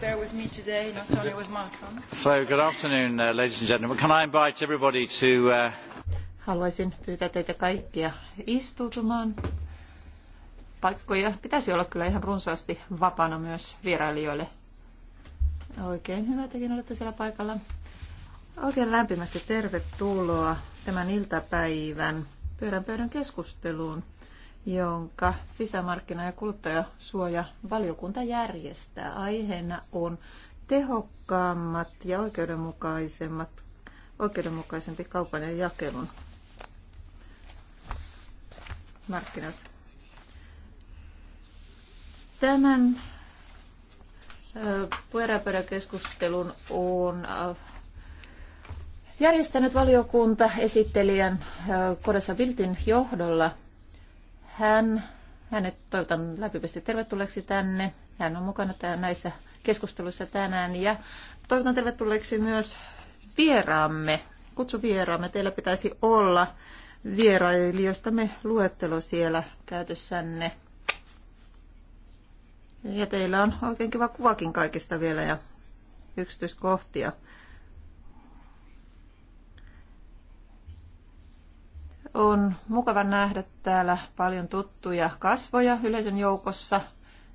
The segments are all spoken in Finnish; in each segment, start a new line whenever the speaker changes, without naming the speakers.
there with me today, not only with Malcolm.
So, good afternoon, uh, ladies and gentlemen. Can I invite everybody to... Uh...
Haluaisin pyytää teitä kaikkia istuutumaan. Paikkoja pitäisi olla kyllä ihan runsaasti vapaana myös vierailijoille. Oikein hyvä, tekin olette siellä paikalla. Oikein lämpimästi tervetuloa tämän iltapäivän pyörän pöydän keskusteluun jonka sisämarkkina- ja kuluttajasuoja-valiokunta järjestää. Aiheena on tehokkaammat ja oikeudenmukaisemmat, oikeudenmukaisempi kaupan ja jakelun markkinat. Tämän pyöräpöydäkeskustelun on järjestänyt valiokunta esittelijän Kodessa Viltin johdolla – hän, hänet toivotan lämpimästi tervetulleeksi tänne. Hän on mukana täällä näissä keskusteluissa tänään ja toivotan tervetulleeksi myös vieraamme, vieraamme. Teillä pitäisi olla vierailijoistamme luettelo siellä käytössänne. Ja teillä on oikein kiva kuvakin kaikista vielä ja yksityiskohtia. On mukava nähdä täällä paljon tuttuja kasvoja yleisön joukossa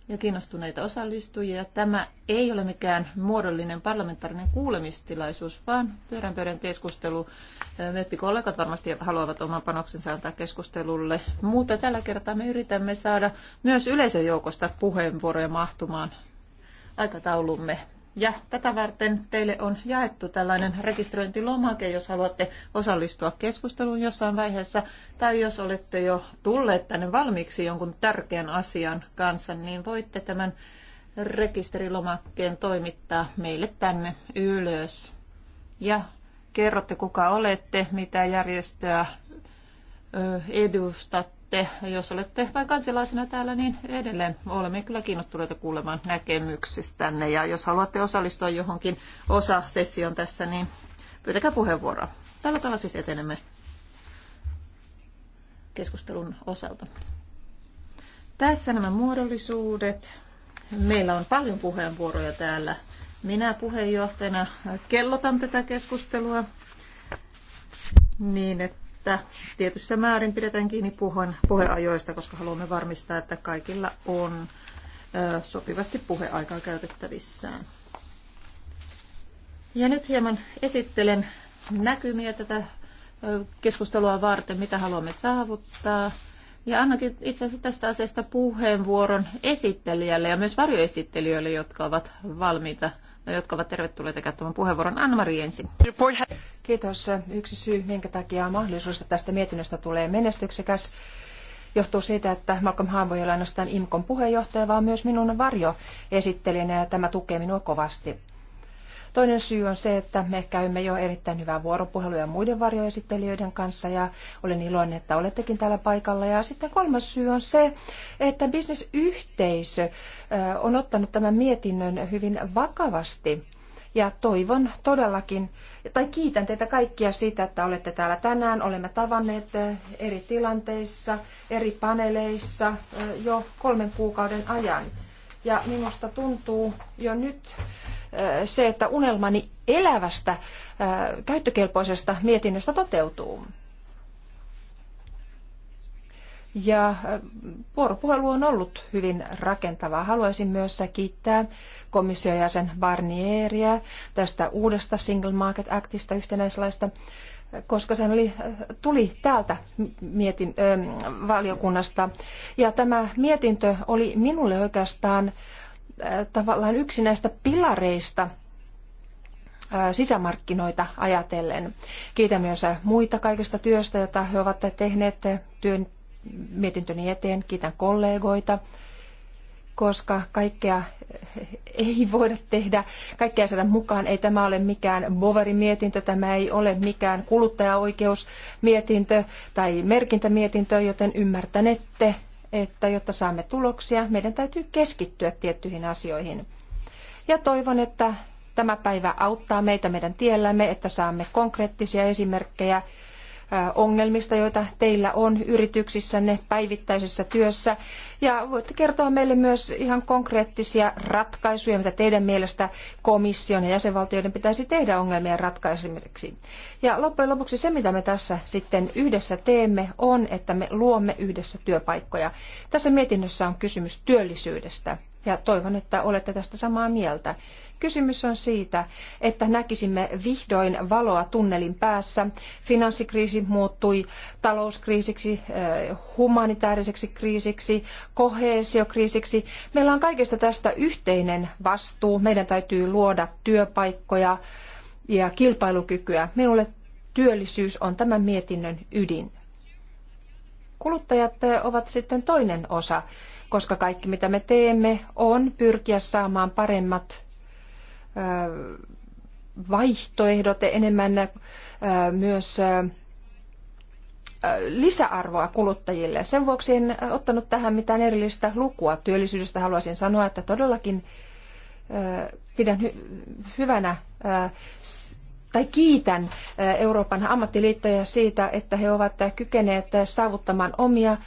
ja kiinnostuneita osallistujia. Tämä ei ole mikään muodollinen parlamentaarinen kuulemistilaisuus, vaan pyöränpöydän keskustelu. keskustelu. Meppikollegat varmasti haluavat oman panoksensa antaa keskustelulle, mutta tällä kertaa me yritämme saada myös yleisön joukosta puheenvuoroja mahtumaan aikataulumme ja tätä varten teille on jaettu tällainen rekisteröintilomake, jos haluatte osallistua keskusteluun jossain vaiheessa, tai jos olette jo tulleet tänne valmiiksi jonkun tärkeän asian kanssa, niin voitte tämän rekisterilomakkeen toimittaa meille tänne ylös. Ja kerrotte, kuka olette, mitä järjestöä edustatte te, jos olette vain kansalaisena täällä, niin edelleen olemme kyllä kiinnostuneita kuulemaan näkemyksistänne. Ja jos haluatte osallistua johonkin osasessioon tässä, niin pyytäkää puheenvuoroa. Tällä tavalla siis etenemme keskustelun osalta. Tässä nämä muodollisuudet. Meillä on paljon puheenvuoroja täällä. Minä puheenjohtajana kellotan tätä keskustelua niin, että että tietyssä määrin pidetään kiinni puheen, puheajoista, koska haluamme varmistaa, että kaikilla on sopivasti puheaikaa käytettävissään. Ja nyt hieman esittelen näkymiä tätä keskustelua varten, mitä haluamme saavuttaa. Ja annakin itse asiassa tästä asiasta puheenvuoron esittelijälle ja myös varjoesittelijöille, jotka ovat valmiita jotka ovat tervetulleita käyttämään puheenvuoron. Anna-Mari
ensin. Kiitos. Yksi syy, minkä takia mahdollisuus tästä mietinnöstä tulee menestyksekäs, johtuu siitä, että Malcolm Harbour ei ole ainoastaan IMKon puheenjohtaja, vaan myös minun varjoesittelijänä ja tämä tukee minua kovasti. Toinen syy on se, että me käymme jo erittäin hyvää vuoropuhelua muiden varjoesittelijöiden kanssa ja olen iloinen, että olettekin täällä paikalla. Ja sitten kolmas syy on se, että bisnesyhteisö on ottanut tämän mietinnön hyvin vakavasti ja toivon todellakin, tai kiitän teitä kaikkia siitä, että olette täällä tänään. Olemme tavanneet eri tilanteissa, eri paneleissa jo kolmen kuukauden ajan. Ja minusta tuntuu jo nyt, se, että unelmani elävästä käyttökelpoisesta mietinnöstä toteutuu. Ja vuoropuhelu on ollut hyvin rakentavaa. Haluaisin myös kiittää komission jäsen Barnieria tästä uudesta Single Market Actista yhtenäislaista, koska se oli, tuli täältä mietin, ö, valiokunnasta. Ja tämä mietintö oli minulle oikeastaan Äh, tavallaan yksi näistä pilareista äh, sisämarkkinoita ajatellen. Kiitän myös muita kaikesta työstä, jota he ovat tehneet työn mietintöni eteen. Kiitän kollegoita, koska kaikkea ei voida tehdä, kaikkea saada mukaan. Ei tämä ole mikään Boverin mietintö, tämä ei ole mikään kuluttajaoikeusmietintö tai merkintämietintö, joten ymmärtänette, että jotta saamme tuloksia, meidän täytyy keskittyä tiettyihin asioihin. Ja toivon, että tämä päivä auttaa meitä meidän tiellämme, että saamme konkreettisia esimerkkejä ongelmista, joita teillä on yrityksissänne päivittäisessä työssä. Ja voitte kertoa meille myös ihan konkreettisia ratkaisuja, mitä teidän mielestä komission ja jäsenvaltioiden pitäisi tehdä ongelmien ratkaisemiseksi. Ja loppujen lopuksi se, mitä me tässä sitten yhdessä teemme, on, että me luomme yhdessä työpaikkoja. Tässä mietinnössä on kysymys työllisyydestä ja toivon, että olette tästä samaa mieltä. Kysymys on siitä, että näkisimme vihdoin valoa tunnelin päässä. Finanssikriisi muuttui talouskriisiksi, eh, humanitaariseksi kriisiksi, kohesiokriisiksi. Meillä on kaikesta tästä yhteinen vastuu. Meidän täytyy luoda työpaikkoja ja kilpailukykyä. Minulle työllisyys on tämän mietinnön ydin. Kuluttajat eh, ovat sitten toinen osa koska kaikki mitä me teemme on pyrkiä saamaan paremmat vaihtoehdot ja enemmän myös lisäarvoa kuluttajille. Sen vuoksi en ottanut tähän mitään erillistä lukua. Työllisyydestä haluaisin sanoa, että todellakin pidän hyvänä tai kiitän Euroopan ammattiliittoja siitä, että he ovat kykeneet saavuttamaan omia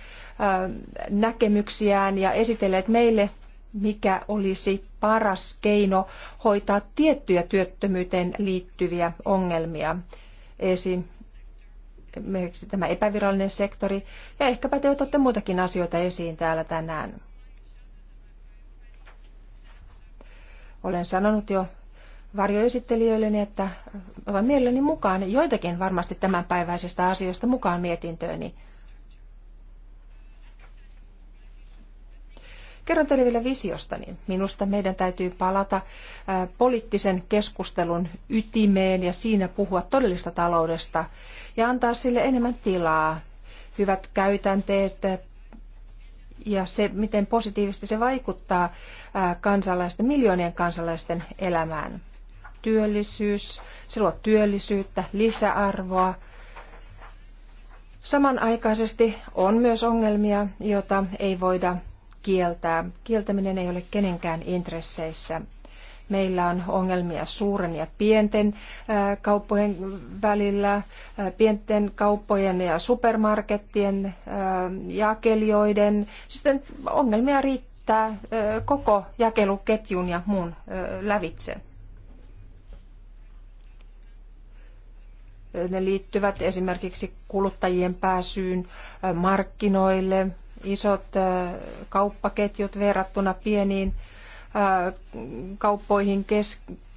näkemyksiään ja esitelleet meille, mikä olisi paras keino hoitaa tiettyjä työttömyyteen liittyviä ongelmia. Esimerkiksi tämä epävirallinen sektori ja ehkäpä te otatte muitakin asioita esiin täällä tänään. Olen sanonut jo varjoesittelijöilleni, että otan mielelläni mukaan joitakin varmasti tämänpäiväisistä asioista mukaan mietintööni. Niin Kerron teille vielä visiostani. Niin minusta meidän täytyy palata poliittisen keskustelun ytimeen ja siinä puhua todellista taloudesta ja antaa sille enemmän tilaa. Hyvät käytänteet ja se, miten positiivisesti se vaikuttaa kansalaisten, miljoonien kansalaisten elämään. Työllisyys, se luo työllisyyttä, lisäarvoa, Samanaikaisesti on myös ongelmia, joita ei voida kieltää. Kieltäminen ei ole kenenkään intresseissä. Meillä on ongelmia suuren ja pienten kauppojen välillä, pienten kauppojen ja supermarkettien, jakelijoiden. Sitten siis ongelmia riittää koko jakeluketjun ja muun lävitse. Ne liittyvät esimerkiksi kuluttajien pääsyyn markkinoille, isot äh, kauppaketjut verrattuna pieniin äh, kauppoihin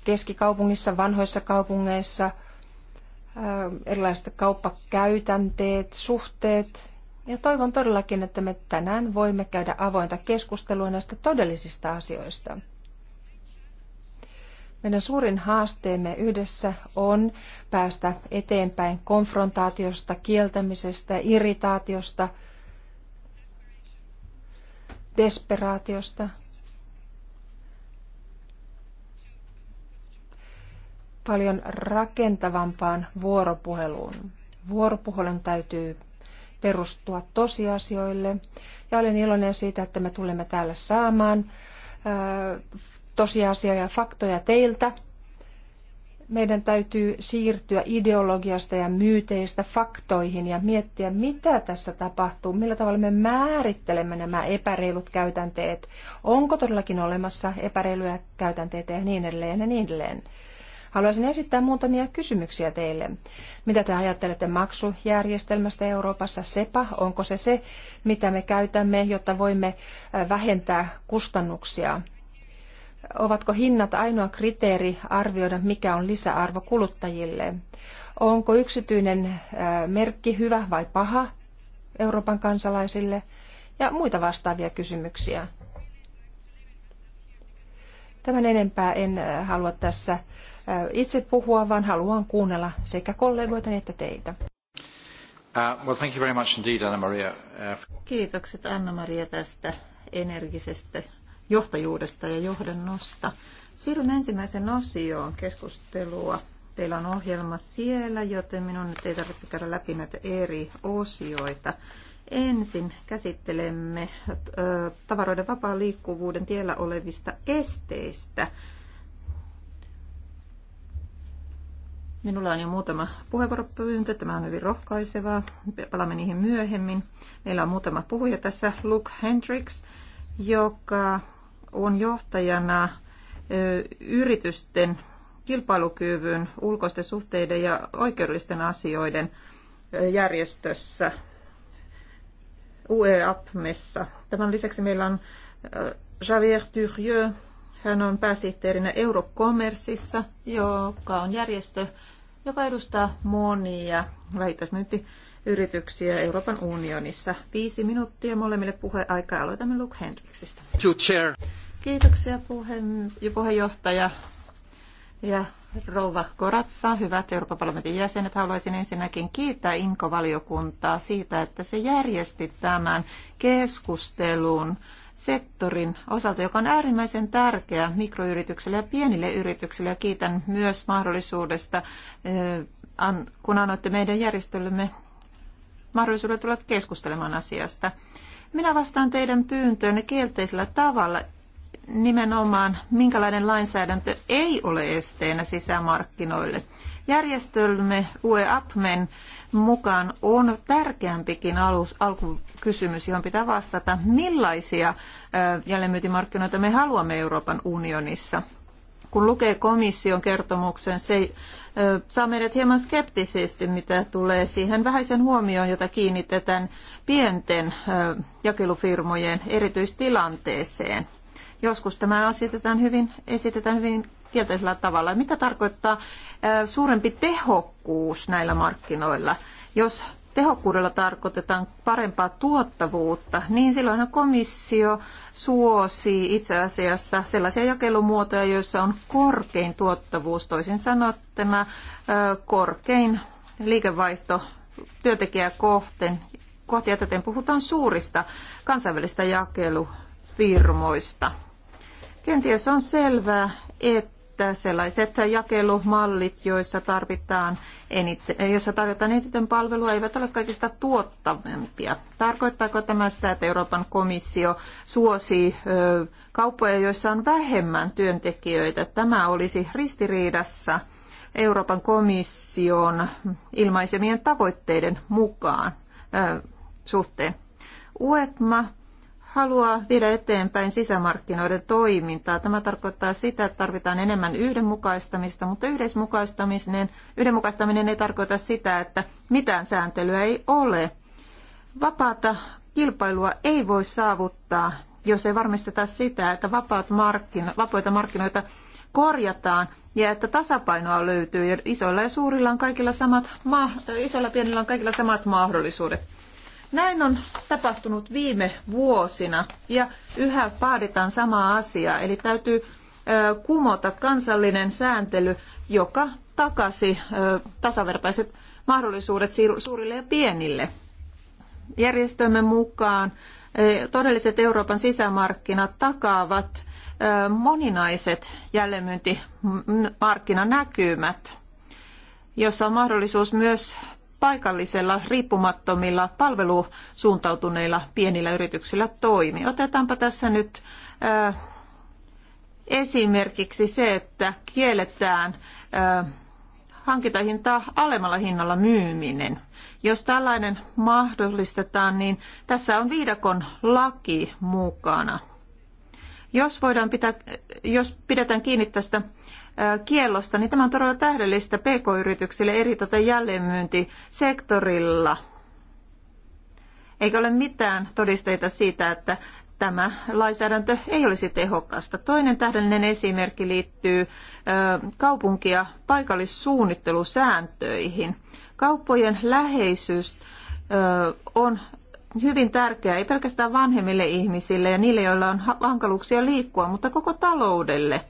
keskikaupungissa, vanhoissa kaupungeissa, äh, erilaiset kauppakäytänteet, suhteet. Ja toivon todellakin, että me tänään voimme käydä avointa keskustelua näistä todellisista asioista. Meidän suurin haasteemme yhdessä on päästä eteenpäin konfrontaatiosta, kieltämisestä, irritaatiosta – desperaatiosta, paljon rakentavampaan vuoropuheluun. Vuoropuhelun täytyy perustua tosiasioille ja olen iloinen siitä, että me tulemme täällä saamaan tosiasioja ja faktoja teiltä meidän täytyy siirtyä ideologiasta ja myyteistä faktoihin ja miettiä, mitä tässä tapahtuu, millä tavalla me määrittelemme nämä epäreilut käytänteet, onko todellakin olemassa epäreiluja käytänteitä ja niin edelleen ja niin edelleen. Haluaisin esittää muutamia kysymyksiä teille. Mitä te ajattelette maksujärjestelmästä Euroopassa? SEPA, onko se se, mitä me käytämme, jotta voimme äh, vähentää kustannuksia Ovatko hinnat ainoa kriteeri arvioida, mikä on lisäarvo kuluttajille? Onko yksityinen merkki hyvä vai paha Euroopan kansalaisille? Ja muita vastaavia kysymyksiä. Tämän enempää en halua tässä itse puhua, vaan haluan kuunnella sekä kollegoitani että teitä.
Uh, Anna Maria. Uh,
Kiitokset Anna Maria tästä energisestä johtajuudesta ja johdannosta. Siirryn ensimmäisen osioon keskustelua. Teillä on ohjelma siellä, joten minun nyt ei tarvitse käydä läpi näitä eri osioita. Ensin käsittelemme tavaroiden vapaan liikkuvuuden tiellä olevista esteistä. Minulla on jo muutama puheenvuoropyyntö. Tämä on hyvin rohkaisevaa. Palaamme niihin myöhemmin. Meillä on muutama puhuja tässä. Luke Hendricks, joka on johtajana yritysten kilpailukyvyn, ulkoisten suhteiden ja oikeudellisten asioiden järjestössä UEAPMessa. Tämän lisäksi meillä on Javier Turieux, hän on pääsihteerinä Eurocommerceissa, joka on järjestö, joka edustaa monia vähittäismyyntiyrityksiä yrityksiä Euroopan unionissa. Viisi minuuttia molemmille puheaikaa. Aloitamme Luke Hendriksistä. Kiitoksia puheenjohtaja ja rouva Koratsa. Hyvät Euroopan parlamentin jäsenet, haluaisin ensinnäkin kiittää Inko-valiokuntaa siitä, että se järjesti tämän keskustelun sektorin osalta, joka on äärimmäisen tärkeä mikroyrityksille ja pienille yrityksille. Ja kiitän myös mahdollisuudesta, eh, kun annoitte meidän järjestöllemme mahdollisuuden tulla keskustelemaan asiasta. Minä vastaan teidän pyyntöönne kielteisellä tavalla nimenomaan, minkälainen lainsäädäntö ei ole esteenä sisämarkkinoille. Järjestelmme UEAPMen mukaan on tärkeämpikin alus, alkukysymys, johon pitää vastata, millaisia jälleenmyyntimarkkinoita me haluamme Euroopan unionissa kun lukee komission kertomuksen, se saa meidät hieman skeptisesti, mitä tulee siihen vähäisen huomioon, jota kiinnitetään pienten jakelufirmojen erityistilanteeseen. Joskus tämä asetetaan hyvin, esitetään hyvin kielteisellä tavalla. Mitä tarkoittaa suurempi tehokkuus näillä markkinoilla? Jos tehokkuudella tarkoitetaan parempaa tuottavuutta, niin silloinhan komissio suosii itse asiassa sellaisia jakelumuotoja, joissa on korkein tuottavuus, toisin sanottuna korkein liikevaihto työntekijää kohten. Kohti täten puhutaan suurista kansainvälistä jakelufirmoista. Kenties on selvää, että että sellaiset jakelumallit, joissa tarvitaan eniten, jossa tarjotaan eniten palvelua, eivät ole kaikista tuottavimpia. Tarkoittaako tämä sitä, että Euroopan komissio suosii ö, kauppoja, joissa on vähemmän työntekijöitä? Tämä olisi ristiriidassa Euroopan komission ilmaisemien tavoitteiden mukaan ö, suhteen. UEPMA haluaa viedä eteenpäin sisämarkkinoiden toimintaa. Tämä tarkoittaa sitä, että tarvitaan enemmän yhdenmukaistamista, mutta yhdenmukaistaminen, yhdenmukaistaminen ei tarkoita sitä, että mitään sääntelyä ei ole. Vapaata kilpailua ei voi saavuttaa, jos ei varmisteta sitä, että vapaat markkino, vapaita markkinoita korjataan ja että tasapainoa löytyy. Ja isoilla ja suurilla on kaikilla samat, ma- isoilla ja pienillä on kaikilla samat mahdollisuudet. Näin on tapahtunut viime vuosina ja yhä vaaditaan samaa asiaa, eli täytyy kumota kansallinen sääntely, joka takasi tasavertaiset mahdollisuudet suurille ja pienille. Järjestömme mukaan todelliset Euroopan sisämarkkinat takaavat moninaiset jälleenmyyntimarkkinanäkymät, jossa on mahdollisuus myös paikallisella riippumattomilla palvelusuuntautuneilla pienillä yrityksillä toimi. Otetaanpa tässä nyt äh, esimerkiksi se, että kielletään äh, hankintahintaa alemmalla hinnalla myyminen. Jos tällainen mahdollistetaan, niin tässä on viidakon laki mukana. Jos, voidaan pitää, äh, jos pidetään kiinni tästä kiellosta, niin tämä on todella tähdellistä pk-yrityksille eri tota jälleenmyyntisektorilla. Eikä ole mitään todisteita siitä, että tämä lainsäädäntö ei olisi tehokasta. Toinen tähdellinen esimerkki liittyy kaupunkia paikallissuunnittelusääntöihin. Kauppojen läheisyys on hyvin tärkeää, ei pelkästään vanhemmille ihmisille ja niille, joilla on hankaluuksia liikkua, mutta koko taloudelle –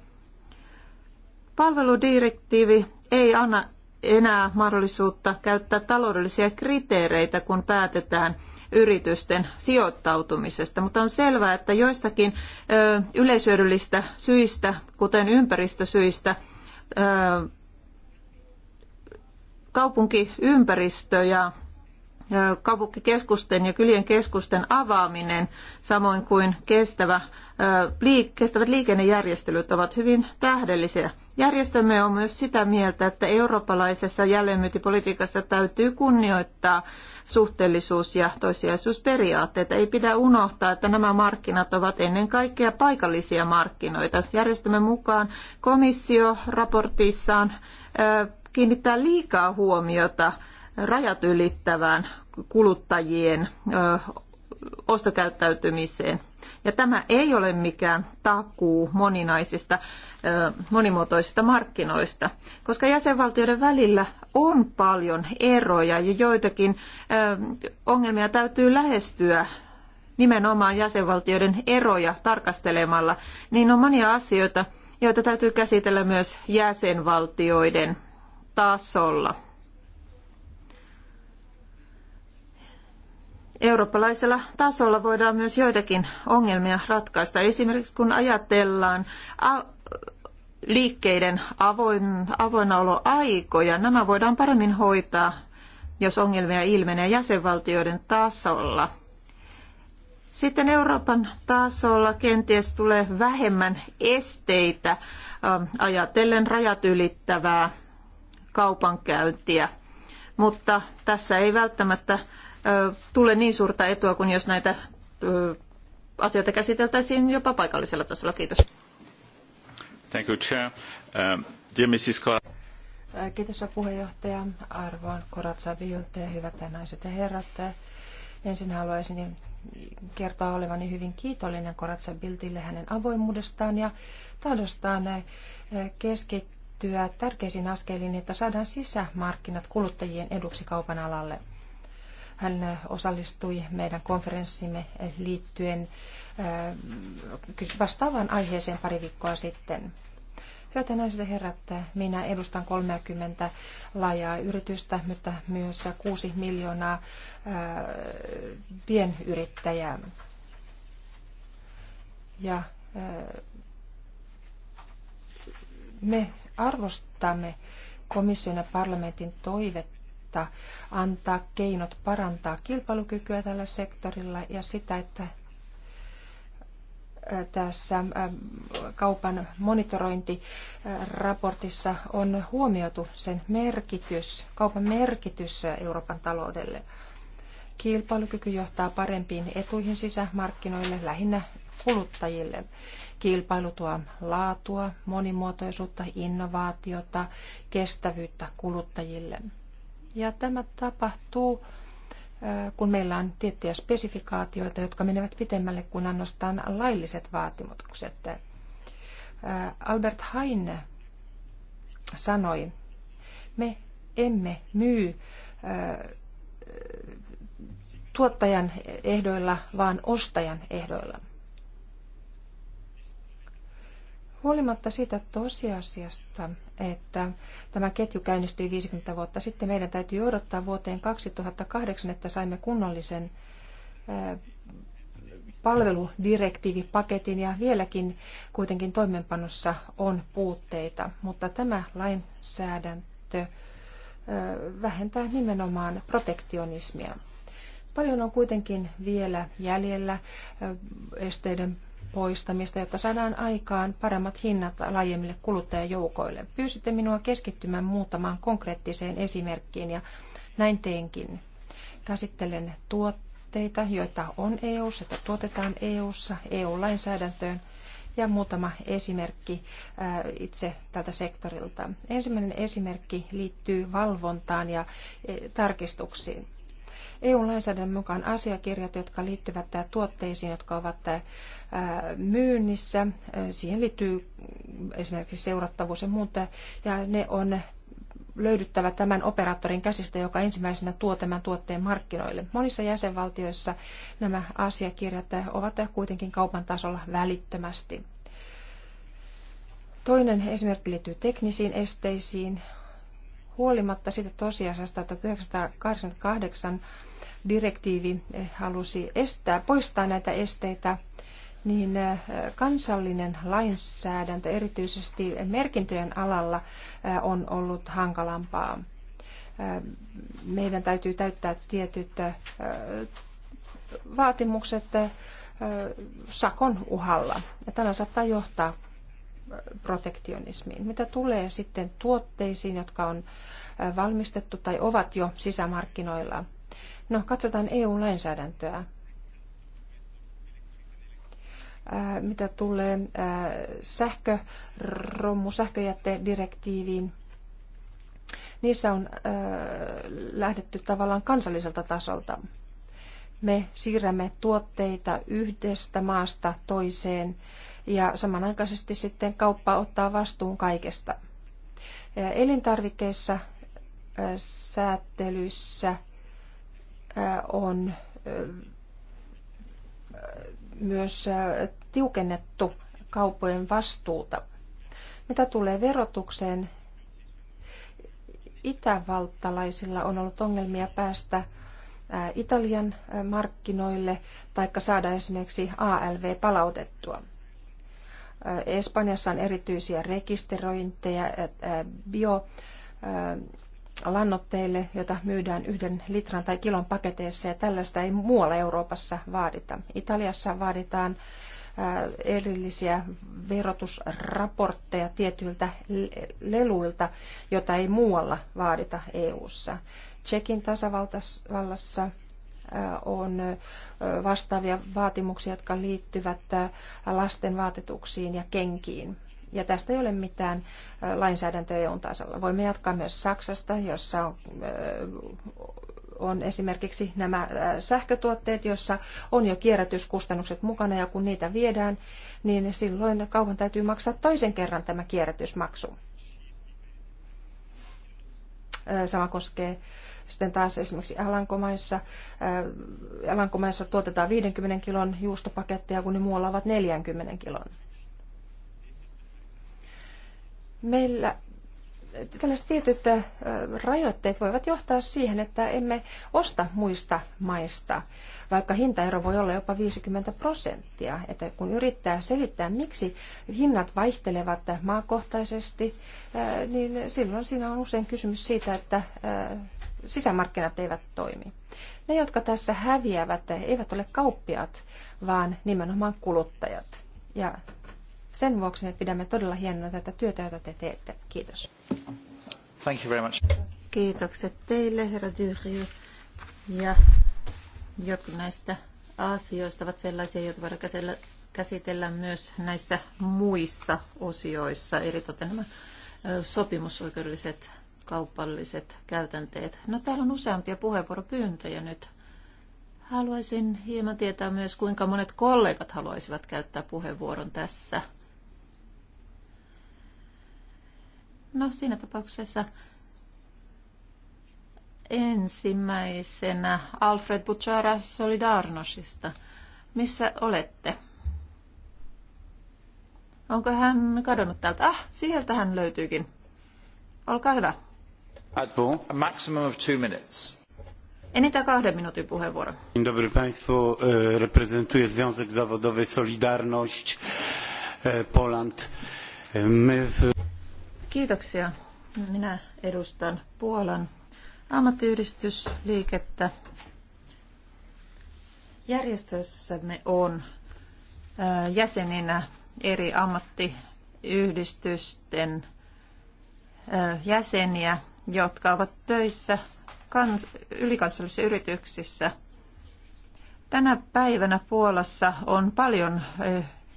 Palveludirektiivi ei anna enää mahdollisuutta käyttää taloudellisia kriteereitä, kun päätetään yritysten sijoittautumisesta, mutta on selvää, että joistakin ö, yleisyödyllistä syistä, kuten ympäristösyistä, ö, kaupunkiympäristö ja kaupunkikeskusten ja kylien keskusten avaaminen, samoin kuin kestävä, kestävät liikennejärjestelyt ovat hyvin tähdellisiä. Järjestömme on myös sitä mieltä, että eurooppalaisessa jälleenmyyntipolitiikassa täytyy kunnioittaa suhteellisuus- ja toissijaisuusperiaatteita. Ei pidä unohtaa, että nämä markkinat ovat ennen kaikkea paikallisia markkinoita. Järjestömme mukaan komissio raportissaan kiinnittää liikaa huomiota – rajat ylittävään kuluttajien ostokäyttäytymiseen. Ja tämä ei ole mikään takuu moninaisista, monimuotoisista markkinoista, koska jäsenvaltioiden välillä on paljon eroja ja joitakin ongelmia täytyy lähestyä nimenomaan jäsenvaltioiden eroja tarkastelemalla, niin on monia asioita, joita täytyy käsitellä myös jäsenvaltioiden tasolla. Eurooppalaisella tasolla voidaan myös joitakin ongelmia ratkaista. Esimerkiksi kun ajatellaan liikkeiden avoin, avoinnaoloaikoja, nämä voidaan paremmin hoitaa, jos ongelmia ilmenee jäsenvaltioiden tasolla. Sitten Euroopan tasolla kenties tulee vähemmän esteitä ähm, ajatellen rajat ylittävää kaupankäyntiä, mutta tässä ei välttämättä tule niin suurta etua kuin jos näitä asioita käsiteltäisiin jopa paikallisella tasolla.
Kiitos.
Thank you, Chair. Um,
Kiitos puheenjohtaja Arvon Koratsa ja hyvät naiset ja herrat. Ensin haluaisin kertoa olevani hyvin kiitollinen Koratsa Biltille hänen avoimuudestaan ja tahdostaan keskittyä tärkeisiin askeliin, että saadaan sisämarkkinat kuluttajien eduksi kaupan alalle. Hän osallistui meidän konferenssimme liittyen äh, vastaavaan aiheeseen pari viikkoa sitten. Hyvät naiset ja herrat, minä edustan 30 laajaa yritystä, mutta myös 6 miljoonaa äh, pienyrittäjää. Ja äh, me arvostamme komission ja parlamentin toivet, että antaa keinot parantaa kilpailukykyä tällä sektorilla ja sitä, että tässä kaupan monitorointiraportissa on huomioitu sen merkitys, kaupan merkitys Euroopan taloudelle. Kilpailukyky johtaa parempiin etuihin sisämarkkinoille, lähinnä kuluttajille. Kilpailu tuo laatua, monimuotoisuutta, innovaatiota, kestävyyttä kuluttajille. Ja tämä tapahtuu, kun meillä on tiettyjä spesifikaatioita, jotka menevät pitemmälle kuin ainoastaan lailliset vaatimukset. Albert Heine sanoi, me emme myy tuottajan ehdoilla, vaan ostajan ehdoilla. Huolimatta siitä tosiasiasta, että tämä ketju käynnistyi 50 vuotta sitten, meidän täytyy odottaa vuoteen 2008, että saimme kunnollisen palveludirektiivipaketin ja vieläkin kuitenkin toimeenpanossa on puutteita, mutta tämä lainsäädäntö vähentää nimenomaan protektionismia. Paljon on kuitenkin vielä jäljellä esteiden poistamista, jotta saadaan aikaan paremmat hinnat laajemmille kuluttajajoukoille. Pyysitte minua keskittymään muutamaan konkreettiseen esimerkkiin ja näin teenkin. Käsittelen tuotteita, joita on eu että tuotetaan EU-ssa EU-lainsäädäntöön ja muutama esimerkki äh, itse tältä sektorilta. Ensimmäinen esimerkki liittyy valvontaan ja e, tarkistuksiin. EU-lainsäädännön mukaan asiakirjat, jotka liittyvät tuotteisiin, jotka ovat myynnissä, siihen liittyy esimerkiksi seurattavuus ja muuta, ja ne on löydyttävä tämän operaattorin käsistä, joka ensimmäisenä tuo tämän tuotteen markkinoille. Monissa jäsenvaltioissa nämä asiakirjat ovat kuitenkin kaupan tasolla välittömästi. Toinen esimerkki liittyy teknisiin esteisiin huolimatta siitä tosiasiasta, että 1988 direktiivi eh, halusi estää, poistaa näitä esteitä, niin eh, kansallinen lainsäädäntö erityisesti merkintöjen alalla eh, on ollut hankalampaa. Meidän täytyy täyttää tietyt vaatimukset sakon uhalla. Ja tämä saattaa johtaa protektionismiin. Mitä tulee sitten tuotteisiin, jotka on valmistettu tai ovat jo sisämarkkinoilla? No, katsotaan EU-lainsäädäntöä. Mitä tulee sähkörommu, sähköjätedirektiiviin, niissä on lähdetty tavallaan kansalliselta tasolta me siirrämme tuotteita yhdestä maasta toiseen ja samanaikaisesti sitten kauppa ottaa vastuun kaikesta. Elintarvikkeissa säättelyssä on myös tiukennettu kaupojen vastuuta. Mitä tulee verotukseen, itävaltalaisilla on ollut ongelmia päästä Italian markkinoille tai saada esimerkiksi ALV palautettua. Äh, Espanjassa on erityisiä rekisteröintejä äh, äh, biolannoitteille, joita myydään yhden litran tai kilon paketeissa ja tällaista ei muualla Euroopassa vaadita. Italiassa vaaditaan erillisiä verotusraportteja tietyiltä leluilta, jota ei muualla vaadita EU:ssa. Tsekin tasavallassa on vastaavia vaatimuksia, jotka liittyvät lasten vaatetuksiin ja kenkiin. Ja tästä ei ole mitään lainsäädäntöä EUn tasolla. Voimme jatkaa myös Saksasta, jossa on, on esimerkiksi nämä sähkötuotteet, joissa on jo kierrätyskustannukset mukana ja kun niitä viedään, niin silloin kaupan täytyy maksaa toisen kerran tämä kierrätysmaksu. Sama koskee sitten taas esimerkiksi Alankomaissa, Alankomaissa tuotetaan 50 kilon juustopaketteja, kun ne muualla ovat 40 kilon. Meillä tällaiset tietyt rajoitteet voivat johtaa siihen, että emme osta muista maista, vaikka hintaero voi olla jopa 50 prosenttia. Että kun yrittää selittää, miksi hinnat vaihtelevat maakohtaisesti, niin silloin siinä on usein kysymys siitä, että sisämarkkinat eivät toimi. Ne, jotka tässä häviävät, eivät ole kauppiaat, vaan nimenomaan kuluttajat. Ja sen vuoksi me pidämme todella hienoa tätä työtä, jota te teette. Kiitos. Thank you very much. Kiitokset teille, herra Dyrjö. Ja jotkut
näistä asioista ovat sellaisia, joita voidaan käsitellä, käsitellä myös näissä muissa osioissa, eritoten nämä sopimusoikeudelliset kaupalliset käytänteet. No täällä on useampia puheenvuoropyyntöjä nyt. Haluaisin hieman tietää myös, kuinka monet kollegat haluaisivat käyttää puheenvuoron tässä. No siinä tapauksessa ensimmäisenä Alfred Butchara Solidarnosista. Missä olette? Onko hän kadonnut täältä? Ah, sieltä hän löytyykin. Olkaa hyvä
dobry Państwu. E, reprezentuję Związek Zawodowy Solidarność e, Poland. E, my w...
Kiitoksia. Minä edustan Puolan ammattiyhdistysliikettä. Järjestössämme on jäseninä eri ammattiyhdistysten jäseniä jotka ovat töissä kans- ylikansallisissa yrityksissä. Tänä päivänä Puolassa on paljon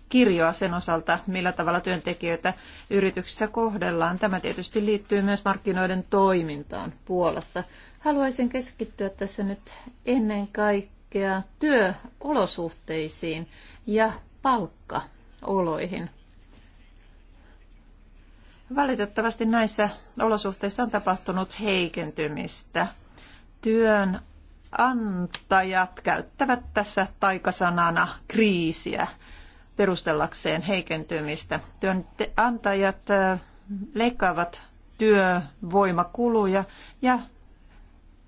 kirjoa sen osalta, millä tavalla työntekijöitä yrityksissä kohdellaan. Tämä tietysti liittyy myös markkinoiden toimintaan Puolassa. Haluaisin keskittyä tässä nyt ennen kaikkea työolosuhteisiin ja palkkaoloihin. Valitettavasti näissä olosuhteissa on tapahtunut heikentymistä. Työn antajat käyttävät tässä taikasanana kriisiä perustellakseen heikentymistä. Työn antajat leikkaavat työvoimakuluja ja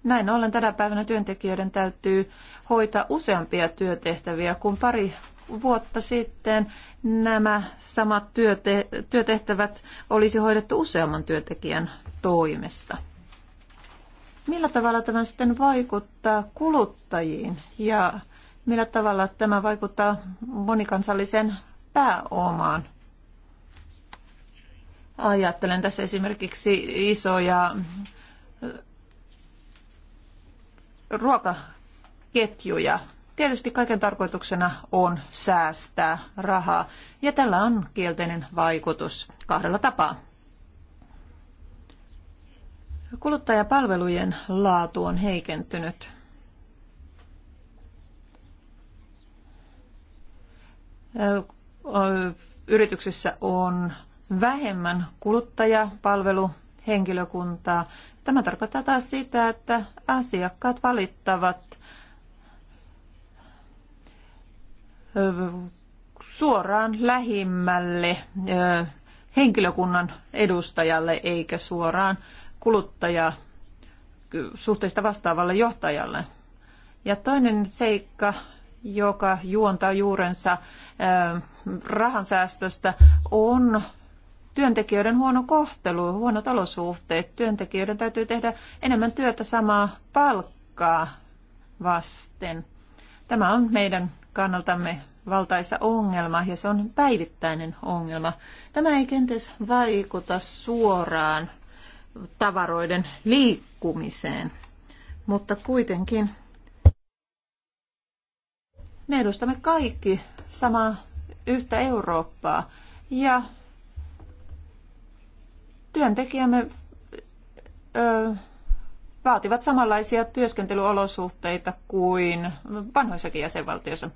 näin ollen tänä päivänä työntekijöiden täytyy hoitaa useampia työtehtäviä kuin pari vuotta sitten nämä samat työte- työtehtävät olisi hoidettu useamman työntekijän toimesta. Millä tavalla tämä sitten vaikuttaa kuluttajiin ja millä tavalla tämä vaikuttaa monikansalliseen pääomaan? Ajattelen tässä esimerkiksi isoja äh, ruokaketjuja, Tietysti kaiken tarkoituksena on säästää rahaa ja tällä on kielteinen vaikutus kahdella tapaa. Kuluttajapalvelujen laatu on heikentynyt. Yrityksissä on vähemmän kuluttajapalveluhenkilökuntaa. Tämä tarkoittaa taas sitä, että asiakkaat valittavat suoraan lähimmälle henkilökunnan edustajalle eikä suoraan kuluttaja suhteista vastaavalle johtajalle. Ja toinen seikka, joka juontaa juurensa rahansäästöstä, on työntekijöiden huono kohtelu, huonot olosuhteet. Työntekijöiden täytyy tehdä enemmän työtä samaa palkkaa vasten. Tämä on meidän kannaltamme valtaisa ongelma ja se on päivittäinen ongelma. Tämä ei kenties vaikuta suoraan tavaroiden liikkumiseen, mutta kuitenkin me edustamme kaikki samaa yhtä Eurooppaa ja työntekijämme vaativat samanlaisia työskentelyolosuhteita kuin vanhoissakin jäsenvaltioissa.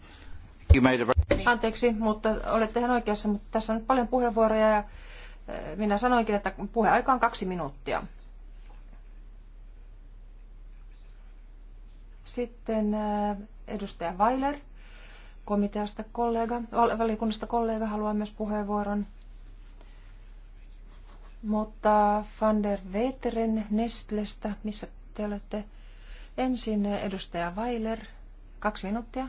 Niin.
Anteeksi, mutta olette ihan oikeassa, mutta tässä on nyt paljon puheenvuoroja ja eh, minä sanoinkin, että puheaika on kaksi minuuttia. Sitten eh, edustaja Weiler, komiteasta kollega, valiokunnasta kollega, haluaa myös puheenvuoron. Mutta Van der Veteren Nestlestä, missä te olette ensin edustaja Weiler, kaksi minuuttia.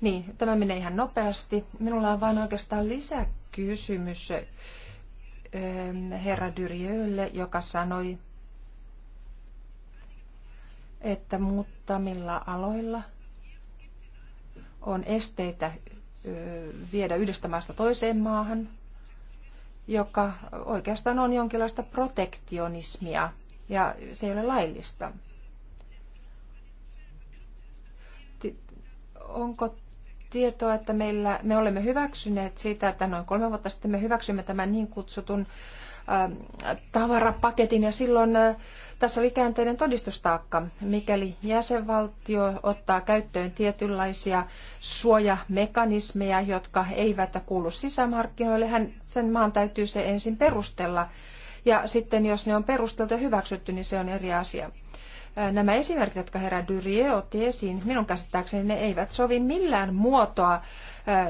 Niin, tämä menee ihan nopeasti. Minulla on vain oikeastaan lisäkysymys herra Dyrjölle, joka sanoi, että muuttamilla aloilla on esteitä viedä yhdestä maasta toiseen maahan – joka oikeastaan on jonkinlaista protektionismia ja se ei ole laillista. Onko tietoa, että meillä, me olemme hyväksyneet sitä, että noin kolme vuotta sitten me hyväksymme tämän niin kutsutun Ähm, tavarapaketin ja silloin äh, tässä oli käänteinen todistustaakka. Mikäli jäsenvaltio ottaa käyttöön tietynlaisia suojamekanismeja, jotka eivät kuulu sisämarkkinoille, hän, sen maan täytyy se ensin perustella. Ja sitten jos ne on perusteltu ja hyväksytty, niin se on eri asia. Nämä esimerkit, jotka herra Dyrie otti esiin, minun käsittääkseni ne eivät sovi millään muotoa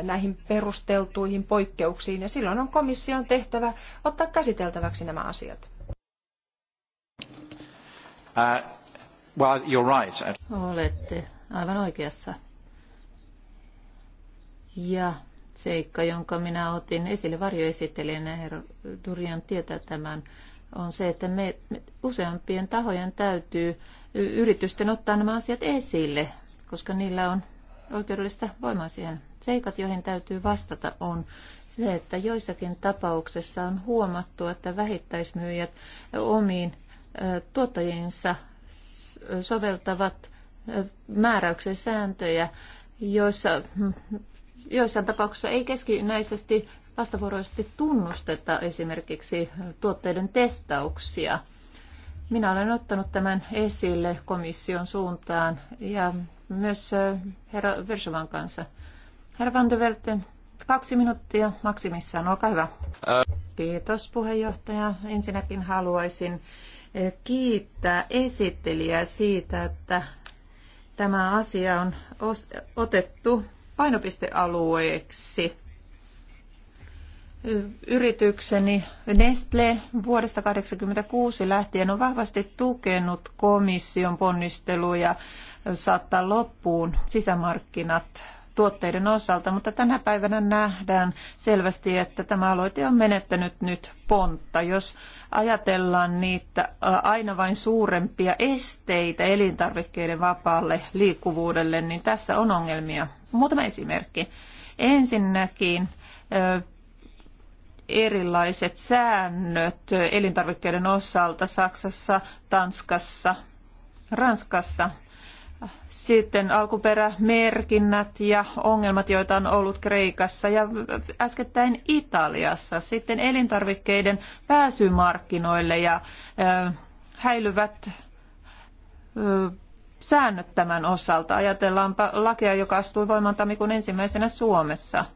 näihin perusteltuihin poikkeuksiin, ja silloin on komission tehtävä ottaa käsiteltäväksi nämä asiat.
Uh, well, you're right.
Olette aivan oikeassa. Ja seikka, jonka minä otin esille varjoesittelijänä, herra Durian tietää tämän, on se, että me, me useampien tahojen täytyy yritysten ottaa nämä asiat esille, koska niillä on oikeudellista voimaa siihen. Seikat, joihin täytyy vastata, on se, että joissakin tapauksissa on huomattu, että vähittäismyyjät omiin tuottajiinsa soveltavat määräyksen sääntöjä, joissa joissain tapauksissa ei keskinäisesti vastavuoroisesti tunnusteta esimerkiksi tuotteiden testauksia. Minä olen ottanut tämän esille komission suuntaan ja myös herra Virsovan kanssa. Herra Van de kaksi minuuttia maksimissaan, olkaa hyvä. Ä- Kiitos puheenjohtaja. Ensinnäkin haluaisin kiittää esittelijää siitä, että tämä asia on otettu painopistealueeksi Yritykseni Nestle vuodesta 1986 lähtien on vahvasti tukenut komission ponnisteluja saattaa loppuun sisämarkkinat tuotteiden osalta, mutta tänä päivänä nähdään selvästi, että tämä aloite on menettänyt nyt pontta. Jos ajatellaan niitä aina vain suurempia esteitä elintarvikkeiden vapaalle liikkuvuudelle, niin tässä on ongelmia. Muutama esimerkki. Ensinnäkin erilaiset säännöt elintarvikkeiden osalta Saksassa, Tanskassa, Ranskassa. Sitten alkuperämerkinnät ja ongelmat, joita on ollut Kreikassa ja äskettäin Italiassa. Sitten elintarvikkeiden pääsymarkkinoille ja ö, häilyvät säännöt tämän osalta. Ajatellaanpa lakia, joka astui voimaan tammikuun ensimmäisenä Suomessa –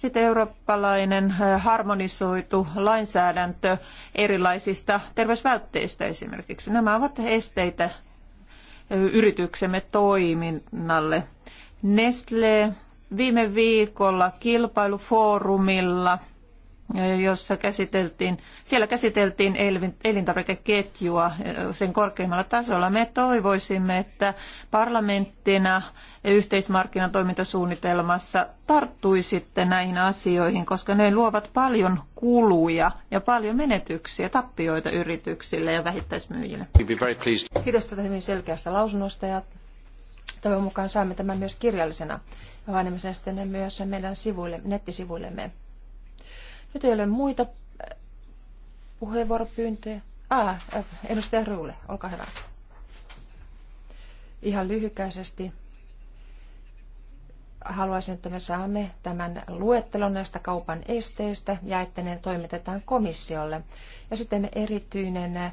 sitten eurooppalainen harmonisoitu lainsäädäntö erilaisista terveysvältteistä esimerkiksi. Nämä ovat esteitä yrityksemme toiminnalle. Nestle viime viikolla kilpailufoorumilla – jossa käsiteltiin, siellä käsiteltiin elintarvikeketjua eh, sen korkeimmalla tasolla. Me toivoisimme, että parlamenttina yhteismarkkinan toimintasuunnitelmassa tarttuisitte näihin asioihin, koska ne luovat paljon kuluja ja paljon menetyksiä, tappioita yrityksille ja vähittäismyyjille. Kiitos tätä
hyvin selkeästä lausunnosta ja toivon mukaan saamme tämän myös kirjallisena ja vanhemmisena sitten myös meidän sivuille, nettisivuillemme. Nyt ei ole muita äh, puheenvuoropyyntöjä. Ah, äh, edustaja Ruule, olkaa hyvä. Ihan lyhykäisesti haluaisin, että me saamme tämän luettelon näistä kaupan esteistä ja että ne toimitetaan komissiolle. Ja sitten erityinen äh,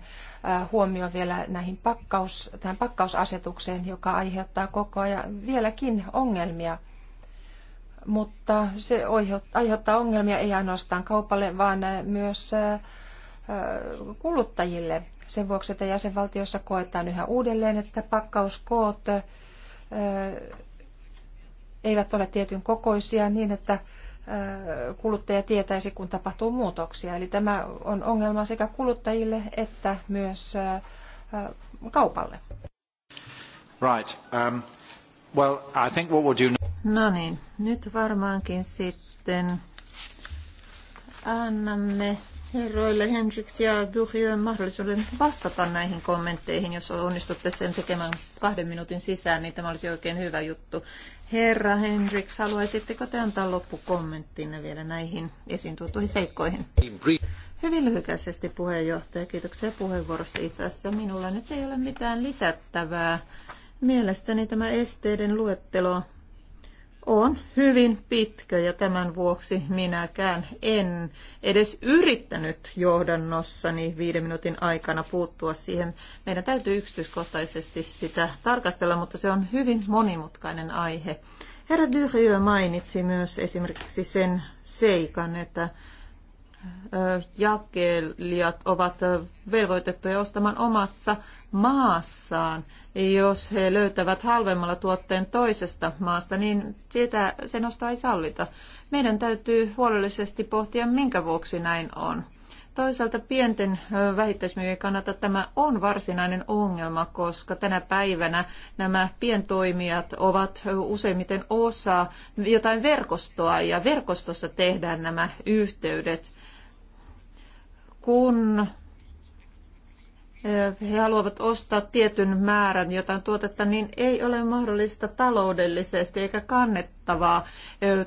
huomio vielä näihin pakkaus, tähän pakkausasetukseen, joka aiheuttaa koko ajan vieläkin ongelmia – mutta se aiheuttaa ongelmia ei ainoastaan kaupalle, vaan myös äh, äh, kuluttajille. Sen vuoksi, että jäsenvaltioissa koetaan yhä uudelleen, että pakkauskoot äh, eivät ole tietyn kokoisia niin, että kuluttaja tietäisi, kun tapahtuu muutoksia. Eli tämä on ongelma sekä kuluttajille että myös kaupalle.
Right. Um, well, I think what we'll do now.
No niin,
nyt varmaankin sitten annamme herroille Hendrix ja Duhjön mahdollisuuden vastata näihin kommentteihin. Jos onnistutte sen tekemään kahden minuutin sisään, niin tämä olisi oikein hyvä juttu. Herra Hendrix, haluaisitteko te antaa loppukommenttinne vielä näihin esiin tuotuihin seikkoihin? Hyvin lyhykäisesti puheenjohtaja, kiitoksia puheenvuorosta. Itse asiassa minulla nyt ei ole mitään lisättävää. Mielestäni tämä esteiden luettelo on hyvin pitkä ja tämän vuoksi minäkään en edes yrittänyt johdannossani viiden minuutin aikana puuttua siihen. Meidän täytyy yksityiskohtaisesti sitä tarkastella, mutta se on hyvin monimutkainen aihe. Herra Dyrjö mainitsi myös esimerkiksi sen seikan, että jakelijat ovat velvoitettuja ostamaan omassa maassaan. Jos he löytävät halvemmalla tuotteen toisesta maasta, niin sitä sen osta ei sallita. Meidän täytyy huolellisesti pohtia, minkä vuoksi näin on. Toisaalta pienten vähittäismyyjien kannalta tämä on varsinainen ongelma, koska tänä päivänä nämä pientoimijat ovat useimmiten osa jotain verkostoa ja verkostossa tehdään nämä yhteydet. Kun he haluavat ostaa tietyn määrän jotain tuotetta, niin ei ole mahdollista taloudellisesti eikä kannettavaa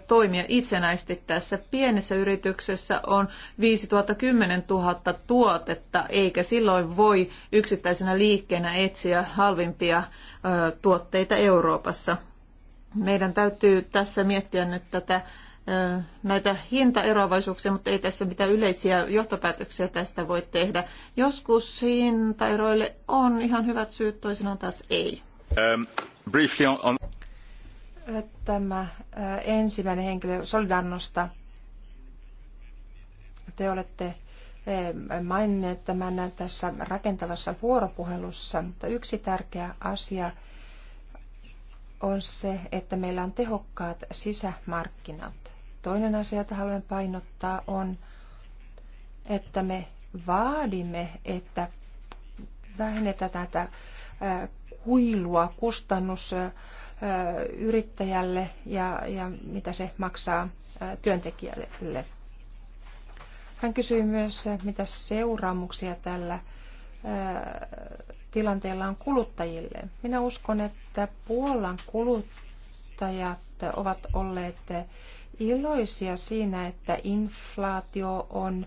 toimia itsenäisesti tässä. Pienessä yrityksessä on 5000 10 000 tuotetta, eikä silloin voi yksittäisenä liikkeenä etsiä halvimpia tuotteita Euroopassa. Meidän täytyy tässä miettiä nyt tätä näitä hintaeroavaisuuksia, mutta ei tässä mitään yleisiä johtopäätöksiä tästä voi tehdä. Joskus hintaeroille on ihan hyvät syyt, toisinaan
taas ei.
Um, briefly on, on...
Tämä ensimmäinen henkilö Solidannosta. Te olette maininneet tämän tässä rakentavassa vuoropuhelussa, mutta yksi tärkeä asia – on se, että meillä on tehokkaat sisämarkkinat. Toinen asia, jota haluan painottaa, on, että me vaadimme, että vähennetään tätä kuilua kustannus yrittäjälle ja, ja mitä se maksaa työntekijälle. Hän kysyi myös, mitä seuraamuksia tällä tilanteella on kuluttajille. Minä uskon, että Puolan kuluttajat ovat olleet iloisia siinä, että inflaatio on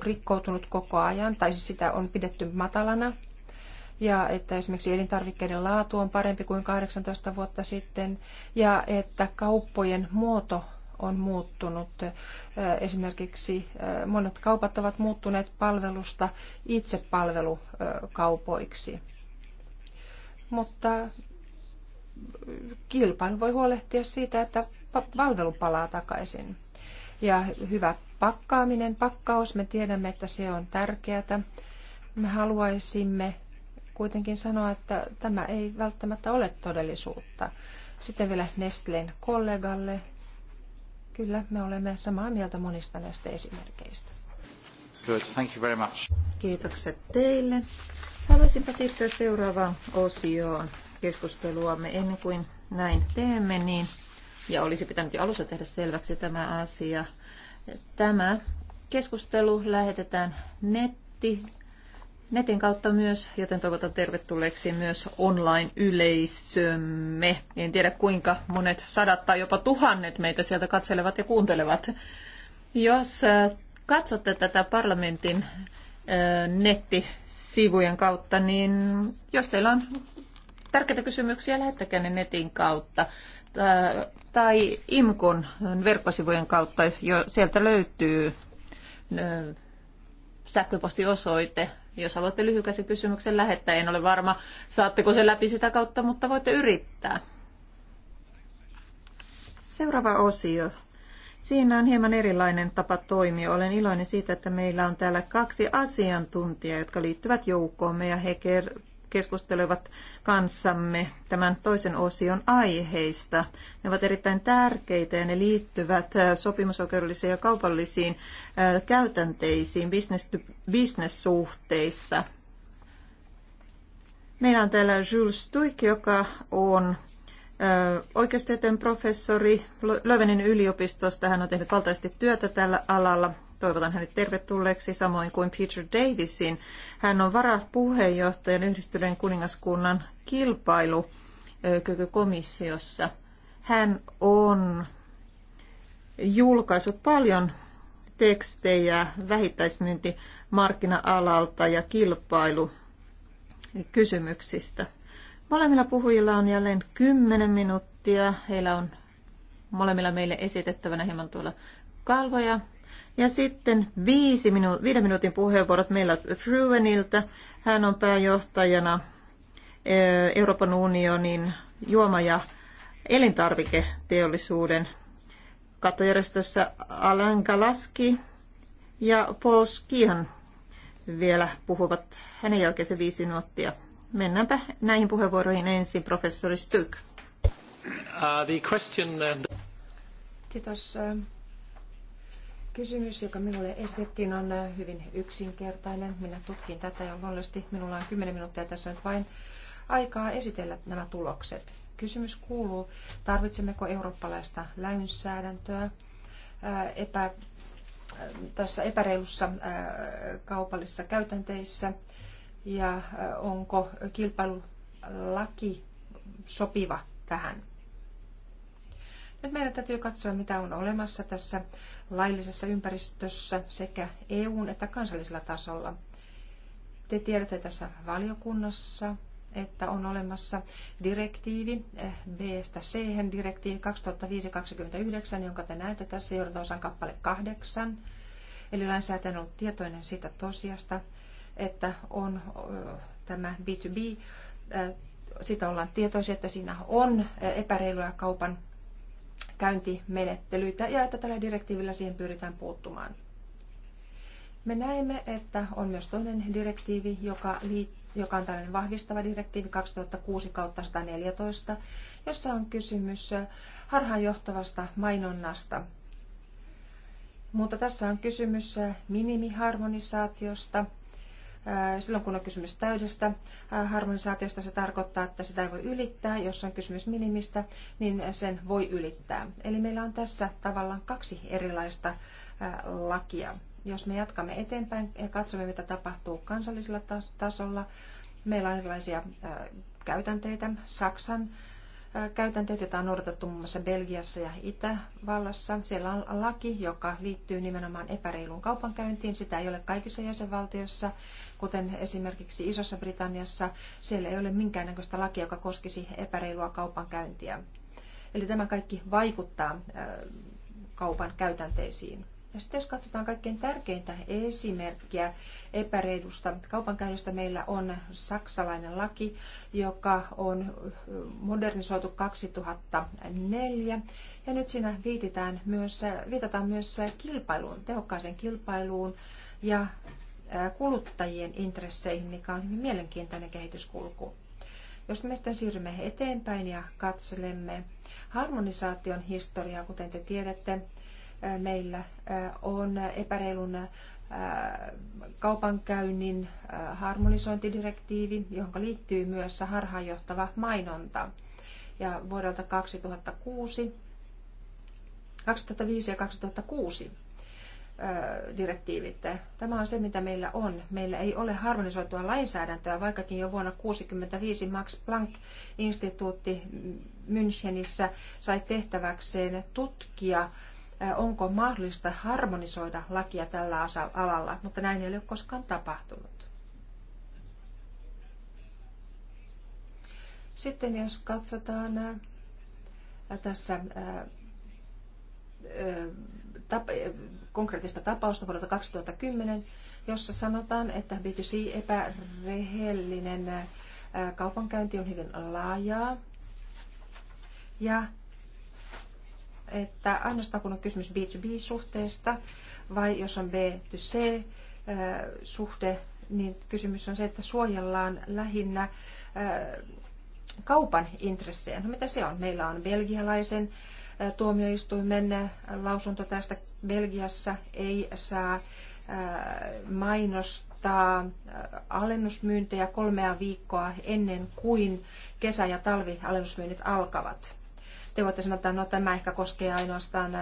rikkoutunut koko ajan, tai siis sitä on pidetty matalana. Ja että esimerkiksi elintarvikkeiden laatu on parempi kuin 18 vuotta sitten, ja että kauppojen muoto on muuttunut. Esimerkiksi monet kaupat ovat muuttuneet palvelusta itsepalvelukaupoiksi. Mutta kilpailu voi huolehtia siitä, että palvelu palaa takaisin. Ja hyvä pakkaaminen, pakkaus, me tiedämme, että se on tärkeää. Me haluaisimme kuitenkin sanoa, että tämä ei välttämättä ole todellisuutta. Sitten vielä Nestleen kollegalle Kyllä, me olemme samaa mieltä monista näistä esimerkkeistä.
Good, thank you very much.
Kiitokset teille. Haluaisinpa siirtyä
seuraavaan osioon keskusteluamme ennen kuin näin teemme, niin, ja olisi pitänyt jo alussa tehdä selväksi tämä asia. Tämä keskustelu lähetetään netti netin kautta myös, joten toivotan tervetulleeksi myös online-yleisömme. En tiedä kuinka monet sadat tai jopa tuhannet meitä sieltä katselevat ja kuuntelevat. Jos äh, katsotte tätä parlamentin äh, nettisivujen kautta, niin jos teillä on tärkeitä kysymyksiä, lähettäkää ne netin kautta tai IMKON verkkosivujen kautta. Jo sieltä löytyy äh, sähköpostiosoite jos haluatte lyhykäisen kysymyksen lähettää, en ole varma saatteko sen läpi sitä kautta, mutta voitte yrittää. Seuraava osio. Siinä on hieman erilainen tapa toimia. Olen iloinen siitä, että meillä on täällä kaksi asiantuntijaa, jotka liittyvät joukkoomme ja he keskustelevat kanssamme tämän toisen osion aiheista. Ne ovat erittäin tärkeitä ja ne liittyvät äh, sopimusoikeudellisiin ja kaupallisiin äh, käytänteisiin bisnessuhteissa. Meillä on täällä Jules Stuik, joka on äh, oikeustieteen professori Lövenin yliopistosta. Hän on tehnyt valtaisesti työtä tällä alalla. Toivotan hänet tervetulleeksi samoin kuin Peter Davisin. Hän on varapuheenjohtajan Yhdistyneen kuningaskunnan kilpailukykykomissiossa. Hän on julkaissut paljon tekstejä vähittäismyyntimarkkina-alalta ja kilpailukysymyksistä. Molemmilla puhujilla on jälleen 10 minuuttia. Heillä on molemmilla meille esitettävänä hieman tuolla kalvoja. Ja sitten viisi minu- viiden minuutin puheenvuorot meillä Fruenilta. Hän on pääjohtajana eh, Euroopan unionin juoma- ja elintarviketeollisuuden kattojärjestössä Alain Galaski ja Paul Skihan vielä puhuvat hänen jälkeensä viisi minuuttia. Mennäänpä näihin puheenvuoroihin ensin professori Stug.
Uh, the question, uh...
Kiitos. Kysymys, joka minulle esitettiin, on äh, hyvin yksinkertainen. Minä tutkin tätä ja luonnollisesti minulla on 10 minuuttia tässä nyt vain aikaa esitellä nämä tulokset. Kysymys kuuluu, tarvitsemmeko eurooppalaista lainsäädäntöä äh, epä, äh, tässä epäreilussa kaupallisissa käytänteissä ja onko kilpailulaki sopiva tähän. Nyt meidän täytyy katsoa, mitä on olemassa tässä laillisessa ympäristössä sekä EUn että kansallisella tasolla. Te tiedätte tässä valiokunnassa, että on olemassa direktiivi eh, b c direktiivi 2005-29, jonka te näette tässä johdantosan kappale 8. Eli lainsäätäjä on ollut tietoinen siitä tosiasta, että on eh, tämä B2B, eh, sitä ollaan tietoisia, että siinä on epäreiluja kaupan käyntimenettelyitä ja että tällä direktiivillä siihen pyritään puuttumaan. Me näemme, että on myös toinen direktiivi, joka, lii, joka on tällainen vahvistava direktiivi 2006-114, jossa on kysymys harhaanjohtavasta mainonnasta. Mutta tässä on kysymys minimiharmonisaatiosta Silloin kun on kysymys täydestä harmonisaatiosta, se tarkoittaa, että sitä ei voi ylittää. Jos on kysymys minimistä, niin sen voi ylittää. Eli meillä on tässä tavallaan kaksi erilaista lakia. Jos me jatkamme eteenpäin ja katsomme, mitä tapahtuu kansallisella tasolla, meillä on erilaisia käytänteitä. Saksan käytänteet, joita on noudatettu muun muassa Belgiassa ja Itävallassa. Siellä on laki, joka liittyy nimenomaan epäreiluun kaupankäyntiin. Sitä ei ole kaikissa jäsenvaltioissa, kuten esimerkiksi Isossa Britanniassa. Siellä ei ole minkäännäköistä lakia, joka koskisi epäreilua kaupankäyntiä. Eli tämä kaikki vaikuttaa kaupan käytänteisiin. Ja sitten jos katsotaan kaikkein tärkeintä esimerkkiä epäreilusta kaupankäynnistä, meillä on saksalainen laki, joka on modernisoitu 2004. Ja nyt siinä viititään myös, viitataan myös kilpailuun, tehokkaaseen kilpailuun ja kuluttajien intresseihin, mikä on hyvin mielenkiintoinen kehityskulku. Jos me sitten siirrymme eteenpäin ja katselemme harmonisaation historiaa, kuten te tiedätte, meillä on epäreilun kaupankäynnin harmonisointidirektiivi, johon liittyy myös harhaanjohtava mainonta. Ja vuodelta 2006, 2005 ja 2006 direktiivit. Tämä on se, mitä meillä on. Meillä ei ole harmonisoitua lainsäädäntöä, vaikkakin jo vuonna 1965 Max Planck-instituutti Münchenissä sai tehtäväkseen tutkia onko mahdollista harmonisoida lakia tällä alalla, mutta näin ei ole koskaan tapahtunut. Sitten jos katsotaan tässä konkreettista tapausta vuodelta 2010, jossa sanotaan, että B2C-epärehellinen kaupankäynti on hyvin laajaa ja että ainoastaan kun on kysymys B2B-suhteesta vai jos on B2C-suhde, äh, niin kysymys on se, että suojellaan lähinnä äh, kaupan intressejä. No mitä se on? Meillä on belgialaisen äh, tuomioistuimen lausunto tästä. Belgiassa ei saa mainostaa alennusmyyntejä kolmea viikkoa ennen kuin kesä- ja talvialennusmyynnit alkavat. Te voitte sanoa, että no, tämä ehkä koskee ainoastaan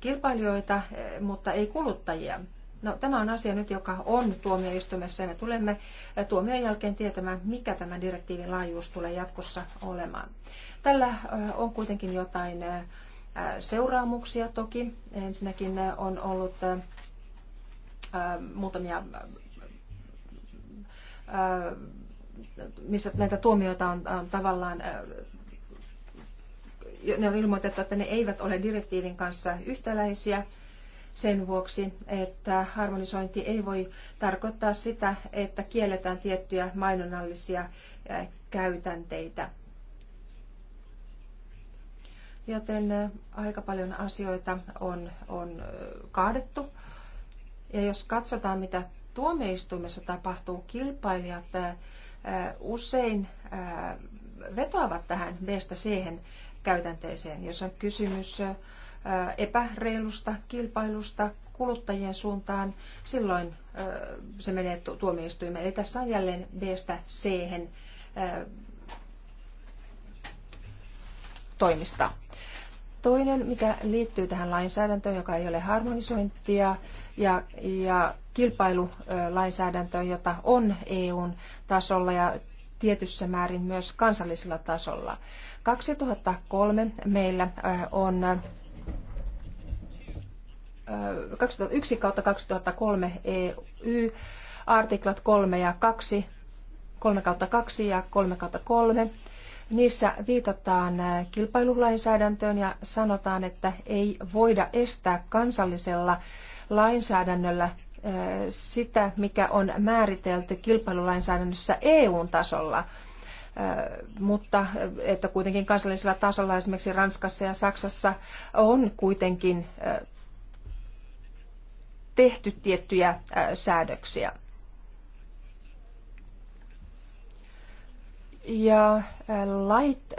kilpailijoita, mutta ei kuluttajia. No, tämä on asia nyt, joka on tuomioistuimessa ja me tulemme tuomion jälkeen tietämään, mikä tämä direktiivin laajuus tulee jatkossa olemaan. Tällä on kuitenkin jotain seuraamuksia toki. Ensinnäkin on ollut muutamia, missä näitä tuomioita on tavallaan ne on ilmoitettu, että ne eivät ole direktiivin kanssa yhtäläisiä sen vuoksi, että harmonisointi ei voi tarkoittaa sitä, että kielletään tiettyjä mainonnallisia käytänteitä. Joten aika paljon asioita on, on kaadettu. Ja jos katsotaan, mitä tuomioistuimessa tapahtuu, kilpailijat usein vetoavat tähän B-stä siihen käytänteeseen, jos on kysymys epäreilusta kilpailusta kuluttajien suuntaan, silloin se menee tuomioistuimeen. Eli tässä on jälleen B-stä c toimista. Toinen, mikä liittyy tähän lainsäädäntöön, joka ei ole harmonisointia ja, ja kilpailulainsäädäntöön, jota on EUn tasolla ja tietyssä määrin myös kansallisella tasolla. 2003 meillä äh, on 2001 2003 EU, artiklat 3 ja 2, 3 kautta 2 ja 3 kautta 3. Niissä viitataan äh, kilpailulainsäädäntöön ja sanotaan, että ei voida estää kansallisella lainsäädännöllä sitä, mikä on määritelty kilpailulainsäädännössä EU-tasolla, mutta että kuitenkin kansallisella tasolla esimerkiksi Ranskassa ja Saksassa on kuitenkin tehty tiettyjä säädöksiä. Ja lait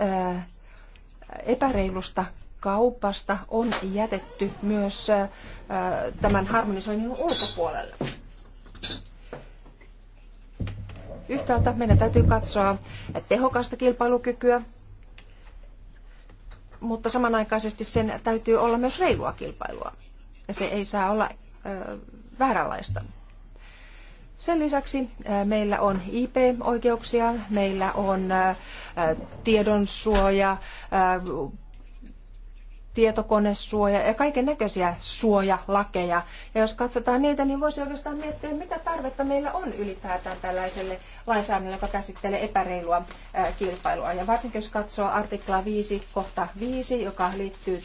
epäreilusta kaupasta on jätetty myös tämän harmonisoinnin ulkopuolelle. Yhtäältä meidän täytyy katsoa tehokasta kilpailukykyä, mutta samanaikaisesti sen täytyy olla myös reilua kilpailua. Ja se ei saa olla vääränlaista. Sen lisäksi meillä on IP-oikeuksia, meillä on tiedonsuoja, tietokonesuoja ja kaiken näköisiä suojalakeja. Ja jos katsotaan niitä, niin voisi oikeastaan miettiä, mitä tarvetta meillä on ylipäätään tällaiselle lainsäädännölle, joka käsittelee epäreilua kilpailua. Ja varsinkin jos katsoo artikla 5, kohta 5, joka liittyy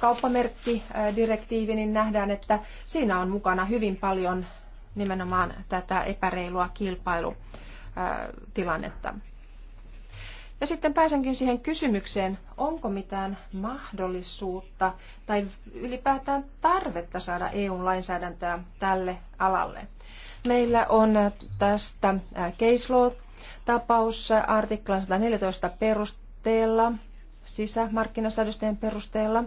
kauppamerkkidirektiiviin, niin nähdään, että siinä on mukana hyvin paljon nimenomaan tätä epäreilua kilpailutilannetta. Ja sitten pääsenkin siihen kysymykseen, onko mitään mahdollisuutta tai ylipäätään tarvetta saada EU-lainsäädäntöä tälle alalle. Meillä on tästä case law tapaus artiklan 114 perusteella sisämarkkinasäädösten perusteella.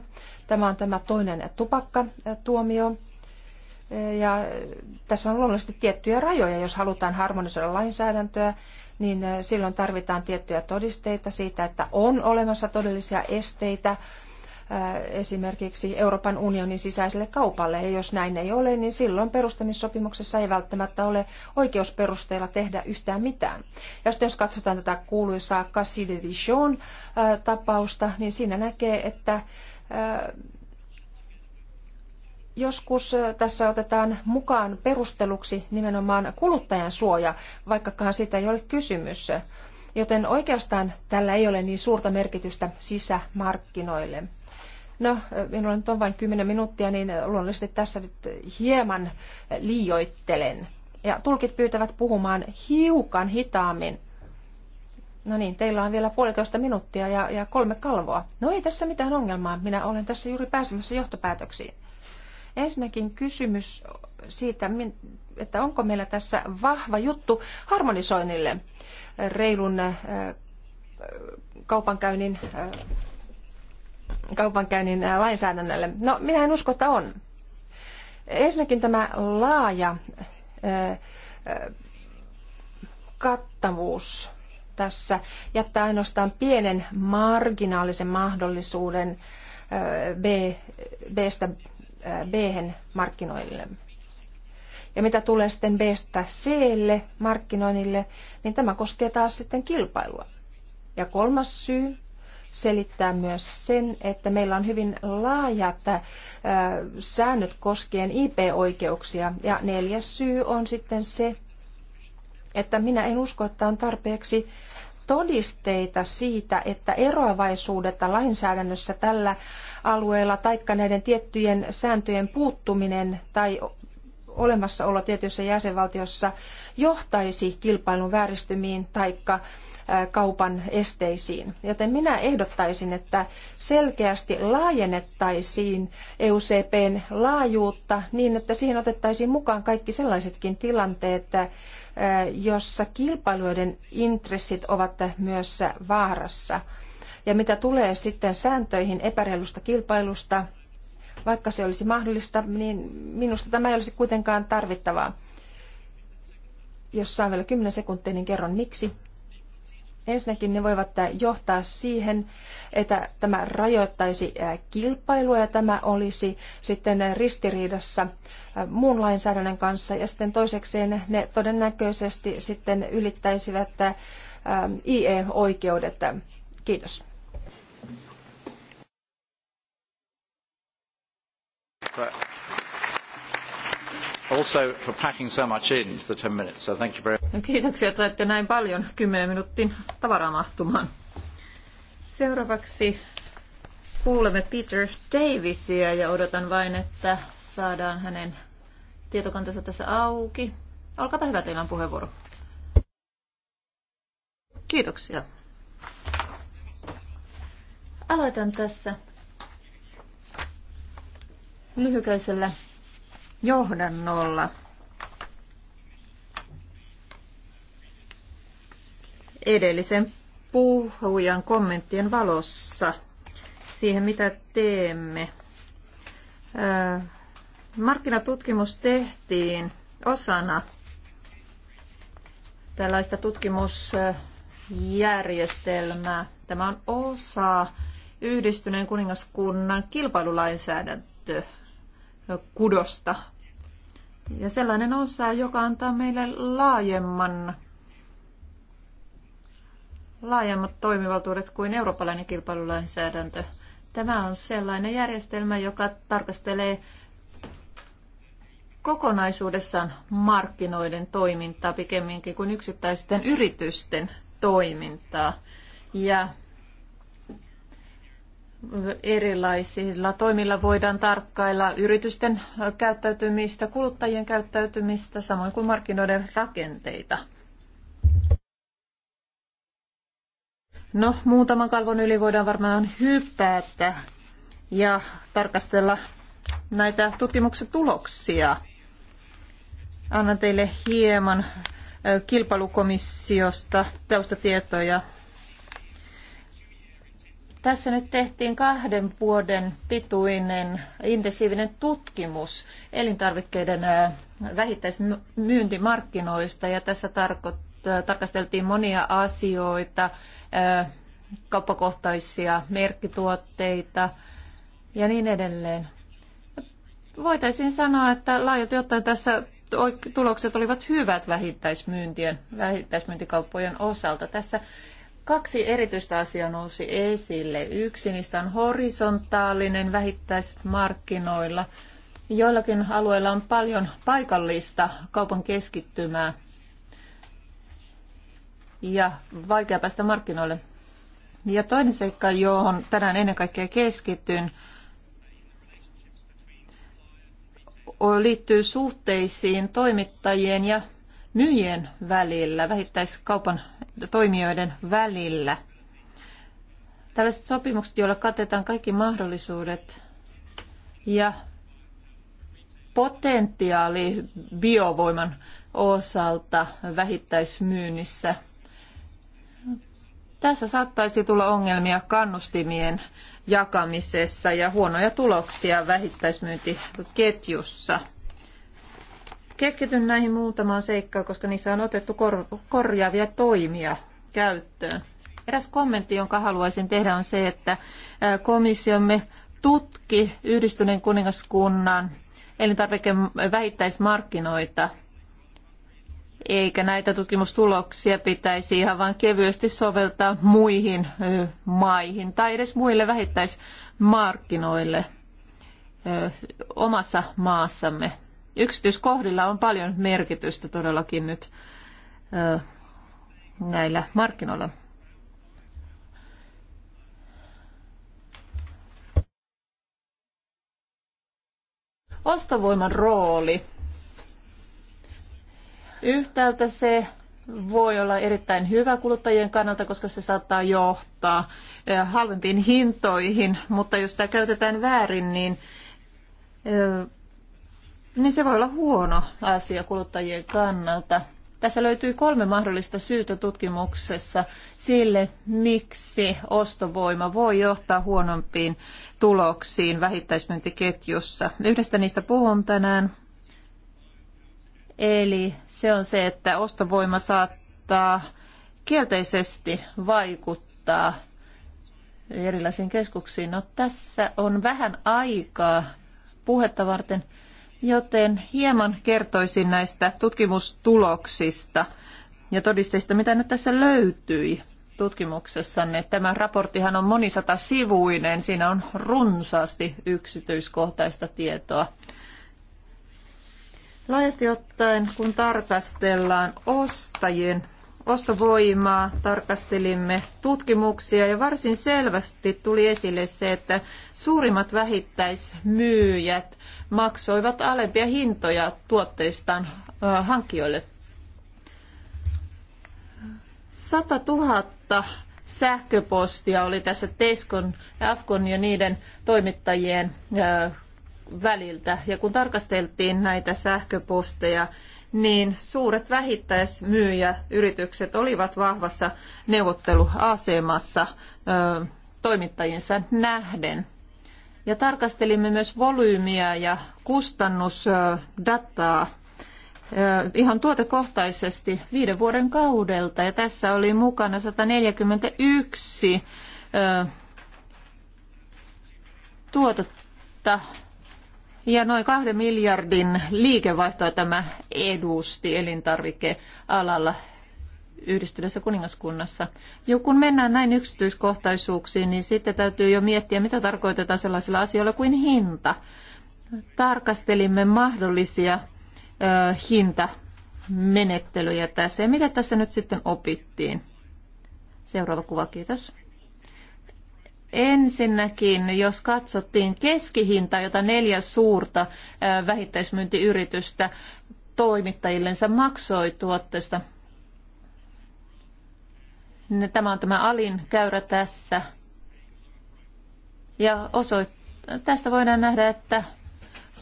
Tämä on tämä toinen tupakkatuomio. Ja tässä on luonnollisesti tiettyjä rajoja, jos halutaan harmonisoida lainsäädäntöä niin silloin tarvitaan tiettyjä todisteita siitä, että on olemassa todellisia esteitä esimerkiksi Euroopan unionin sisäiselle kaupalle. Ja jos näin ei ole, niin silloin perustamissopimuksessa ei välttämättä ole oikeusperusteella tehdä yhtään mitään. Ja sitten jos katsotaan tätä kuuluisaa Cassis de tapausta, niin siinä näkee, että joskus tässä otetaan mukaan perusteluksi nimenomaan kuluttajan suoja, vaikkakaan sitä ei ole kysymys. Joten oikeastaan tällä ei ole niin suurta merkitystä sisämarkkinoille. No, minulla nyt on vain 10 minuuttia, niin luonnollisesti tässä nyt hieman liioittelen. Ja tulkit pyytävät puhumaan hiukan hitaammin. No niin, teillä on vielä puolitoista minuuttia ja, ja kolme kalvoa. No ei tässä mitään ongelmaa, minä olen tässä juuri pääsemässä johtopäätöksiin. Ensinnäkin kysymys siitä, että onko meillä tässä vahva juttu harmonisoinnille reilun äh, kaupankäynnin, äh, kaupankäynnin äh, lainsäädännölle. No, minä en usko, että on. Ensinnäkin tämä laaja kattavuus tässä jättää ainoastaan pienen marginaalisen mahdollisuuden B, B-stä b markkinoille. Ja mitä tulee sitten b c markkinoinnille, niin tämä koskee taas sitten kilpailua. Ja kolmas syy selittää myös sen, että meillä on hyvin laajat äh, säännöt koskien IP-oikeuksia. Ja neljäs syy on sitten se, että minä en usko, että on tarpeeksi todisteita siitä, että eroavaisuudetta lainsäädännössä tällä alueella taikka näiden tiettyjen sääntöjen puuttuminen tai olemassaolo tietyissä jäsenvaltiossa johtaisi kilpailun vääristymiin taikka kaupan esteisiin. Joten minä ehdottaisin, että selkeästi laajennettaisiin EUCPn laajuutta niin, että siihen otettaisiin mukaan kaikki sellaisetkin tilanteet, jossa kilpailijoiden intressit ovat myös vaarassa. Ja mitä tulee sitten sääntöihin epäreilusta kilpailusta, vaikka se olisi mahdollista, niin minusta tämä ei olisi kuitenkaan tarvittavaa. Jos saan vielä 10 sekuntia, niin kerron miksi. Ensinnäkin ne voivat äh, johtaa siihen, että tämä rajoittaisi äh, kilpailua ja tämä olisi sitten ristiriidassa äh, muun lainsäädännön kanssa. Ja sitten toisekseen ne todennäköisesti sitten ylittäisivät IE-oikeudet. Kiitos.
but also for packing so much in the 10 minutes. So thank you very much.
No, kiitoksia, että saitte näin paljon 10 minuutin tavaraa mahtumaan. Seuraavaksi kuulemme Peter Davisia ja odotan vain, että saadaan hänen tietokantansa tässä auki. Olkaapa hyvä, teillä on puheenvuoro. Kiitoksia. Aloitan tässä lyhykäisellä johdannolla. Edellisen puhujan kommenttien valossa siihen, mitä teemme. Äh, markkinatutkimus tehtiin osana tällaista tutkimusjärjestelmää. Tämä on osa yhdistyneen kuningaskunnan kilpailulainsäädäntöä kudosta. Ja sellainen osa, joka antaa meille laajemman laajemmat toimivaltuudet kuin eurooppalainen kilpailulainsäädäntö. Tämä on sellainen järjestelmä, joka tarkastelee kokonaisuudessaan markkinoiden toimintaa pikemminkin kuin yksittäisten yritysten toimintaa. Ja erilaisilla toimilla voidaan tarkkailla yritysten käyttäytymistä, kuluttajien käyttäytymistä, samoin kuin markkinoiden rakenteita. No, muutaman kalvon yli voidaan varmaan hypätä ja tarkastella näitä tutkimuksen tuloksia. Annan teille hieman kilpailukomissiosta taustatietoja tässä nyt tehtiin kahden vuoden pituinen intensiivinen tutkimus elintarvikkeiden vähittäismyyntimarkkinoista ja tässä tarkasteltiin monia asioita, kauppakohtaisia merkkituotteita ja niin edelleen. Voitaisiin sanoa, että laajalti ottaen tässä tulokset olivat hyvät vähittäismyyntien, vähittäismyyntikauppojen osalta. Tässä Kaksi erityistä asiaa nousi esille. Yksi niistä on horisontaalinen vähittäismarkkinoilla. Joillakin alueilla on paljon paikallista kaupan keskittymää ja vaikea päästä markkinoille. Ja toinen seikka, johon tänään ennen kaikkea keskityn, liittyy suhteisiin toimittajien ja myyjien välillä, vähittäiskaupan toimijoiden välillä. Tällaiset sopimukset, joilla katetaan kaikki mahdollisuudet ja potentiaali biovoiman osalta vähittäismyynnissä. Tässä saattaisi tulla ongelmia kannustimien jakamisessa ja huonoja tuloksia vähittäismyyntiketjussa. Keskityn näihin muutamaan seikkaan, koska niissä on otettu kor- korjaavia toimia käyttöön. Eräs kommentti, jonka haluaisin tehdä, on se, että komissiomme tutki yhdistyneen kuningaskunnan elintarvikevähittäismarkkinoita eikä näitä tutkimustuloksia pitäisi ihan vain kevyesti soveltaa muihin maihin tai edes muille vähittäismarkkinoille omassa maassamme yksityiskohdilla on paljon merkitystä todellakin nyt näillä markkinoilla. Ostovoiman rooli. Yhtäältä se voi olla erittäin hyvä kuluttajien kannalta, koska se saattaa johtaa halvempiin hintoihin, mutta jos sitä käytetään väärin, niin niin se voi olla huono asia kuluttajien kannalta. Tässä löytyy kolme mahdollista syytä tutkimuksessa sille, miksi ostovoima voi johtaa huonompiin tuloksiin vähittäismyyntiketjussa. Yhdestä niistä puhun tänään. Eli se on se, että ostovoima saattaa kielteisesti vaikuttaa erilaisiin keskuksiin. No, tässä on vähän aikaa puhetta varten – joten hieman kertoisin näistä tutkimustuloksista ja todisteista, mitä nyt tässä löytyi tutkimuksessanne. Tämä raporttihan on monisata sivuinen, siinä on runsaasti yksityiskohtaista tietoa. Laajasti ottaen, kun tarkastellaan ostajien ostovoimaa, tarkastelimme tutkimuksia ja varsin selvästi tuli esille se, että suurimmat vähittäismyyjät maksoivat alempia hintoja tuotteistaan hankkijoille. 100 000 sähköpostia oli tässä Teskon, Afkon ja niiden toimittajien väliltä. Ja kun tarkasteltiin näitä sähköposteja, niin suuret vähittäismyyjäyritykset olivat vahvassa neuvotteluasemassa ö, toimittajiinsa nähden. Ja tarkastelimme myös volyymiä ja kustannusdataa ihan tuotekohtaisesti viiden vuoden kaudelta. Ja tässä oli mukana 141 tuotetta ja noin kahden miljardin liikevaihtoa tämä edusti elintarvikealalla yhdistyneessä kuningaskunnassa. Jo kun mennään näin yksityiskohtaisuuksiin, niin sitten täytyy jo miettiä, mitä tarkoitetaan sellaisilla asioilla kuin hinta. Tarkastelimme mahdollisia ö, hintamenettelyjä tässä. Ja mitä tässä nyt sitten opittiin? Seuraava kuva, kiitos. Ensinnäkin, jos katsottiin keskihintaa, jota neljä suurta vähittäismyyntiyritystä toimittajillensa maksoi tuotteesta, tämä on tämä alin käyrä tässä. Ja osoit- tästä voidaan nähdä, että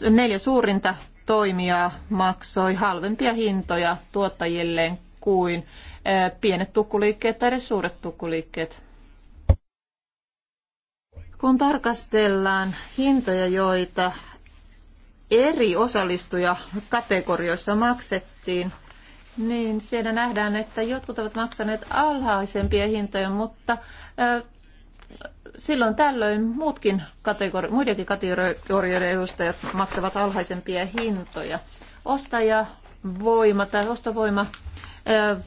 neljä suurinta toimijaa maksoi halvempia hintoja tuottajilleen kuin pienet tukkuliikkeet tai edes suuret tukkuliikkeet. Kun tarkastellaan hintoja, joita eri osallistuja kategorioissa maksettiin, niin siellä nähdään, että jotkut ovat maksaneet alhaisempia hintoja, mutta silloin tällöin muutkin kategori- muidenkin kategorioiden edustajat maksavat alhaisempia hintoja. Ostaja voima tai ostovoima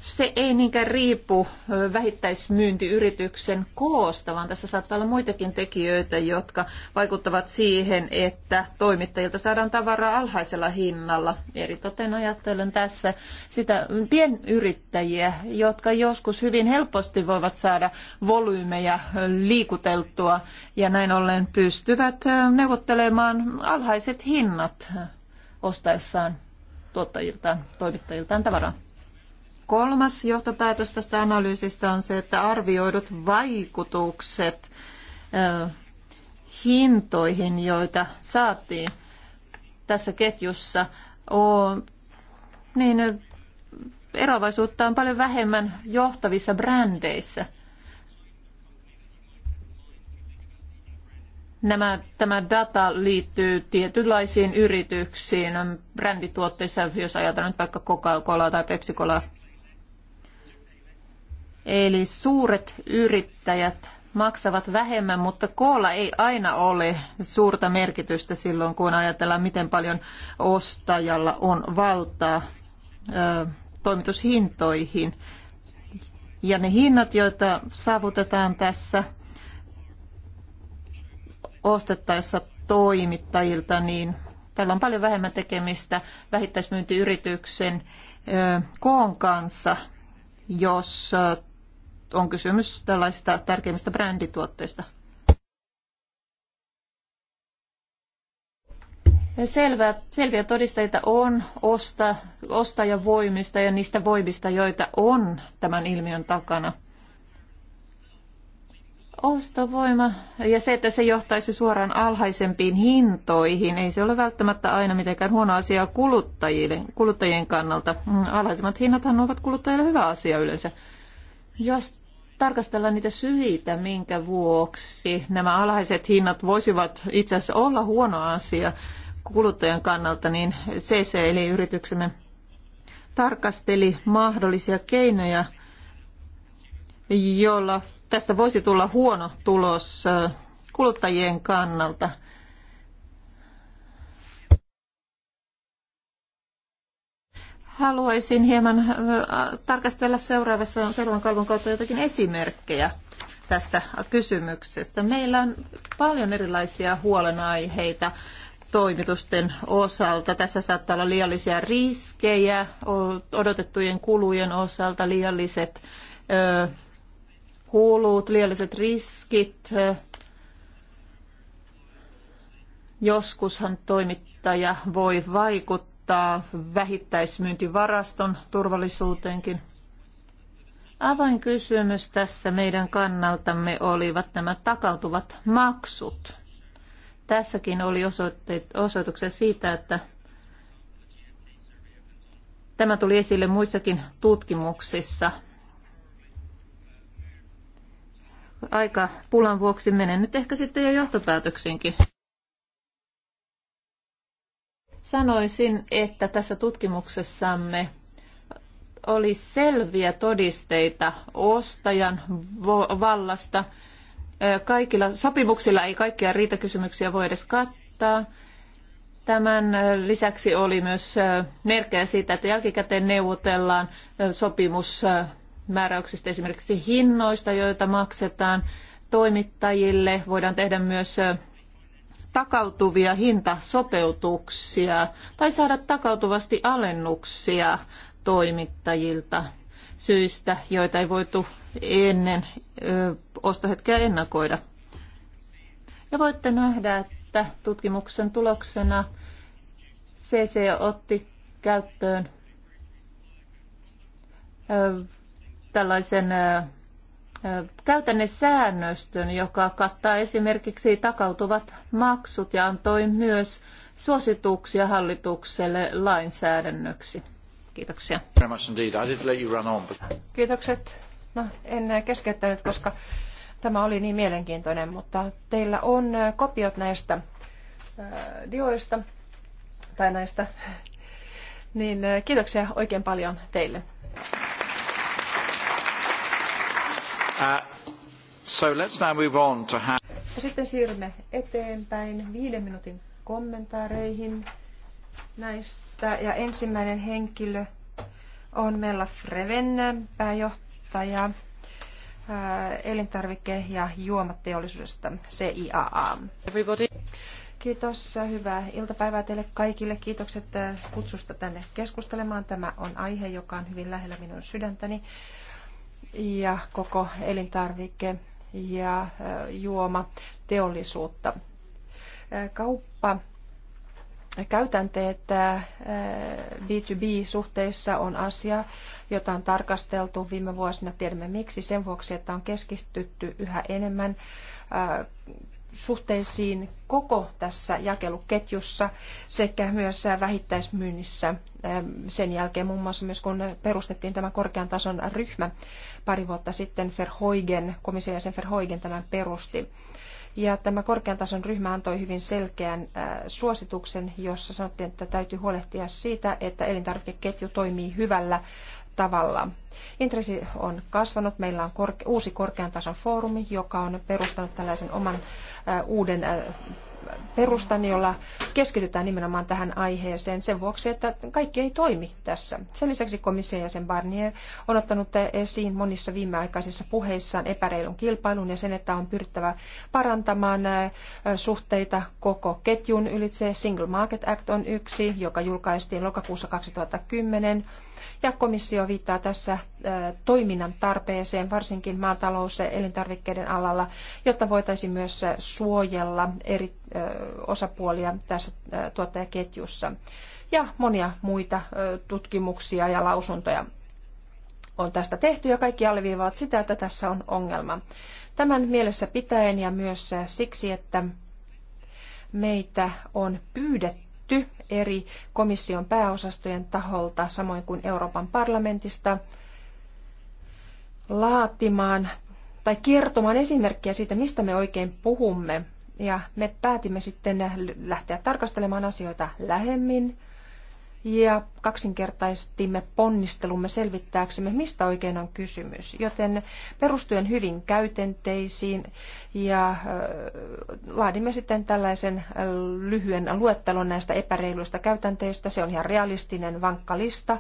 se ei niinkään riipu vähittäismyyntiyrityksen koosta, vaan tässä saattaa olla muitakin tekijöitä, jotka vaikuttavat siihen, että toimittajilta saadaan tavaraa alhaisella hinnalla. Eritoten ajattelen tässä sitä pienyrittäjiä, jotka joskus hyvin helposti voivat saada volyymeja liikuteltua ja näin ollen pystyvät neuvottelemaan alhaiset hinnat ostaessaan tuottajiltaan, toimittajiltaan tavaraa. Kolmas johtopäätös tästä analyysistä on se, että arvioidut vaikutukset hintoihin, joita saatiin tässä ketjussa, on, niin eroavaisuutta on paljon vähemmän johtavissa brändeissä. Nämä, tämä data liittyy tietynlaisiin yrityksiin, brändituotteissa, jos ajatellaan nyt vaikka coca cola tai pepsi cola Eli suuret yrittäjät maksavat vähemmän, mutta koolla ei aina ole suurta merkitystä silloin, kun ajatellaan, miten paljon ostajalla on valtaa ö, toimitushintoihin. Ja ne hinnat, joita saavutetaan tässä ostettaessa toimittajilta, niin tällä on paljon vähemmän tekemistä vähittäismyyntiyrityksen koon kanssa, jos on kysymys tällaisista tärkeimmistä brändituotteista. Selvä, selviä todisteita on osta, ostajavoimista ja niistä voimista, joita on tämän ilmiön takana. Ostovoima ja se, että se johtaisi suoraan alhaisempiin hintoihin, ei se ole välttämättä aina mitenkään huono asia kuluttajien kannalta. Mm, alhaisemmat hinnathan ovat kuluttajille hyvä asia yleensä. Jos tarkastellaan niitä syitä, minkä vuoksi nämä alhaiset hinnat voisivat itse asiassa olla huono asia kuluttajan kannalta, niin CC eli yrityksemme tarkasteli mahdollisia keinoja, joilla tästä voisi tulla huono tulos kuluttajien kannalta – haluaisin hieman tarkastella seuraavassa seuraavan kalvon kautta jotakin esimerkkejä tästä kysymyksestä. Meillä on paljon erilaisia huolenaiheita toimitusten osalta. Tässä saattaa olla liiallisia riskejä odotettujen kulujen osalta, liialliset kulut, liialliset riskit. Joskushan toimittaja voi vaikuttaa vaikuttaa vähittäismyyntivaraston turvallisuuteenkin. Avainkysymys tässä meidän kannaltamme olivat nämä takautuvat maksut. Tässäkin oli osoituksia siitä, että tämä tuli esille muissakin tutkimuksissa. Aika pulan vuoksi menen nyt ehkä sitten jo johtopäätöksiinkin. Sanoisin, että tässä tutkimuksessamme oli selviä todisteita ostajan vallasta. Kaikilla sopimuksilla ei kaikkia riitakysymyksiä voi edes kattaa. Tämän lisäksi oli myös merkkejä siitä, että jälkikäteen neuvotellaan sopimusmääräyksistä esimerkiksi hinnoista, joita maksetaan toimittajille. Voidaan tehdä myös takautuvia hintasopeutuksia tai saada takautuvasti alennuksia toimittajilta syistä, joita ei voitu ennen ö, ostohetkeä ennakoida. Ja voitte nähdä, että tutkimuksen tuloksena CC otti käyttöön ö, tällaisen ö, käytänne joka kattaa esimerkiksi takautuvat maksut ja antoi myös suosituksia hallitukselle lainsäädännöksi.
Kiitoksia.
Kiitokset. No, en keskeyttänyt, koska tämä oli niin mielenkiintoinen, mutta teillä on kopiot näistä dioista tai näistä. Niin kiitoksia oikein paljon teille.
Uh, so let's now move on to ja
sitten siirrymme eteenpäin viiden minuutin kommentaareihin näistä. Ja ensimmäinen henkilö on Mella Freven, pääjohtaja uh, elintarvike- ja juomateollisuudesta CIAA. Everybody. Kiitos, hyvää iltapäivää teille kaikille. Kiitokset uh, kutsusta tänne keskustelemaan. Tämä on aihe, joka on hyvin lähellä minun sydäntäni ja koko elintarvike- ja juomateollisuutta. Kauppa Käytänteet B2B-suhteissa on asia, jota on tarkasteltu viime vuosina. Tiedämme miksi. Sen vuoksi, että on keskistytty yhä enemmän suhteisiin koko tässä jakeluketjussa sekä myös vähittäismyynnissä Ehm, sen jälkeen muun muassa myös kun perustettiin tämä korkean tason ryhmä pari vuotta sitten Verhoigen, komission jäsen Verhoigen tämän perusti. Ja tämä korkean tason ryhmä antoi hyvin selkeän äh, suosituksen, jossa sanottiin, että täytyy huolehtia siitä, että elintarvikeketju toimii hyvällä tavalla. Intressi on kasvanut. Meillä on uusi korkean tason foorumi, joka on perustanut tällaisen oman äh, uuden äh, perustan, jolla keskitytään nimenomaan tähän aiheeseen sen vuoksi, että kaikki ei toimi tässä. Sen lisäksi komission jäsen Barnier on ottanut esiin monissa viimeaikaisissa puheissaan epäreilun kilpailun ja sen, että on pyrittävä parantamaan suhteita koko ketjun ylitse. Single Market Act on yksi, joka julkaistiin lokakuussa 2010 ja komissio viittaa tässä toiminnan tarpeeseen, varsinkin maatalous- ja elintarvikkeiden alalla, jotta voitaisiin myös suojella eri osapuolia tässä tuottajaketjussa. Ja monia muita tutkimuksia ja lausuntoja on tästä tehty ja kaikki alleviivaavat sitä, että tässä on ongelma. Tämän mielessä pitäen ja myös siksi, että meitä on pyydetty eri komission pääosastojen taholta, samoin kuin Euroopan parlamentista, laatimaan tai kertomaan esimerkkiä siitä, mistä me oikein puhumme. Ja me päätimme sitten lähteä tarkastelemaan asioita lähemmin ja kaksinkertaistimme ponnistelumme selvittääksemme, mistä oikein on kysymys. Joten perustuen hyvin käytenteisiin ja laadimme sitten tällaisen lyhyen luettelon näistä epäreiluista käytänteistä. Se on ihan realistinen, vankka lista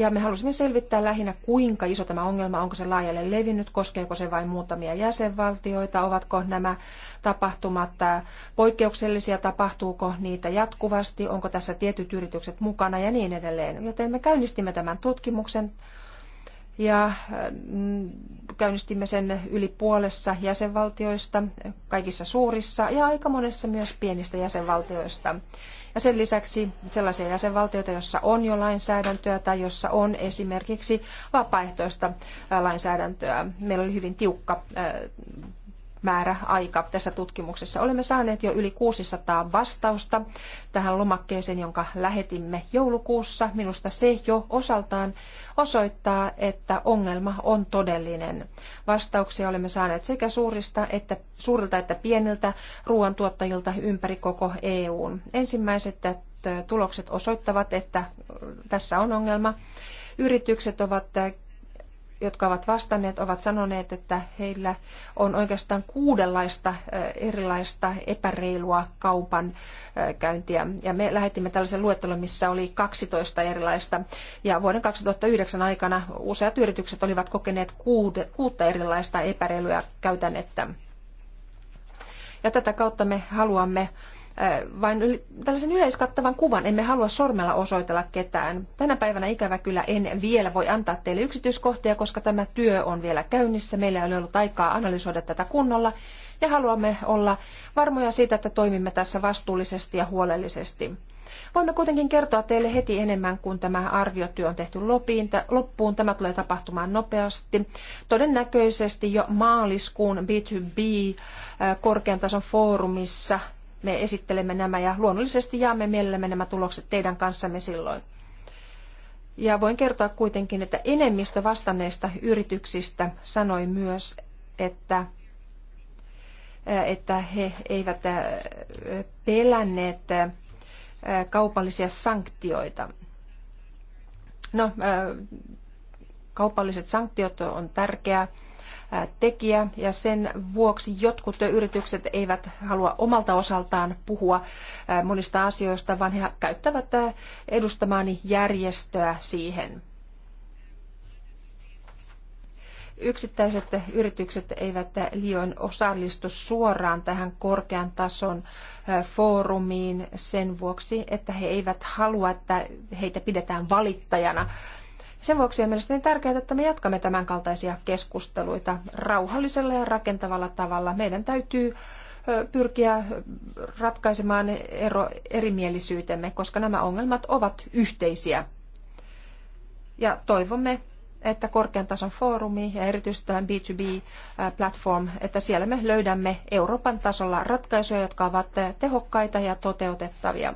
ja me halusimme selvittää lähinnä, kuinka iso tämä ongelma, onko se laajalle levinnyt, koskeeko se vain muutamia jäsenvaltioita, ovatko nämä tapahtumat äh, poikkeuksellisia, tapahtuuko niitä jatkuvasti, onko tässä tietyt yritykset mukana ja niin edelleen. Joten me käynnistimme tämän tutkimuksen ja äh, mm, käynnistimme sen yli puolessa jäsenvaltioista, kaikissa suurissa ja aika monessa myös pienistä jäsenvaltioista. Ja sen lisäksi sellaisia jäsenvaltioita, joissa on jo lainsäädäntöä tai jossa on esimerkiksi vapaaehtoista lainsäädäntöä. Meillä oli hyvin tiukka määrä aika tässä tutkimuksessa. Olemme saaneet jo yli 600 vastausta tähän lomakkeeseen, jonka lähetimme joulukuussa. Minusta se jo osaltaan osoittaa, että ongelma on todellinen. Vastauksia olemme saaneet sekä suurista että, suurilta että pieniltä ruoantuottajilta ympäri koko EUn. Ensimmäiset äh, tulokset osoittavat, että äh, tässä on ongelma. Yritykset ovat äh, jotka ovat vastanneet, ovat sanoneet, että heillä on oikeastaan kuudenlaista erilaista epäreilua kaupan käyntiä. Ja me lähetimme tällaisen luettelon, missä oli 12 erilaista. Ja vuoden 2009 aikana useat yritykset olivat kokeneet kuutta erilaista epäreilua käytännettä. Ja tätä kautta me haluamme vain tällaisen yleiskattavan kuvan. Emme halua sormella osoitella ketään. Tänä päivänä ikävä kyllä en vielä voi antaa teille yksityiskohtia, koska tämä työ on vielä käynnissä. Meillä ei ole ollut aikaa analysoida tätä kunnolla ja haluamme olla varmoja siitä, että toimimme tässä vastuullisesti ja huolellisesti. Voimme kuitenkin kertoa teille heti enemmän, kun tämä arviotyö on tehty loppuun. Tämä tulee tapahtumaan nopeasti. Todennäköisesti jo maaliskuun B2B korkean tason foorumissa me esittelemme nämä ja luonnollisesti jaamme mielellämme nämä tulokset teidän kanssamme silloin. Ja voin kertoa kuitenkin, että enemmistö vastanneista yrityksistä sanoi myös, että, että he eivät äh, pelänneet äh, kaupallisia sanktioita. No, äh, kaupalliset sanktiot on tärkeää tekijä ja sen vuoksi jotkut yritykset eivät halua omalta osaltaan puhua monista asioista, vaan he käyttävät edustamaani järjestöä siihen. Yksittäiset yritykset eivät liioin osallistu suoraan tähän korkean tason foorumiin sen vuoksi, että he eivät halua, että heitä pidetään valittajana sen vuoksi on mielestäni tärkeää, että me jatkamme tämän kaltaisia keskusteluita rauhallisella ja rakentavalla tavalla. Meidän täytyy pyrkiä ratkaisemaan ero, erimielisyytemme, koska nämä ongelmat ovat yhteisiä. Ja toivomme, että korkean tason foorumi ja erityisesti B2B-platform, äh, että siellä me löydämme Euroopan tasolla ratkaisuja, jotka ovat äh, tehokkaita ja toteutettavia.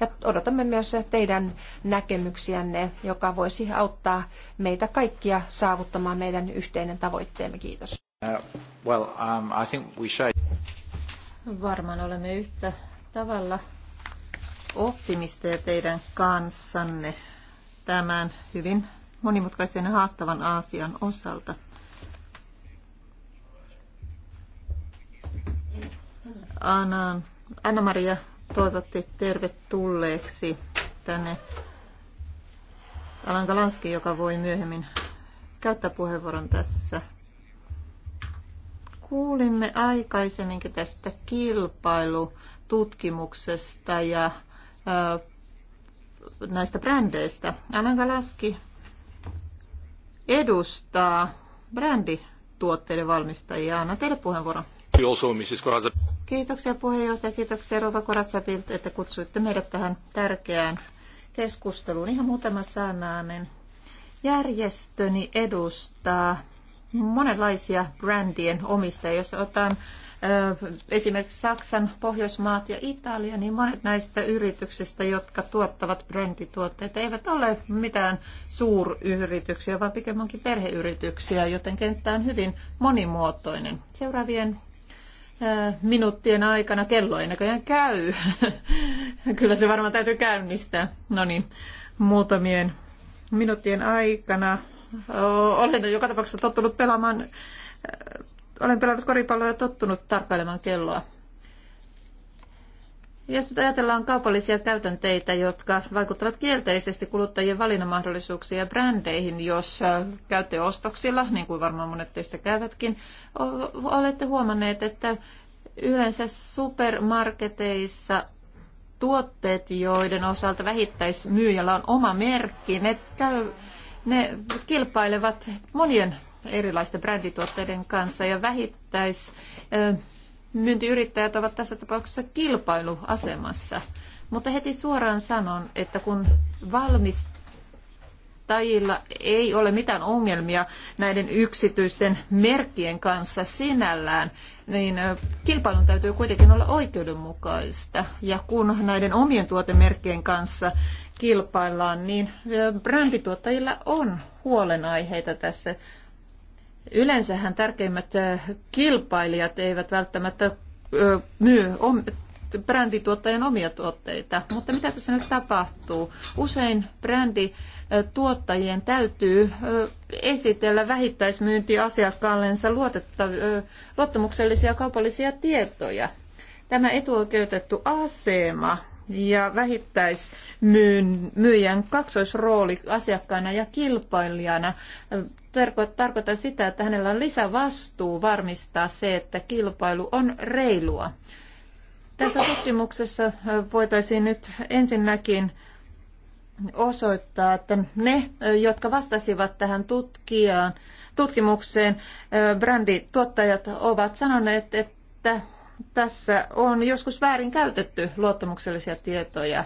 Ja odotamme myös teidän näkemyksiänne, joka voisi auttaa meitä kaikkia saavuttamaan meidän yhteinen tavoitteemme. Kiitos.
Uh, well, um, I think we should...
Varmaan olemme yhtä
tavalla optimisteja teidän kanssanne tämän hyvin monimutkaisen ja haastavan Aasian osalta. Anna-Maria toivotti tervetulleeksi tänne Alan Galanski, joka voi myöhemmin käyttää puheenvuoron tässä. Kuulimme aikaisemminkin tästä kilpailututkimuksesta ja näistä brändeistä. Alan Galanski edustaa brändituotteiden valmistajia. Anna teille puheenvuoro. Kiitoksia puheenjohtaja, kiitoksia Rova Koratsapilta, että kutsuitte meidät tähän tärkeään keskusteluun. Ihan muutama sananen. Järjestöni edustaa monenlaisia brändien omistajia. Jos otan esimerkiksi Saksan, Pohjoismaat ja Italia, niin monet näistä yrityksistä, jotka tuottavat brändituotteita, eivät ole mitään suuryrityksiä, vaan pikemminkin perheyrityksiä, joten kenttä on hyvin monimuotoinen. Seuraavien minuuttien aikana kello ei näköjään käy. Kyllä se varmaan täytyy käynnistää. No niin, muutamien minuuttien aikana olen joka tapauksessa tottunut pelaamaan olen pelannut koripalloa ja tottunut tarkkailemaan kelloa. Jos nyt ajatellaan kaupallisia käytänteitä, jotka vaikuttavat kielteisesti kuluttajien valinnanmahdollisuuksiin ja brändeihin, jos käytte ostoksilla, niin kuin varmaan monet teistä käyvätkin, olette huomanneet, että yleensä supermarketeissa tuotteet, joiden osalta vähittäismyyjällä on oma merkki, ne, käy, ne kilpailevat monien erilaisten brändituotteiden kanssa ja vähittäis myyntiyrittäjät ovat tässä tapauksessa kilpailuasemassa. Mutta heti suoraan sanon, että kun valmistajilla ei ole mitään ongelmia näiden yksityisten merkkien kanssa sinällään, niin kilpailun täytyy kuitenkin olla oikeudenmukaista. Ja kun näiden omien tuotemerkkien kanssa kilpaillaan, niin brändituottajilla on huolenaiheita tässä Yleensähän tärkeimmät kilpailijat eivät välttämättä myy brändituottajan omia tuotteita. Mutta mitä tässä nyt tapahtuu? Usein brändituottajien täytyy esitellä vähittäismyynti asiakkaallensa luottamuksellisia kaupallisia tietoja. Tämä etuoikeutettu asema ja vähittäismyyjän kaksoisrooli asiakkaana ja kilpailijana tarkoittaa sitä, että hänellä on lisävastuu varmistaa se, että kilpailu on reilua. Tässä tutkimuksessa voitaisiin nyt ensinnäkin osoittaa, että ne, jotka vastasivat tähän tutkijaan, tutkimukseen, brändituottajat ovat sanoneet, että tässä on joskus väärin käytetty luottamuksellisia tietoja.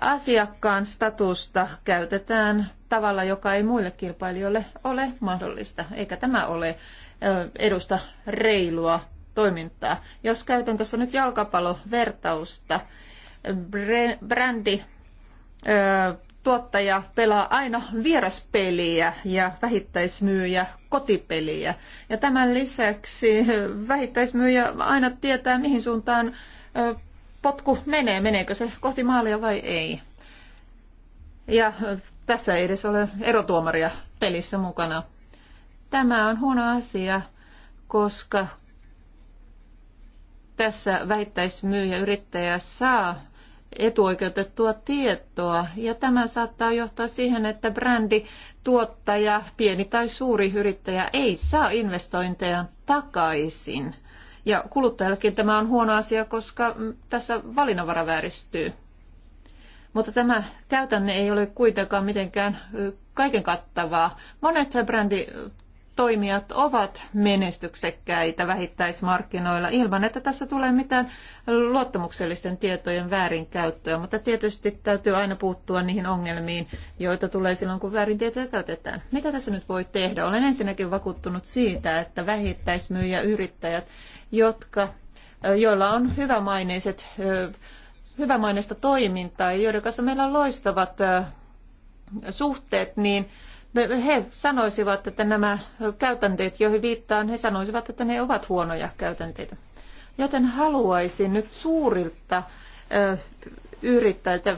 Asiakkaan statusta käytetään tavalla, joka ei muille kilpailijoille ole mahdollista, eikä tämä ole edusta reilua toimintaa. Jos käytän tässä nyt jalkapallovertausta, brändi tuottaja pelaa aina vieraspeliä ja vähittäismyyjä kotipeliä. Ja tämän lisäksi vähittäismyyjä aina tietää, mihin suuntaan potku menee, meneekö se kohti maalia vai ei. Ja tässä ei edes ole erotuomaria pelissä mukana. Tämä on huono asia, koska tässä väittäismyyjä yrittäjä saa etuoikeutettua tietoa ja tämä saattaa johtaa siihen, että brändi, tuottaja, pieni tai suuri yrittäjä ei saa investointeja takaisin. Ja kuluttajallekin tämä on huono asia, koska mm, tässä valinnanvara vääristyy. Mutta tämä käytänne ei ole kuitenkaan mitenkään kaiken kattavaa. Monet bränditoimijat ovat menestyksekkäitä vähittäismarkkinoilla ilman, että tässä tulee mitään luottamuksellisten tietojen väärinkäyttöä. Mutta tietysti täytyy aina puuttua niihin ongelmiin, joita tulee silloin, kun väärintietoja käytetään. Mitä tässä nyt voi tehdä? Olen ensinnäkin vakuuttunut siitä, että vähittäismyyjäyrittäjät, jotka joilla on hyvämaineiset hyvämainesta toimintaa, joiden kanssa meillä on loistavat suhteet, niin he sanoisivat, että nämä käytänteet, joihin viittaan, he sanoisivat, että ne ovat huonoja käytänteitä. Joten haluaisin nyt suurilta yrittäjiltä,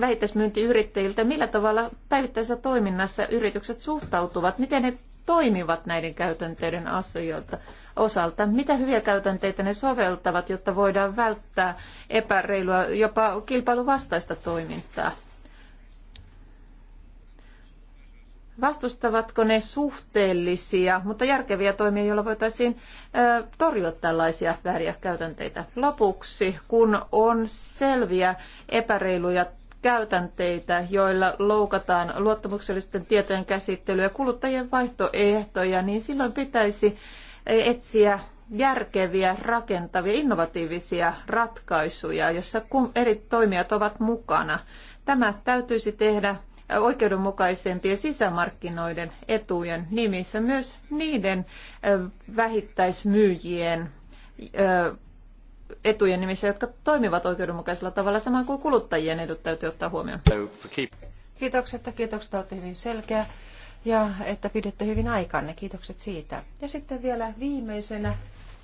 vähittäismyyntiyrittäjiltä, millä tavalla päivittäisessä toiminnassa yritykset suhtautuvat, miten ne toimivat näiden käytänteiden asioita osalta. Mitä hyviä käytänteitä ne soveltavat, jotta voidaan välttää epäreilua, jopa kilpailuvastaista toimintaa? Vastustavatko ne suhteellisia, mutta järkeviä toimia, joilla voitaisiin ö, torjua tällaisia vääriä käytänteitä? Lopuksi, kun on selviä epäreiluja käytänteitä, joilla loukataan luottamuksellisten tietojen käsittelyä ja kuluttajien vaihtoehtoja, niin silloin pitäisi etsiä järkeviä, rakentavia, innovatiivisia ratkaisuja, joissa eri toimijat ovat mukana. Tämä täytyisi tehdä oikeudenmukaisempien sisämarkkinoiden etujen nimissä myös niiden vähittäismyyjien etujen nimissä, jotka toimivat oikeudenmukaisella tavalla, samoin kuin kuluttajien edut täytyy ottaa huomioon.
Kiitokset ja kiitokset, olette hyvin selkeä ja että pidätte hyvin aikanne. Kiitokset siitä. Ja sitten vielä viimeisenä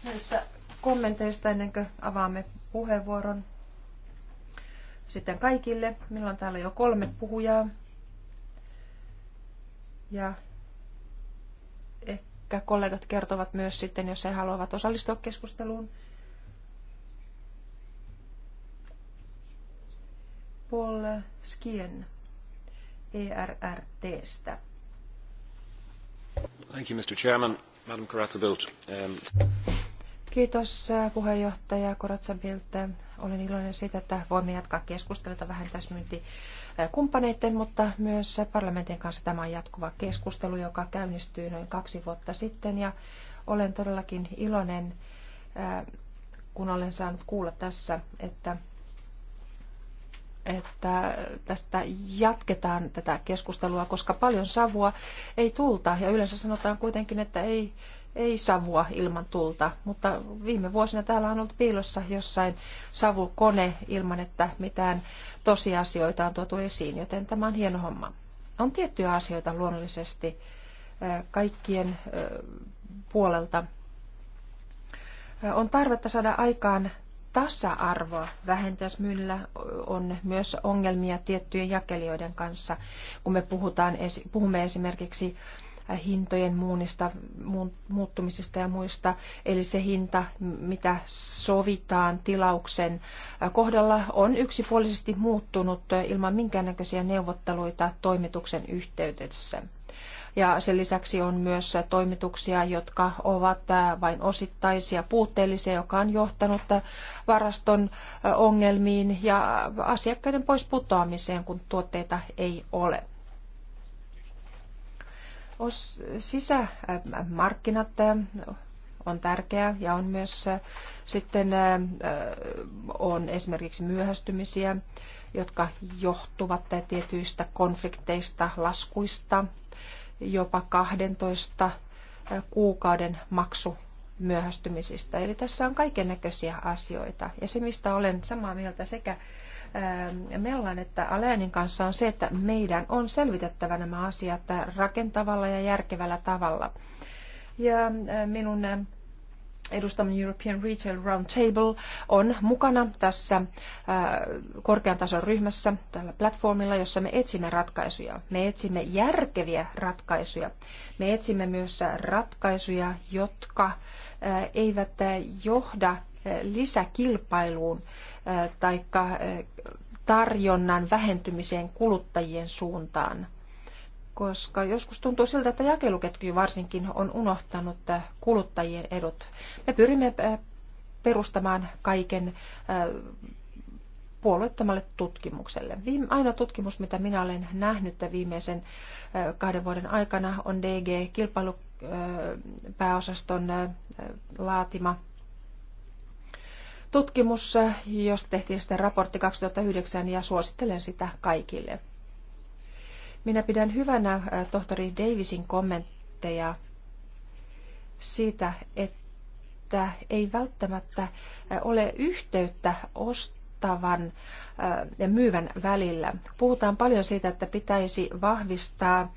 näistä kommenteista ennen kuin avaamme puheenvuoron sitten kaikille. Meillä on täällä jo kolme puhujaa. Ja ehkä kollegat kertovat myös sitten, jos he haluavat osallistua keskusteluun. Paul Skien ERRTstä.
Mr. Chairman. Um,
Kiitos äh, puheenjohtaja Olen iloinen siitä, että voimme jatkaa keskustelua vähän täsmyntikumppaneiden, mutta myös parlamentin kanssa tämä on jatkuva keskustelu, joka käynnistyi noin kaksi vuotta sitten. Ja olen todellakin iloinen, äh, kun olen saanut kuulla tässä, että että tästä jatketaan tätä keskustelua, koska paljon savua ei tulta. Ja yleensä sanotaan kuitenkin, että ei, ei savua ilman tulta, mutta viime vuosina täällä on ollut piilossa jossain savukone ilman, että mitään tosiasioita on tuotu esiin, joten tämä on hieno homma. On tiettyjä asioita luonnollisesti kaikkien puolelta. On tarvetta saada aikaan tasa-arvo vähentäismyynnillä on myös ongelmia tiettyjen jakelijoiden kanssa, kun me puhutaan, puhumme esimerkiksi hintojen muunista, muuttumisista ja muista. Eli se hinta, mitä sovitaan tilauksen kohdalla, on yksipuolisesti muuttunut ilman minkäännäköisiä neuvotteluita toimituksen yhteydessä ja sen lisäksi on myös toimituksia, jotka ovat äh, vain osittaisia, puutteellisia, joka on johtanut äh, varaston äh, ongelmiin ja asiakkaiden pois putoamiseen, kun tuotteita ei ole sisämarkkinat on tärkeää ja on myös sitten on esimerkiksi myöhästymisiä, jotka johtuvat tietyistä konflikteista, laskuista jopa 12 kuukauden maksu myöhästymisistä. Eli tässä on kaiken näköisiä asioita. Ja se, mistä olen samaa mieltä sekä Mellan että Aleenin kanssa on se, että meidän on selvitettävä nämä asiat rakentavalla ja järkevällä tavalla. Ja minun edustamme European Retail Roundtable, on mukana tässä korkean tason ryhmässä tällä platformilla, jossa me etsimme ratkaisuja. Me etsimme järkeviä ratkaisuja. Me etsimme myös ratkaisuja, jotka eivät johda lisäkilpailuun tai tarjonnan vähentymiseen kuluttajien suuntaan – koska joskus tuntuu siltä, että jakeluketju varsinkin on unohtanut äh, kuluttajien edut. Me pyrimme äh, perustamaan kaiken äh, puolueettomalle tutkimukselle. ainoa tutkimus, mitä minä olen nähnyt viimeisen kahden vuoden aikana, on DG-kilpailupääosaston laatima tutkimus, jos tehtiin sitten raportti 2009 ja suosittelen sitä kaikille. Minä pidän hyvänä tohtori Davisin kommentteja siitä, että ei välttämättä ole yhteyttä ost- tuottavan ja myyvän välillä. Puhutaan paljon siitä, että pitäisi vahvistaa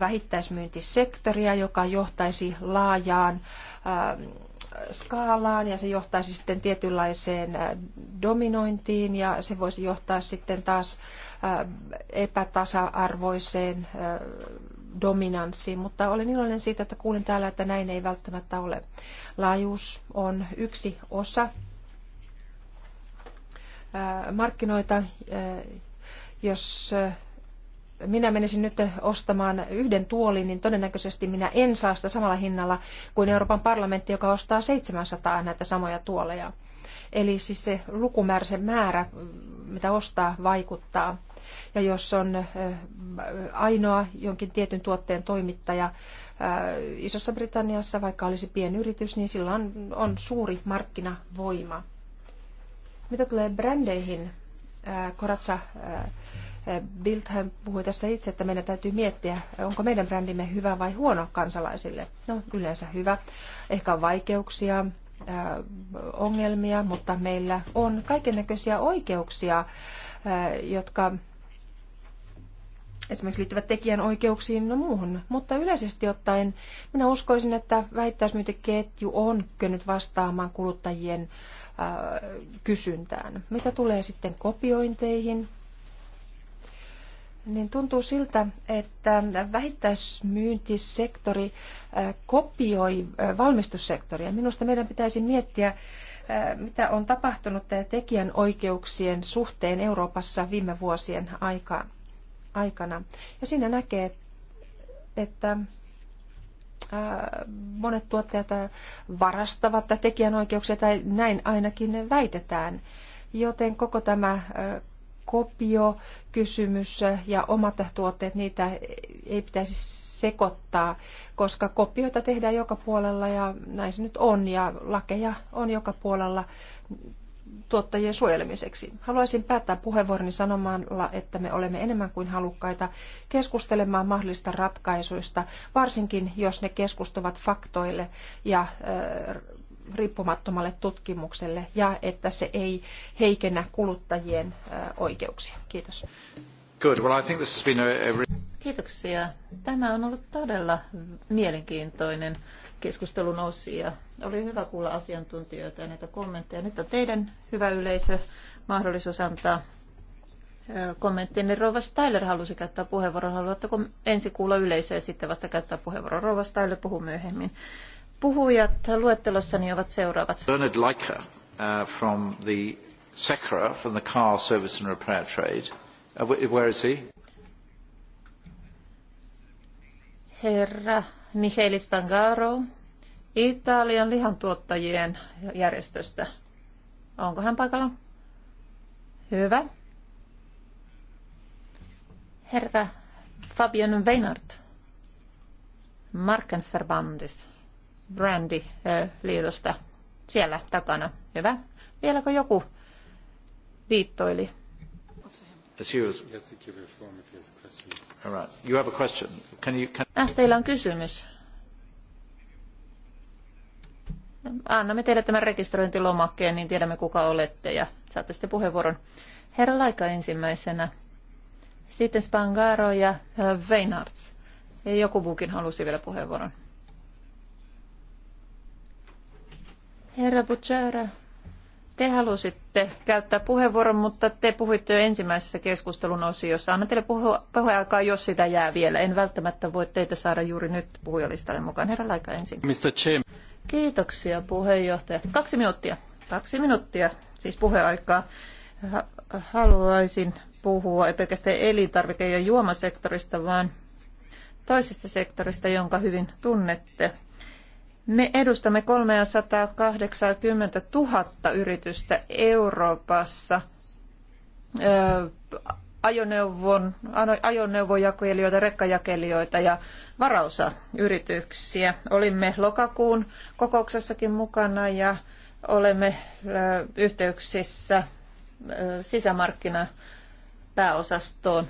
vähittäismyyntisektoria, joka johtaisi laajaan skaalaan ja se johtaisi sitten tietynlaiseen dominointiin ja se voisi johtaa sitten taas epätasa-arvoiseen dominanssiin, mutta olen iloinen siitä, että kuulin täällä, että näin ei välttämättä ole. Laajuus on yksi osa Äh, markkinoita. Äh, jos äh, minä menisin nyt ostamaan yhden tuolin, niin todennäköisesti minä en saa sitä samalla hinnalla kuin Euroopan parlamentti, joka ostaa 700 näitä samoja tuoleja. Eli siis se lukumäärä, se määrä, mitä ostaa, vaikuttaa. Ja jos on ainoa jonkin tietyn tuotteen toimittaja Isossa Britanniassa, vaikka olisi pienyritys, niin sillä on, on suuri markkinavoima. Mitä tulee brändeihin, Koratsa Bildhän puhui tässä itse, että meidän täytyy miettiä, onko meidän brändimme hyvä vai huono kansalaisille. No, yleensä hyvä. Ehkä on vaikeuksia, ongelmia, mutta meillä on kaikennäköisiä oikeuksia, jotka esimerkiksi liittyvät tekijänoikeuksiin ja no muuhun. Mutta yleisesti ottaen minä uskoisin, että vähittäismyyntiketju on kyennyt vastaamaan kuluttajien Äh, kysyntään. Mitä tulee sitten kopiointeihin, niin tuntuu siltä, että vähittäismyyntisektori äh, kopioi äh, valmistussektoria. Minusta meidän pitäisi miettiä, mitä on tapahtunut tekijänoikeuksien suhteen Euroopassa viime vuosien aikana. Ja siinä näkee, että Äh, monet tuottajat varastavat tekijänoikeuksia, tai näin ainakin ne väitetään. Joten koko tämä äh, kopiokysymys ja omat tuotteet, niitä ei pitäisi sekoittaa, koska kopioita tehdään joka puolella ja näin se nyt on ja lakeja on joka puolella tuottajien suojelemiseksi. Haluaisin päättää puheenvuoroni sanomalla, että me olemme enemmän kuin halukkaita keskustelemaan mahdollista ratkaisuista, varsinkin jos ne keskustuvat faktoille ja riippumattomalle tutkimukselle ja että se ei heikennä kuluttajien oikeuksia. Kiitos.
Good. Well, I think this has been a...
Kiitoksia.
Tämä on ollut todella mielenkiintoinen keskustelun osia. Oli hyvä kuulla asiantuntijoita ja näitä kommentteja. Nyt on teidän hyvä yleisö mahdollisuus antaa kommenttinne. Rova Styler halusi käyttää puheenvuoron. Haluatteko ensin kuulla yleisöä ja sitten vasta käyttää puheenvuoron? Rova Styler puhuu myöhemmin. Puhujat luettelossani ovat seuraavat.
Bernard Leica uh, from the SECRA, from the Car Service and Repair Trade. Uh, where is he?
Herra Michele Spangaro Italian lihantuottajien järjestöstä. Onko hän paikalla? Hyvä. Herra Fabian Weinart Markenverbandis Brandi liitosta siellä takana. Hyvä. Vieläkö joku
viittoili? Serious... All right. You have a question. Can you, ah, teillä
on kysymys. Annamme teille tämän rekisteröintilomakkeen, niin tiedämme kuka olette ja saatte sitten puheenvuoron. Herra Laika ensimmäisenä. Sitten Spangaro ja Weinarts. Joku muukin halusi vielä puheenvuoron. Herra Butchera, te halusitte käyttää puheenvuoron, mutta te puhuitte jo ensimmäisessä keskustelun osiossa. Anna teille puheaikaa, jos sitä jää vielä. En välttämättä voi teitä saada juuri nyt puhujalistalle mukaan. Herra Laika ensin.
Mr. Jim.
Kiitoksia puheenjohtaja. Kaksi minuuttia. Kaksi minuuttia, siis puheaikaa. Haluaisin puhua ei pelkästään elintarvike- ja juomasektorista, vaan toisesta sektorista, jonka hyvin tunnette – me edustamme 380 000 yritystä Euroopassa, ajoneuvon, ajoneuvojakelijoita, rekkajakelijoita ja varausayrityksiä. Olimme lokakuun kokouksessakin mukana ja olemme yhteyksissä sisämarkkinapääosastoon.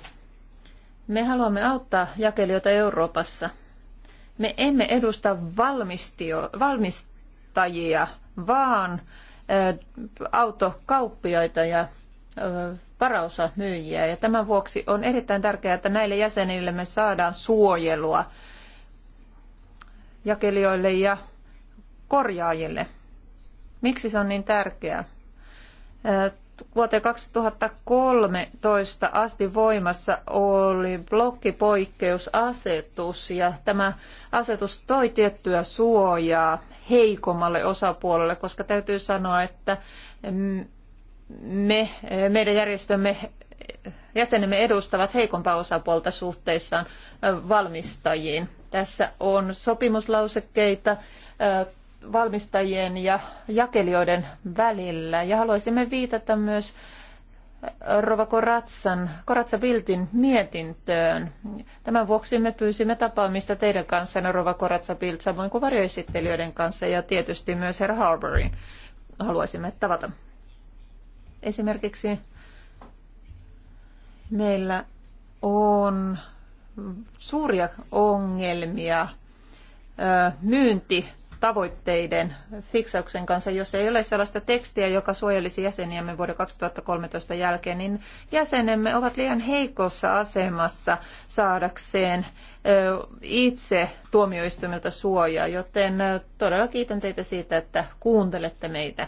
Me haluamme auttaa jakelijoita Euroopassa – me emme edusta valmistio, valmistajia, vaan autokauppiaita ja varaosamyyjiä. Ja tämän vuoksi on erittäin tärkeää, että näille jäsenille me saadaan suojelua jakelijoille ja korjaajille. Miksi se on niin tärkeää? vuoteen 2013 asti voimassa oli blokkipoikkeusasetus ja tämä asetus toi tiettyä suojaa heikommalle osapuolelle, koska täytyy sanoa, että mm, me, meidän järjestömme jäsenemme edustavat heikompaa osapuolta suhteissaan valmistajiin. Tässä on sopimuslausekkeita, valmistajien ja jakelijoiden välillä. Ja haluaisimme viitata myös eh, Rova Koratsan, Koratsa Viltin mietintöön. Tämän vuoksi me pyysimme tapaamista teidän kanssa Rova Koratsa Vilt, samoin kuin varjoesittelijöiden kanssa ja tietysti myös herra Harborin haluaisimme tavata. Esimerkiksi meillä on suuria ongelmia eh, myynti tavoitteiden fiksauksen kanssa. Jos ei ole sellaista tekstiä, joka suojelisi jäseniämme vuoden 2013 jälkeen, niin jäsenemme ovat liian heikossa asemassa saadakseen itse tuomioistuimelta suojaa, joten todella kiitän teitä siitä, että kuuntelette meitä.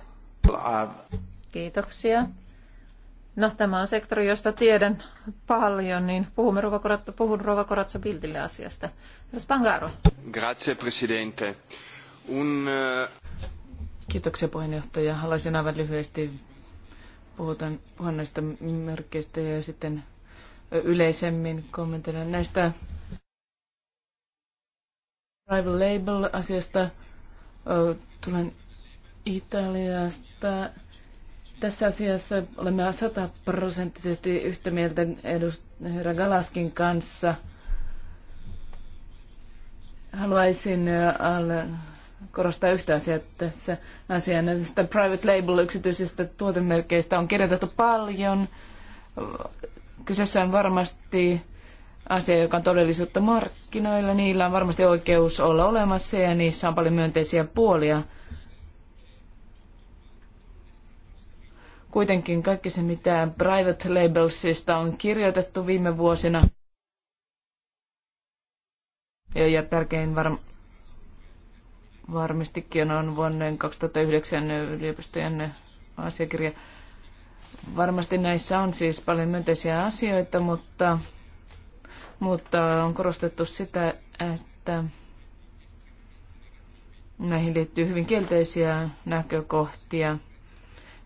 Kiitoksia. No, tämä on sektori, josta tiedän paljon, niin puhumme ruokakoratsa, puhun ruokakoratsa Bildille
asiasta. Spangaro. Grazie, presidente. Un... Kiitoksia puheenjohtaja. Haluaisin aivan lyhyesti puhua näistä merkeistä ja sitten yleisemmin kommentoida näistä Rival Label-asiasta. Tulen Italiasta. Tässä asiassa olemme sataprosenttisesti yhtä mieltä herra Galaskin kanssa. Haluaisin korostaa yhtä asiaa tässä asiaa. Näistä private label yksityisistä tuotemerkeistä on kirjoitettu paljon. Kyseessä on varmasti asia, joka on todellisuutta markkinoilla. Niillä on varmasti oikeus olla olemassa ja niissä on paljon myönteisiä puolia. Kuitenkin kaikki se, mitä private labelsista on kirjoitettu viime vuosina, ja tärkein varma, varmastikin on vuoden 2009 yliopistojen asiakirja. Varmasti näissä on siis paljon myönteisiä asioita, mutta, mutta on korostettu sitä, että näihin liittyy hyvin kielteisiä näkökohtia.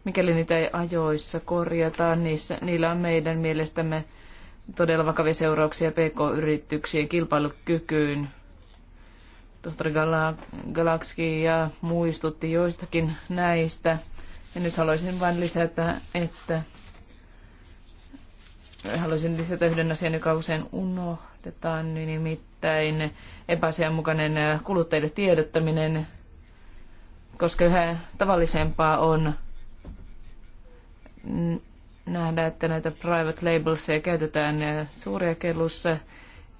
Mikäli niitä ei ajoissa korjata, niissä, niillä on meidän mielestämme todella vakavia seurauksia pk-yrityksien kilpailukykyyn Tohtori Galakski ja muistutti joistakin näistä. Ja nyt haluaisin vain lisätä, että haluaisin lisätä yhden asian, joka usein unohdetaan, niin nimittäin epäasianmukainen kuluttajille tiedottaminen, koska yhä tavallisempaa on nähdä, että näitä private labelsia käytetään kellussa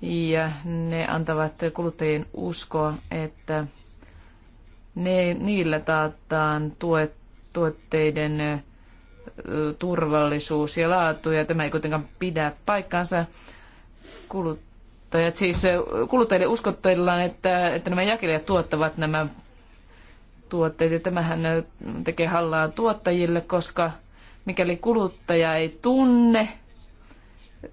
ja ne antavat kuluttajien uskoa, että ne, niillä taataan tuet, tuotteiden turvallisuus ja laatu, ja tämä ei kuitenkaan pidä paikkaansa. Kuluttajat, siis kuluttajille uskottellaan, että, että nämä jakelijat tuottavat nämä tuotteet, ja tämähän tekee hallaa tuottajille, koska mikäli kuluttaja ei tunne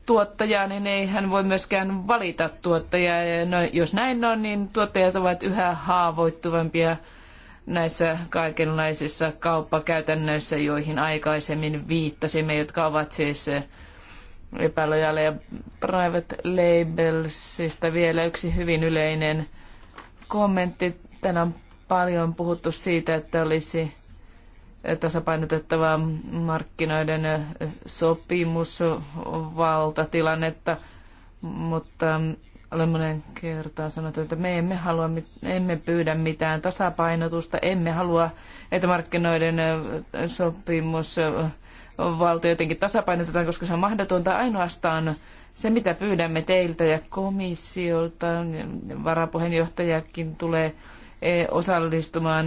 tuottajaa, niin ei hän voi myöskään valita tuottajaa. Ja no, jos näin on, niin tuottajat ovat yhä haavoittuvampia näissä kaikenlaisissa kauppakäytännöissä, joihin aikaisemmin viittasimme, jotka ovat siis epälojaaleja private labelsista vielä yksi hyvin yleinen kommentti. Tänään on paljon puhuttu siitä, että olisi tasapainotettava markkinoiden sopimusvaltatilannetta, mutta olen monen kertaa sanottu, että me emme, halua, emme pyydä mitään tasapainotusta, emme halua, että markkinoiden sopimus valtio jotenkin tasapainotetaan, koska se on mahdotonta ainoastaan se, mitä pyydämme teiltä ja komissiolta, varapuheenjohtajakin tulee osallistumaan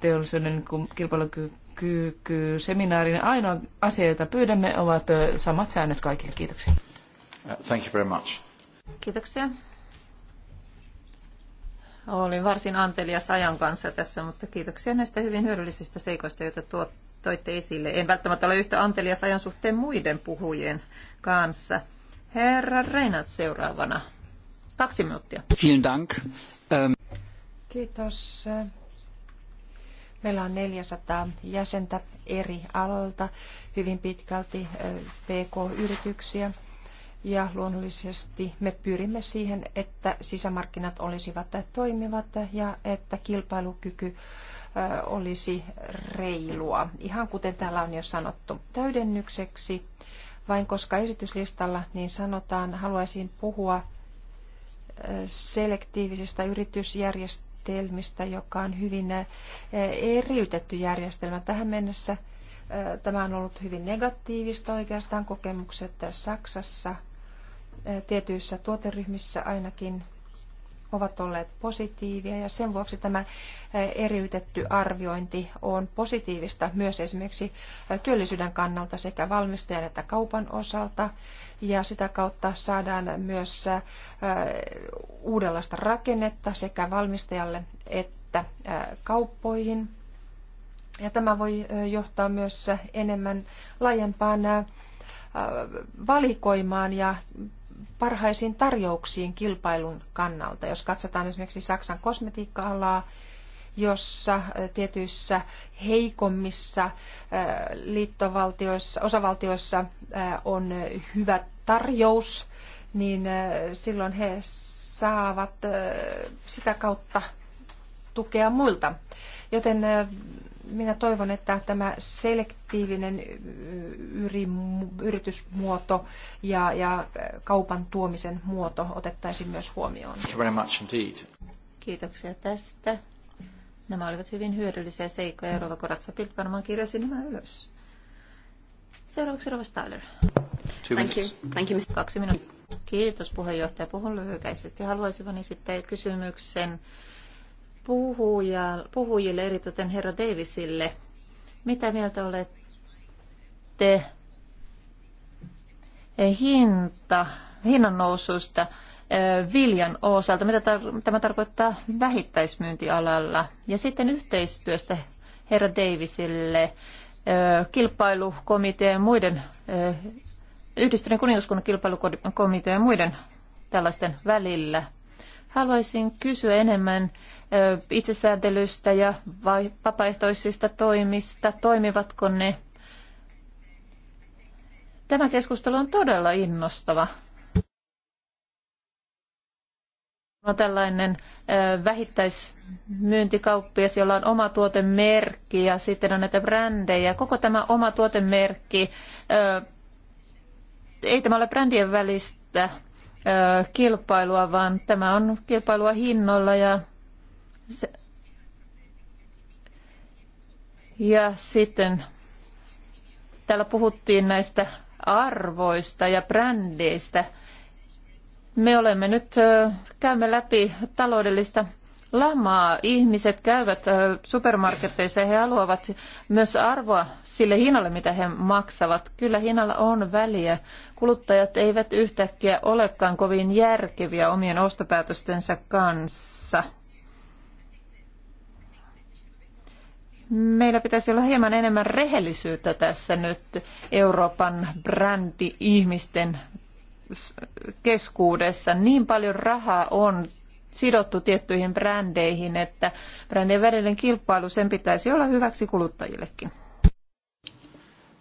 teollisuuden kilpailukykyseminaarin. Ainoa asia, jota pyydämme, ovat samat säännöt kaikille. Kiitoksia.
Thank you very much.
Kiitoksia.
Olin varsin antelias ajan kanssa tässä, mutta kiitoksia näistä hyvin hyödyllisistä seikoista, joita tuot, toitte esille. En välttämättä ole yhtä antelias ajan suhteen muiden puhujien kanssa. Herra Reinat seuraavana.
Kaksi minuuttia.
Vielen dank. Ähm,
Kiitos. Meillä on 400 jäsentä eri alalta, hyvin pitkälti PK-yrityksiä. Ja luonnollisesti me pyrimme siihen, että sisämarkkinat olisivat toimivat ja että kilpailukyky olisi reilua, ihan kuten täällä on jo sanottu. Täydennykseksi, vain koska esityslistalla niin sanotaan, haluaisin puhua selektiivisestä yritysjärjestelmästä järjestelmistä, joka on hyvin eh, eriytetty järjestelmä tähän mennessä. Eh, tämä on ollut hyvin negatiivista oikeastaan kokemukset Saksassa, eh, tietyissä tuoteryhmissä ainakin – ovat olleet positiivia ja sen vuoksi tämä eriytetty arviointi on positiivista myös esimerkiksi työllisyyden kannalta sekä valmistajan että kaupan osalta ja sitä kautta saadaan myös uudenlaista rakennetta sekä valmistajalle että kauppoihin. Ja tämä voi johtaa myös enemmän laajempaan valikoimaan ja parhaisiin tarjouksiin kilpailun kannalta. Jos katsotaan esimerkiksi Saksan kosmetiikka-alaa, jossa äh, tietyissä heikommissa äh, liittovaltioissa, osavaltioissa äh, on hyvä tarjous, niin silloin he saavat sitä kautta tukea muilta. Joten minä toivon, että tämä selektiivinen yritysmuoto ja, ja kaupan tuomisen muoto otettaisiin myös huomioon. Kiitoksia tästä. Nämä olivat hyvin
hyödyllisiä seikkoja. Rova Koratsa Pilt varmaan kirjasi nämä ylös. Seuraavaksi Rova Styler. Thank you. Thank you, Mr. Kaksi minuuttia. Kiitos puheenjohtaja. Puhun lyhykäisesti. Haluaisin vain esittää kysymyksen puhuja, puhujille, erityisen herra Davisille. Mitä mieltä olette hinta, hinnan noususta viljan osalta? Mitä tar- tämä tarkoittaa vähittäismyyntialalla? Ja sitten yhteistyöstä herra Davisille kilpailukomitean muiden, yhdistyneen kuningaskunnan kilpailukomitean ja muiden tällaisten välillä. Haluaisin kysyä enemmän itsesääntelystä ja vapaaehtoisista toimista. Toimivatko ne? Tämä keskustelu on todella innostava. on tällainen vähittäismyyntikauppias, jolla on oma tuotemerkki ja sitten on näitä brändejä. Koko tämä oma tuotemerkki, ei tämä ole brändien välistä kilpailua, vaan tämä on kilpailua hinnoilla ja, se, ja sitten täällä puhuttiin näistä arvoista ja brändeistä. Me olemme nyt käymme läpi taloudellista lamaa. Ihmiset käyvät supermarketteissa ja he haluavat myös arvoa sille hinnalle, mitä he maksavat. Kyllä hinnalla on väliä. Kuluttajat eivät yhtäkkiä olekaan kovin järkeviä omien ostopäätöstensä kanssa. meillä pitäisi olla hieman enemmän rehellisyyttä tässä nyt Euroopan brändi ihmisten keskuudessa. Niin paljon rahaa on sidottu tiettyihin brändeihin, että brändien välinen kilpailu sen pitäisi olla hyväksi kuluttajillekin.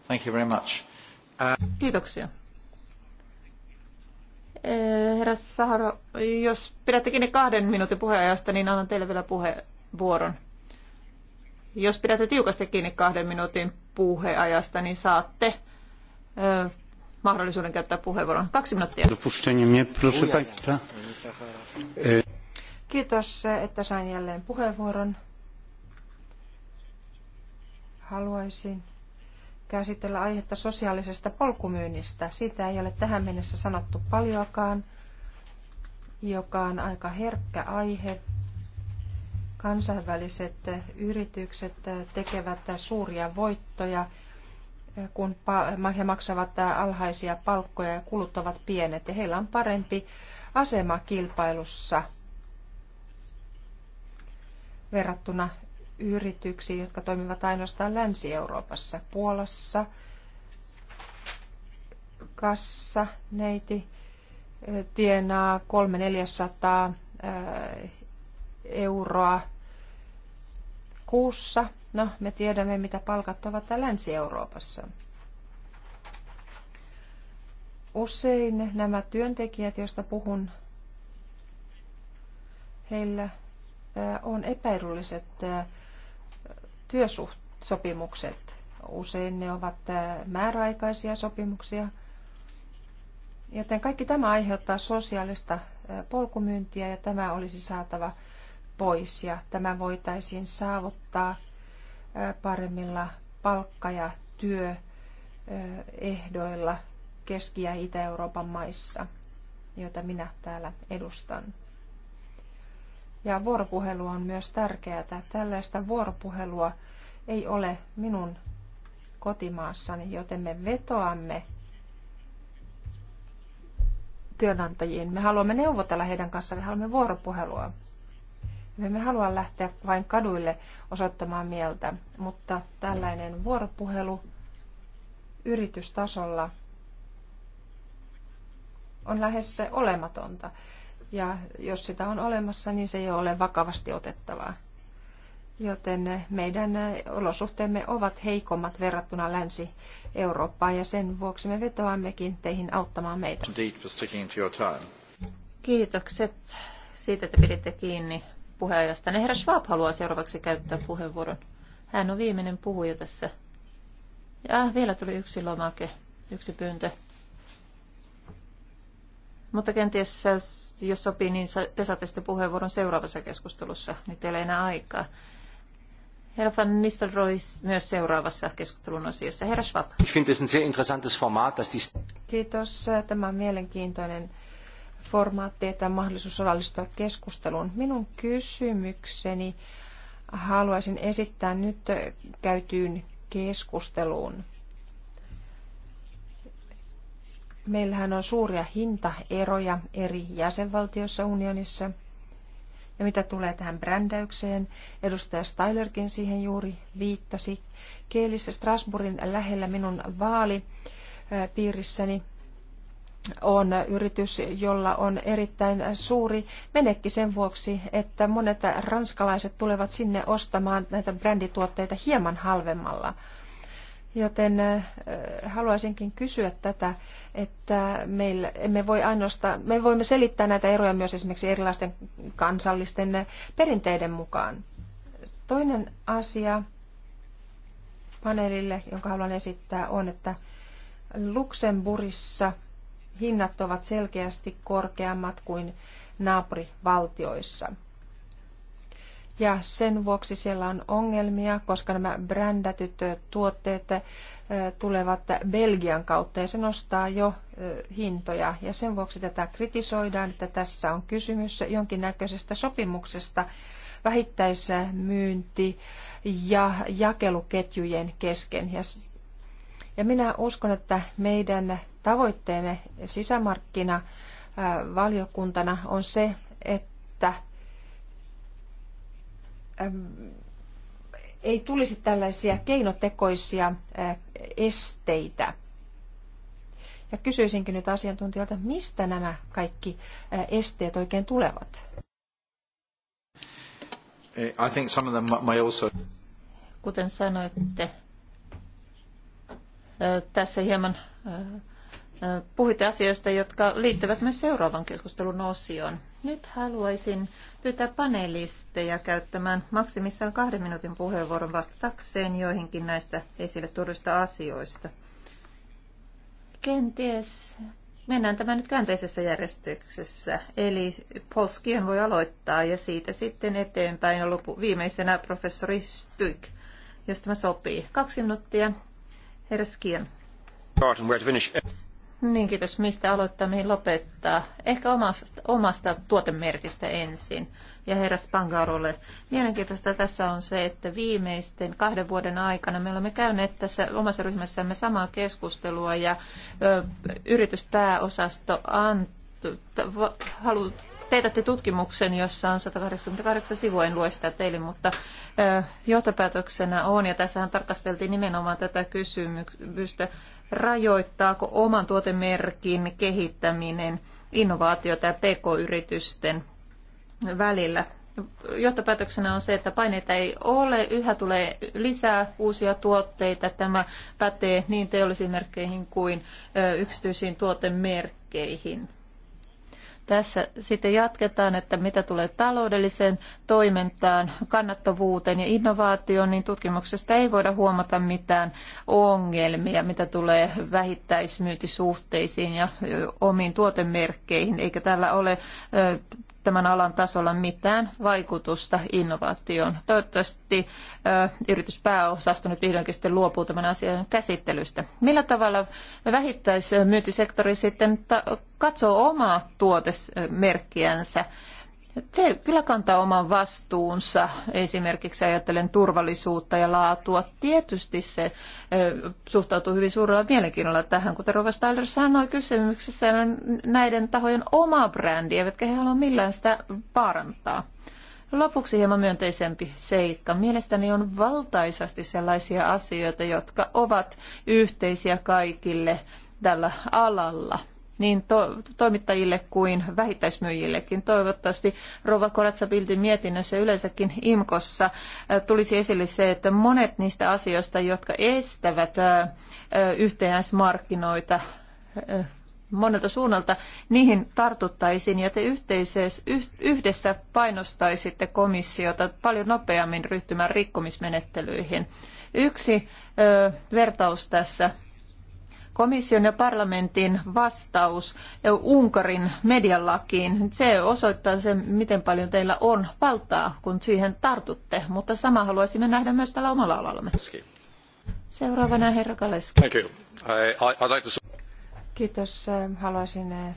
Thank you very much. Uh...
Kiitoksia. Eh, herra Saharo, jos pidätte kiinni kahden minuutin puheajasta, niin annan teille vielä puheenvuoron. Jos pidätte tiukasti kiinni kahden minuutin puheajasta, niin saatte ö, eh, mahdollisuuden
käyttää puheenvuoron. Kaksi minuuttia. Dopuszczenie mnie,
proszę Państwa.
Kiitos, että sain jälleen puheenvuoron. Haluaisin käsitellä aihetta sosiaalisesta polkumyynnistä. Siitä ei ole tähän mennessä sanottu paljoakaan, joka on aika herkkä aihe. Kansainväliset yritykset tekevät suuria voittoja, kun he maksavat alhaisia palkkoja ja kuluttavat pienet ja heillä on parempi asema kilpailussa – verrattuna yrityksiin, jotka toimivat ainoastaan Länsi-Euroopassa, Puolassa, kassa, neiti eh, tienaa 300-400 eh, euroa kuussa. No, me tiedämme, mitä palkat ovat Länsi-Euroopassa. Usein nämä työntekijät, joista puhun, heillä on epäedulliset työsopimukset. Usein ne ovat määräaikaisia sopimuksia, joten kaikki tämä aiheuttaa sosiaalista polkumyyntiä ja tämä olisi saatava pois ja tämä voitaisiin saavuttaa paremmilla palkka- ja työehdoilla Keski- ja Itä-Euroopan maissa, joita minä täällä edustan. Ja vuoropuhelu on myös tärkeää. Tällaista vuoropuhelua ei ole minun kotimaassani, joten me vetoamme työnantajiin. Me haluamme neuvotella heidän kanssaan, me haluamme vuoropuhelua. Me emme halua lähteä vain kaduille osoittamaan mieltä, mutta tällainen vuoropuhelu yritystasolla on lähes olematonta ja jos sitä on olemassa, niin se ei ole vakavasti otettavaa. Joten meidän olosuhteemme ovat heikommat verrattuna Länsi-Eurooppaan ja sen vuoksi me vetoammekin teihin auttamaan meitä. Kiitokset
siitä, että piditte kiinni puheenjohtajasta. Herra Schwab haluaa seuraavaksi käyttää puheenvuoron. Hän on viimeinen puhuja tässä. Ja vielä tuli yksi lomake, yksi pyyntö. Mutta kenties jos sopii, niin te saatte sitten puheenvuoron seuraavassa keskustelussa. Nyt ei ole enää aikaa. Herr
van Nistelrooy myös seuraavassa keskustelun osiossa. Herra Schwab.
Ich finde es ein sehr interessantes Format, dass die...
Kiitos. Tämä on mielenkiintoinen formaatti, että on mahdollisuus osallistua keskusteluun. Minun kysymykseni haluaisin esittää nyt käytyyn keskusteluun. Meillähän on suuria hintaeroja eri jäsenvaltioissa unionissa. Ja mitä tulee tähän brändäykseen, edustaja Stylerkin siihen juuri viittasi. Keelissä Strasbourgin lähellä minun vaalipiirissäni on yritys, jolla on erittäin suuri menekki sen vuoksi, että monet ranskalaiset tulevat sinne ostamaan näitä brändituotteita hieman halvemmalla. Joten haluaisinkin kysyä tätä, että meillä, me voi ainoastaan, me voimme selittää näitä eroja myös esimerkiksi erilaisten kansallisten perinteiden mukaan. Toinen asia paneelille, jonka haluan esittää, on, että Luxemburissa hinnat ovat selkeästi korkeammat kuin naapurivaltioissa – ja sen vuoksi siellä on ongelmia, koska nämä brändätyt tuotteet tulevat Belgian kautta ja se nostaa jo hintoja. Ja sen vuoksi tätä kritisoidaan, että tässä on kysymys jonkinnäköisestä sopimuksesta vähittäismyynti ja jakeluketjujen kesken. Ja minä uskon, että meidän tavoitteemme sisämarkkina valiokuntana on se, että ei tulisi tällaisia keinotekoisia esteitä. Ja kysyisinkin nyt asiantuntijoilta, mistä nämä kaikki esteet oikein tulevat?
I think some of them may also...
Kuten sanoitte, tässä hieman puhuitte asioista, jotka liittyvät myös seuraavan keskustelun osioon. Nyt haluaisin pyytää panelisteja käyttämään maksimissaan kahden minuutin puheenvuoron vastatakseen joihinkin näistä esille tuoduista asioista. Kenties mennään tämä nyt käänteisessä järjestyksessä. Eli Polskien voi aloittaa ja siitä sitten eteenpäin lopu, viimeisenä professori Styk, jos tämä sopii. Kaksi minuuttia. Herra Skien. Niin, kiitos. Mistä aloittaa, mihin lopettaa? Ehkä omasta, omasta tuotemerkistä ensin. Ja herra Spangarolle, mielenkiintoista tässä on se, että viimeisten kahden vuoden aikana me olemme käyneet tässä omassa ryhmässämme samaa keskustelua ja ö, yrityspääosasto antu, halu, teetätte tutkimuksen, jossa on 188 sivua, en lue sitä teille, mutta johtopäätöksenä on, ja tässähän tarkasteltiin nimenomaan tätä kysymystä, rajoittaako oman tuotemerkin kehittäminen innovaatiota ja pk-yritysten välillä. Johtopäätöksenä on se, että paineita ei ole, yhä tulee lisää uusia tuotteita. Tämä pätee niin teollisiin merkkeihin kuin yksityisiin tuotemerkkeihin. Tässä sitten jatketaan, että mitä tulee taloudelliseen toimintaan, kannattavuuteen ja innovaatioon, niin tutkimuksesta ei voida huomata mitään ongelmia, mitä tulee vähittäismyytisuhteisiin ja omiin tuotemerkkeihin, eikä tällä ole tämän alan tasolla mitään vaikutusta innovaatioon. Toivottavasti ö, yrityspääosasto nyt vihdoinkin sitten luopuu tämän asian käsittelystä. Millä tavalla vähittäismyyntisektori sitten katsoo omaa tuotemerkkiänsä? Se kyllä kantaa oman vastuunsa. Esimerkiksi ajattelen turvallisuutta ja laatua. Tietysti se suhtautuu hyvin suurella mielenkiinnolla tähän, kuten Rova Styler sanoi kysymyksessä, näiden tahojen oma brändi, eivätkä he halua millään sitä parantaa. Lopuksi hieman myönteisempi seikka. Mielestäni on valtaisasti sellaisia asioita, jotka ovat yhteisiä kaikille tällä alalla – niin to- toimittajille kuin vähittäismyyjillekin. Toivottavasti Rova Koratsabildin mietinnössä ja yleensäkin IMKossa äh, tulisi esille se, että monet niistä asioista, jotka estävät äh, äh, yhtenäismarkkinoita monelta suunnalta, niihin tartuttaisiin ja te yhdessä painostaisitte komissiota paljon nopeammin ryhtymään rikkomismenettelyihin. Yksi vertaus tässä komission ja parlamentin vastaus Unkarin medialakiin, se osoittaa sen, miten paljon teillä on valtaa, kun siihen tartutte. Mutta sama haluaisimme nähdä myös täällä
omalla alallamme. Seuraavana herra Kaleski. Thank you. Kiitos. Haluaisin eh,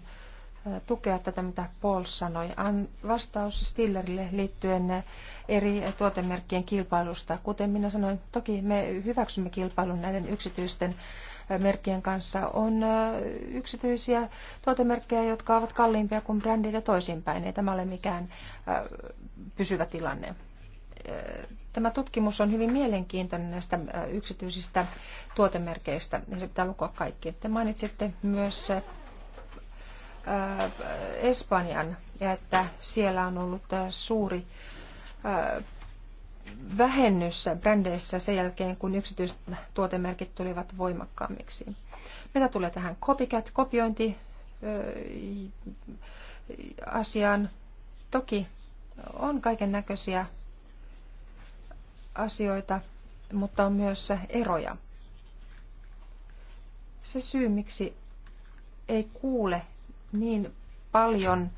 tukea tätä, mitä Paul sanoi. Vastaus Stillerille liittyen eh, eri tuotemerkkien kilpailusta. Kuten minä sanoin, toki me hyväksymme kilpailun näiden yksityisten merkkien kanssa on yksityisiä tuotemerkkejä, jotka ovat kalliimpia kuin brändit ja toisinpäin. Ei tämä ole mikään pysyvä tilanne. Tämä tutkimus on hyvin mielenkiintoinen näistä yksityisistä tuotemerkeistä, ja se pitää lukua kaikki. Te mainitsitte myös Espanjan ja että siellä on ollut suuri vähennys brändeissä sen jälkeen, kun yksityiset tuotemerkit tulivat voimakkaammiksi. Mitä tulee tähän copycat, kopiointi asiaan, toki on kaiken näköisiä asioita, mutta on myös eroja. Se syy, miksi ei kuule niin paljon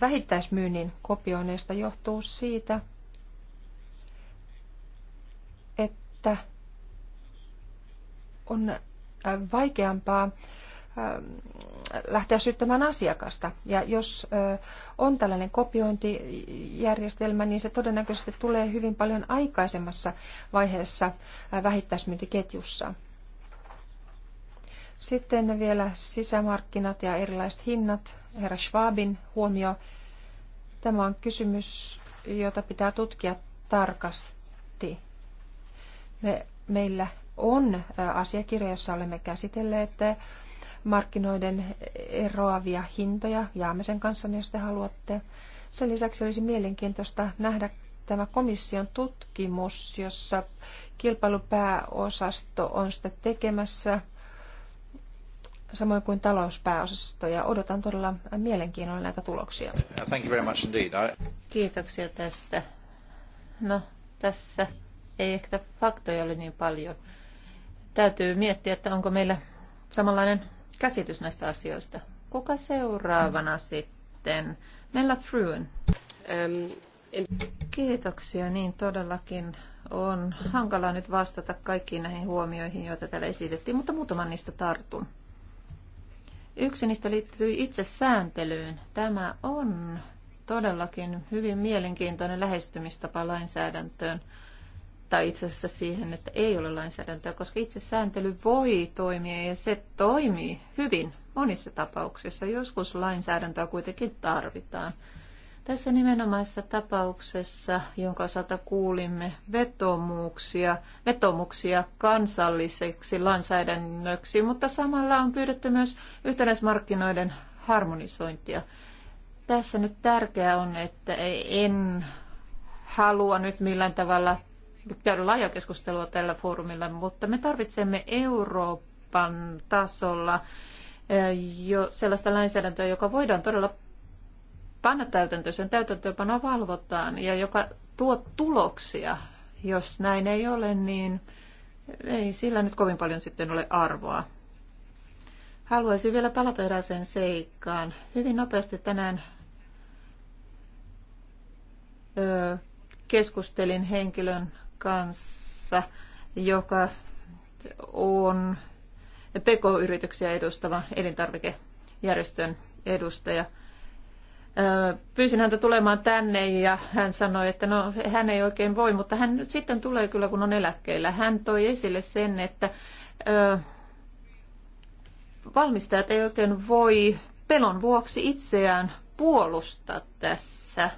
vähittäismyynnin kopioineista, johtuu siitä, että on äh, vaikeampaa äh, lähteä syyttämään asiakasta. Ja jos äh, on tällainen kopiointijärjestelmä, niin se todennäköisesti tulee hyvin paljon aikaisemmassa vaiheessa vähittäismyyntiketjussa. Sitten vielä sisämarkkinat ja erilaiset hinnat. Herra Schwabin huomio. Tämä on kysymys, jota pitää tutkia tarkasti. Me, meillä on asiakirja, jossa olemme käsitelleet markkinoiden eroavia hintoja. Jaamisen kanssa, niin jos te haluatte. Sen lisäksi olisi mielenkiintoista nähdä tämä komission tutkimus, jossa kilpailupääosasto on sitä tekemässä, samoin kuin talouspääosasto, ja odotan todella mielenkiinnolla näitä tuloksia.
Thank you very much indeed.
Kiitoksia tästä. No, tässä
ei ehkä faktoja ole niin paljon. Täytyy miettiä, että onko meillä samanlainen käsitys näistä asioista. Kuka seuraavana sitten? Mella in... Kiitoksia, niin todellakin on hankala nyt vastata kaikkiin näihin huomioihin, joita täällä esitettiin, mutta muutaman niistä tartun. Yksi niistä liittyy itse sääntelyyn. Tämä on todellakin hyvin mielenkiintoinen lähestymistapa lainsäädäntöön luottaa itse asiassa siihen, että ei ole lainsäädäntöä, koska itse sääntely voi toimia ja se toimii hyvin monissa tapauksissa. Joskus lainsäädäntöä kuitenkin tarvitaan. Tässä nimenomaisessa tapauksessa, jonka osalta kuulimme vetomuksia, vetomuksia kansalliseksi lainsäädännöksi, mutta samalla on pyydetty myös yhtenäismarkkinoiden harmonisointia. Tässä nyt tärkeää on, että en halua nyt millään tavalla käydä laajaa keskustelua tällä foorumilla, mutta me tarvitsemme Euroopan tasolla eh, jo sellaista lainsäädäntöä, joka voidaan todella panna täytäntöön, sen täytäntöönpanoa valvotaan ja joka tuo tuloksia. Jos näin ei ole, niin ei sillä nyt kovin paljon sitten ole arvoa. Haluaisin vielä palata eräseen seikkaan. Hyvin nopeasti tänään eh, keskustelin henkilön kanssa, joka on PK-yrityksiä edustava elintarvikejärjestön edustaja. Pyysin häntä tulemaan tänne ja hän sanoi, että no, hän ei oikein voi, mutta hän nyt sitten tulee kyllä, kun on eläkkeellä. Hän toi esille sen, että valmistajat ei oikein voi pelon vuoksi itseään puolustaa tässä –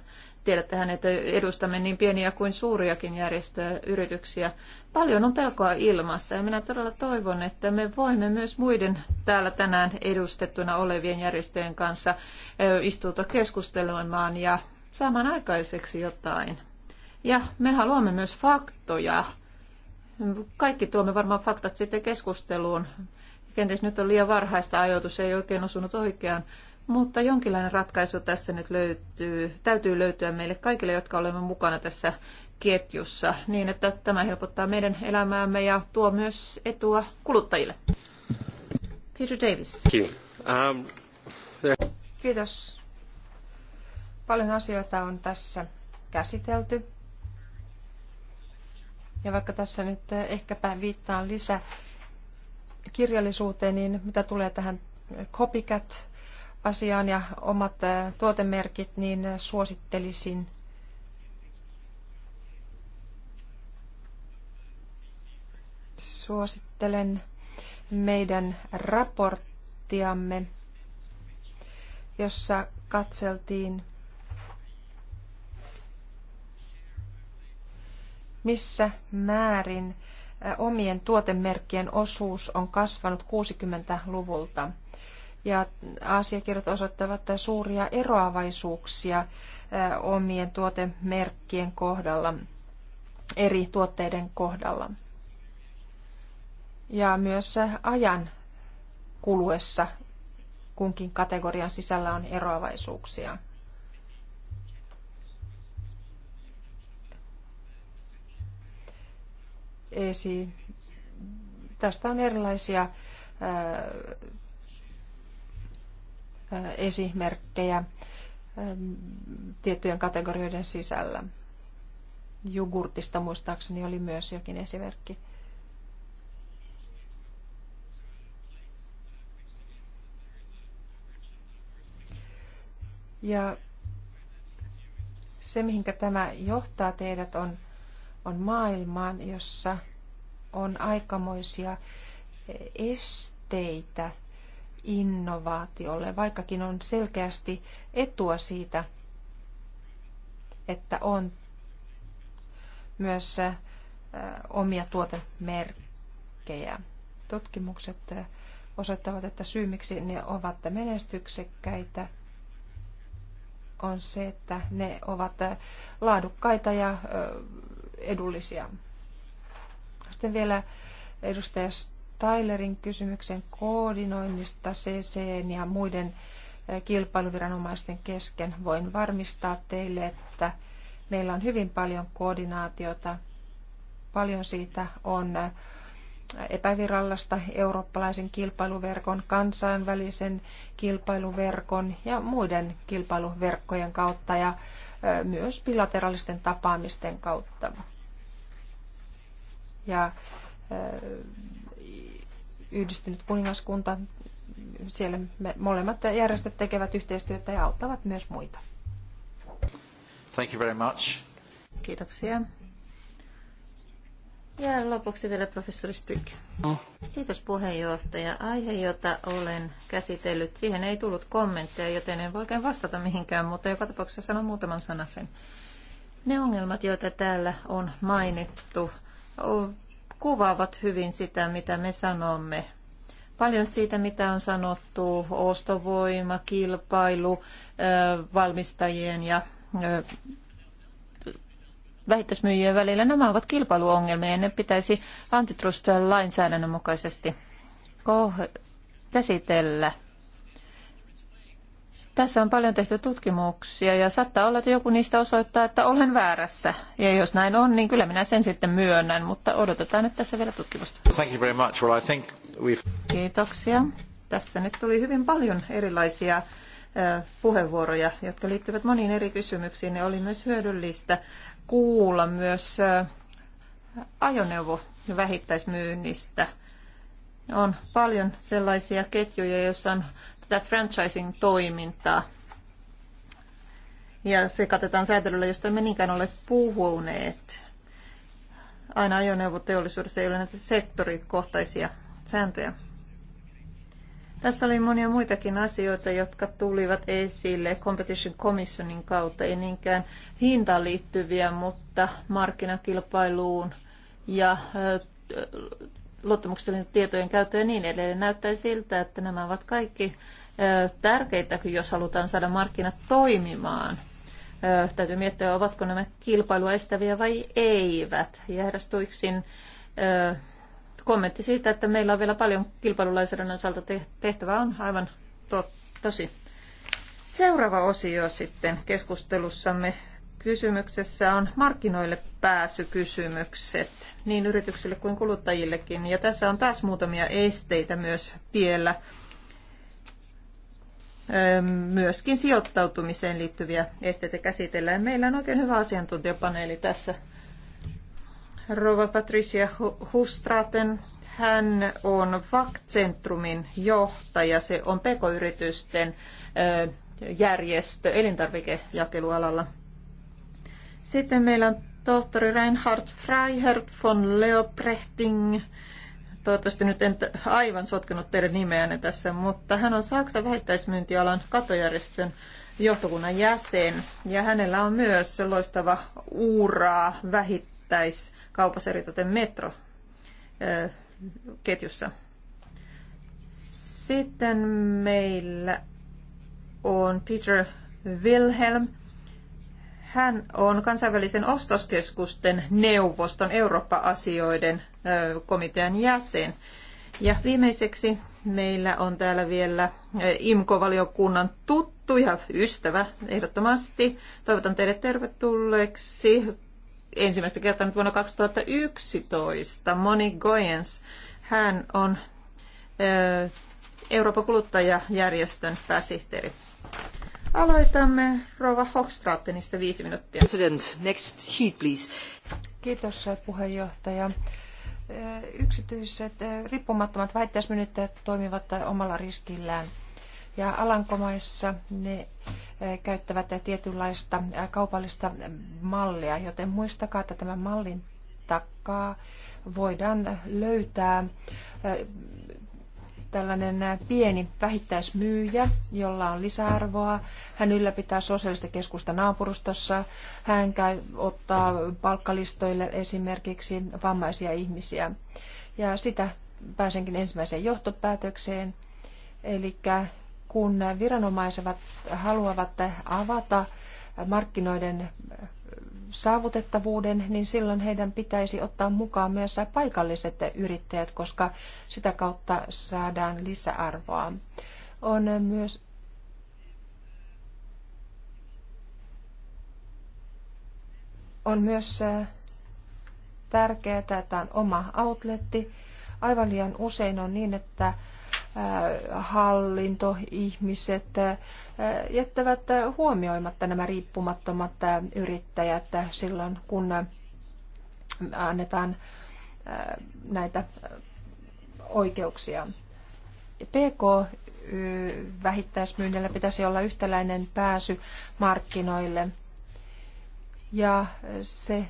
tiedättehän, että edustamme niin pieniä kuin suuriakin järjestöjä, yrityksiä. Paljon on pelkoa ilmassa ja minä todella toivon, että me voimme myös muiden täällä tänään edustettuna olevien järjestöjen kanssa istuuta keskustelemaan ja saamaan aikaiseksi jotain. Ja me haluamme myös faktoja. Kaikki tuomme varmaan faktat sitten keskusteluun. Kenties nyt on liian varhaista ajoitus, ei oikein osunut oikeaan mutta jonkinlainen ratkaisu tässä nyt löytyy, täytyy löytyä meille kaikille, jotka olemme mukana tässä ketjussa, niin että tämä helpottaa meidän elämäämme ja tuo myös etua kuluttajille.
Peter Davis.
Um,
Kiitos. Paljon asioita on tässä käsitelty. Ja vaikka tässä nyt ehkäpä viittaan lisää kirjallisuuteen, niin mitä tulee tähän copycat asiaan ja omat tuotemerkit, niin suosittelisin suosittelen meidän raporttiamme, jossa katseltiin, missä määrin omien tuotemerkkien osuus on kasvanut 60-luvulta ja asiakirjat osoittavat suuria eroavaisuuksia eh, omien tuotemerkkien kohdalla, eri tuotteiden kohdalla. Ja myös ajan kuluessa kunkin kategorian sisällä on eroavaisuuksia. Esi- tästä on erilaisia eh, esimerkkejä tiettyjen kategorioiden sisällä. Jogurtista muistaakseni oli myös jokin esimerkki. Ja se, mihinkä tämä johtaa teidät, on, on maailmaan, jossa on aikamoisia esteitä – innovaatiolle, vaikkakin on selkeästi etua siitä, että on myös äh, omia tuotemerkkejä. Tutkimukset äh, osoittavat, että syy miksi ne ovat menestyksekkäitä on se, että ne ovat äh, laadukkaita ja edullisia. Sitten vielä edustaja Tylerin kysymyksen koordinoinnista CCn ja muiden kilpailuviranomaisten kesken. Voin varmistaa teille, että meillä on hyvin paljon koordinaatiota. Paljon siitä on epävirallasta eurooppalaisen kilpailuverkon, kansainvälisen kilpailuverkon ja muiden kilpailuverkkojen kautta ja myös bilateraalisten tapaamisten kautta. Ja yhdistynyt kuningaskunta. Siellä me molemmat järjestöt tekevät yhteistyötä ja auttavat myös muita.
Thank you very much.
Kiitoksia.
Ja lopuksi vielä professori Styk. No. Kiitos puheenjohtaja. Aihe, jota olen käsitellyt, siihen ei tullut kommentteja, joten en voi oikein vastata mihinkään, mutta joka tapauksessa sanon muutaman sanan sen. Ne ongelmat, joita täällä on mainittu, kuvaavat hyvin sitä, mitä me sanomme. Paljon siitä, mitä on sanottu, ostovoima, kilpailu, valmistajien ja vähittäismyyjien välillä, nämä ovat kilpailuongelmia ja ne pitäisi antitrust-lainsäädännön mukaisesti käsitellä. Tässä on paljon tehty tutkimuksia ja saattaa olla, että joku niistä osoittaa, että olen väärässä. Ja jos näin on, niin kyllä minä sen sitten myönnän, mutta odotetaan nyt tässä vielä tutkimusta.
Thank you very much. Well, I think we've...
Kiitoksia. Tässä nyt tuli hyvin paljon erilaisia puheenvuoroja, jotka liittyvät moniin eri kysymyksiin. Ne oli myös hyödyllistä kuulla myös ajoneuvo- vähittäismyynnistä. On paljon sellaisia ketjuja, joissa on tätä franchising-toimintaa. Ja se katetaan säätelyllä, josta emme niinkään ole puhuneet. Aina ajoneuvoteollisuudessa ei ole näitä sektorikohtaisia sääntöjä. Tässä oli monia muitakin asioita, jotka tulivat esille Competition Commissionin kautta, ei niinkään hintaan liittyviä, mutta markkinakilpailuun ja luottamuksellinen tietojen käyttö ja niin edelleen. Näyttää siltä, että nämä ovat kaikki tärkeitä, jos halutaan saada markkinat toimimaan. Täytyy miettiä, ovatko nämä kilpailua estäviä vai eivät. Järjestöiksin kommentti siitä, että meillä on vielä paljon kilpailulainsäädännön osalta tehtävää, on aivan to- tosi. Seuraava osio sitten keskustelussamme kysymyksessä on markkinoille pääsykysymykset niin yrityksille kuin kuluttajillekin. Ja tässä on taas muutamia esteitä myös tiellä myöskin sijoittautumiseen liittyviä esteitä käsitellään. Meillä on oikein hyvä asiantuntijapaneeli tässä. Rova Patricia Hustraten, hän on vak johtaja. Se on pekoyritysten järjestö elintarvikejakelualalla. Sitten meillä on tohtori Reinhard Freiherr von Leoprechting, Toivottavasti nyt en aivan sotkenut teidän nimeänne tässä, mutta hän on Saksan vähittäismyyntialan katojärjestön johtokunnan jäsen. Ja hänellä on myös loistava uuraa vähittäiskaupassa eritoten metro ketjussa. Sitten meillä on Peter Wilhelm. Hän on kansainvälisen ostoskeskusten neuvoston Eurooppa-asioiden komitean jäsen. Ja viimeiseksi meillä on täällä vielä IMKO-valiokunnan tuttu ja ystävä ehdottomasti. Toivotan teidät tervetulleeksi ensimmäistä kertaa nyt vuonna 2011. Moni Goyens, hän on Euroopan kuluttajajärjestön pääsihteeri. Aloitamme Rova Hochstratenista viisi minuuttia. President, next sheet please.
Kiitos puheenjohtaja. Yksityiset riippumattomat vähittäismyynnit toimivat omalla riskillään. Ja Alankomaissa ne käyttävät tietynlaista kaupallista mallia, joten muistakaa, että tämän mallin takaa voidaan löytää tällainen pieni vähittäismyyjä, jolla on lisäarvoa. Hän ylläpitää sosiaalista keskusta naapurustossa. Hän käy, ottaa palkkalistoille esimerkiksi vammaisia ihmisiä. Ja sitä pääsenkin ensimmäiseen johtopäätökseen. Eli kun viranomaiset haluavat avata markkinoiden saavutettavuuden, niin silloin heidän pitäisi ottaa mukaan myös paikalliset yrittäjät, koska sitä kautta saadaan lisäarvoa. On myös on myös äh, tärkeää, että on oma outletti. Aivan liian usein on niin, että hallinto, ihmiset jättävät huomioimatta nämä riippumattomat yrittäjät silloin, kun annetaan näitä oikeuksia. PK vähittäismyynnillä pitäisi olla yhtäläinen pääsy markkinoille ja se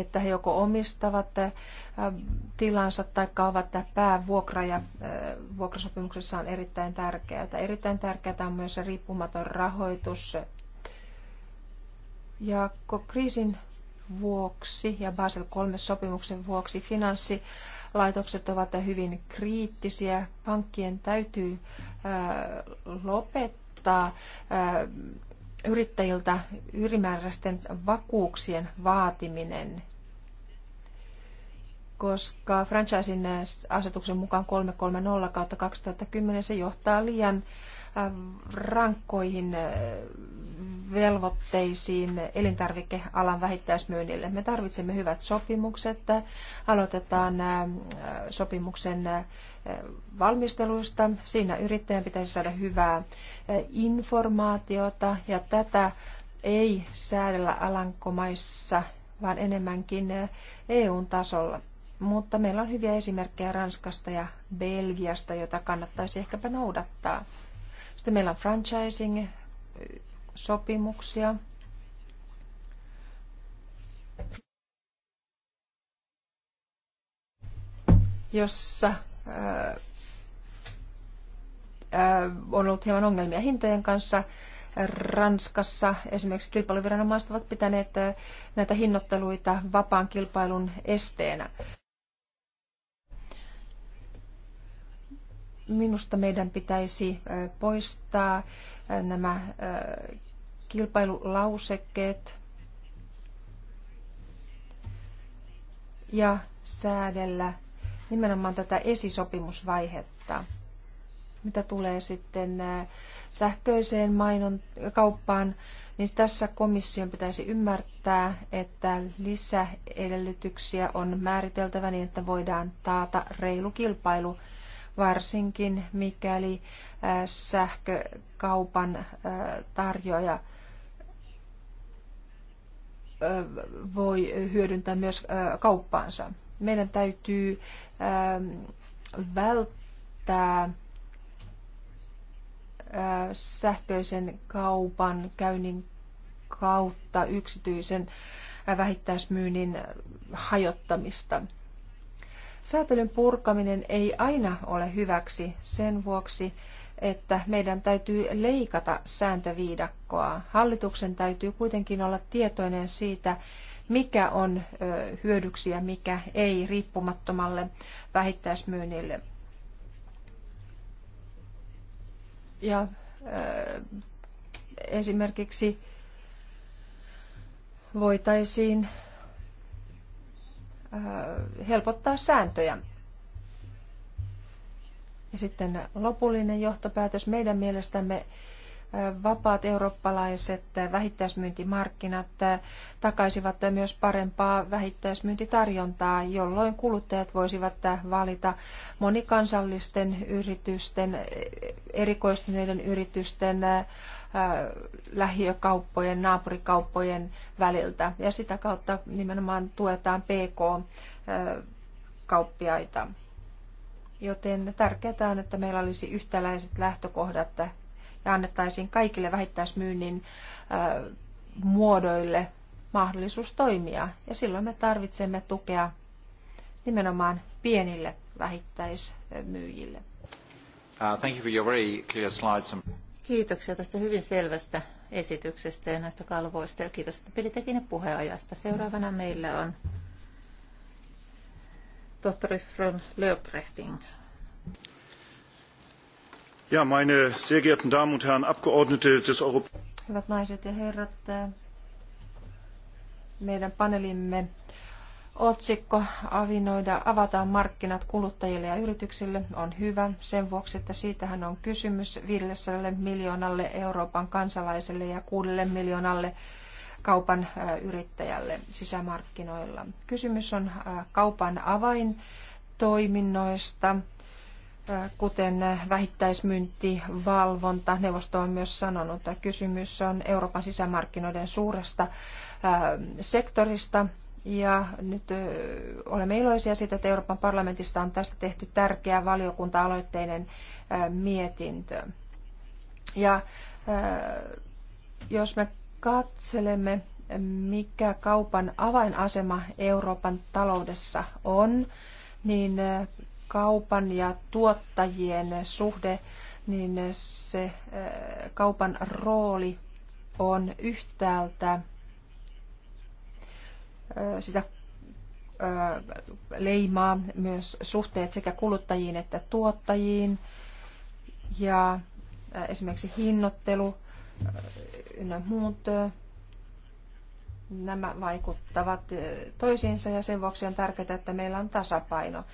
että he joko omistavat äh, tilansa tai ovat päävuokra ja äh, vuokrasopimuksessa on erittäin tärkeää. Erittäin tärkeää on myös riippumaton rahoitus. Ja kriisin vuoksi ja Basel 3 sopimuksen vuoksi finanssilaitokset ovat hyvin kriittisiä. Pankkien täytyy äh, lopettaa yrittäjiltä ylimääräisten vakuuksien vaatiminen, koska franchisin asetuksen mukaan 330 kautta 2010 se johtaa liian Ähm, rankkoihin äh, velvoitteisiin elintarvikealan vähittäismyynnille. Me tarvitsemme hyvät sopimukset. Aloitetaan ähm, sopimuksen äh, valmisteluista. Siinä yrittäjän pitäisi saada hyvää äh, informaatiota ja tätä ei säädellä Alankomaissa, vaan enemmänkin eu tasolla. Mutta meillä on hyviä esimerkkejä Ranskasta ja Belgiasta, jota kannattaisi ehkäpä noudattaa. Sitten meillä on franchising-sopimuksia. jossa ää, äh, ää, äh, on ollut hieman ongelmia hintojen kanssa. Ranskassa esimerkiksi kilpailuviranomaiset ovat pitäneet äh, näitä hinnoitteluita vapaan kilpailun esteenä. Minusta meidän pitäisi poistaa nämä kilpailulausekkeet ja säädellä nimenomaan tätä esisopimusvaihetta. Mitä tulee sitten sähköiseen mainon kauppaan, niin tässä komission pitäisi ymmärtää, että lisäedellytyksiä on määriteltävä niin, että voidaan taata reilu kilpailu varsinkin mikäli sähkökaupan tarjoaja voi hyödyntää myös kauppaansa. Meidän täytyy välttää sähköisen kaupan käynnin kautta yksityisen vähittäismyynnin hajottamista. Säätelyn purkaminen ei aina ole hyväksi sen vuoksi, että meidän täytyy leikata sääntöviidakkoa. Hallituksen täytyy kuitenkin olla tietoinen siitä, mikä on hyödyksi ja mikä ei riippumattomalle vähittäismyynnille. Ja esimerkiksi voitaisiin Äh, helpottaa sääntöjä. Ja sitten lopullinen johtopäätös meidän mielestämme vapaat eurooppalaiset vähittäismyyntimarkkinat takaisivat myös parempaa vähittäismyyntitarjontaa, jolloin kuluttajat voisivat valita monikansallisten yritysten, erikoistuneiden yritysten, lähiökauppojen, naapurikauppojen väliltä. Ja sitä kautta nimenomaan tuetaan PK-kauppiaita. Joten tärkeää on, että meillä olisi yhtäläiset lähtökohdat ja annettaisiin kaikille vähittäismyynnin muodoille mahdollisuus toimia. Ja silloin me tarvitsemme tukea nimenomaan pienille vähittäismyyjille.
Uh,
Kiitoksia tästä hyvin selvästä esityksestä
ja näistä kalvoista ja kiitos, että pidittekin puheajasta. Seuraavana meillä on tohtori Frön Leoprechting
meine sehr geehrten Damen und Herren Abgeordnete des
Hyvät naiset ja herrat, äh, meidän panelimme otsikko Avinoida, avataan markkinat kuluttajille ja yrityksille on hyvä sen vuoksi, että siitähän on kysymys 500 miljoonalle Euroopan kansalaiselle ja 6 miljoonalle kaupan äh, yrittäjälle sisämarkkinoilla. Kysymys on äh, kaupan avaintoiminnoista, kuten vähittäismyynti, valvonta. Neuvosto on myös sanonut, että kysymys on Euroopan sisämarkkinoiden suuresta sektorista. Ja nyt olemme iloisia siitä, että Euroopan parlamentista on tästä tehty tärkeä valiokunta-aloitteinen mietintö. Ja jos me katselemme, mikä kaupan avainasema Euroopan taloudessa on, niin kaupan ja tuottajien suhde, niin se eh, kaupan rooli on yhtäältä eh, sitä eh, leimaa myös suhteet sekä kuluttajiin että tuottajiin ja esimerkiksi hinnoittelu ynnä muut nämä vaikuttavat toisiinsa ja sen vuoksi on tärkeää, että meillä on tasapaino.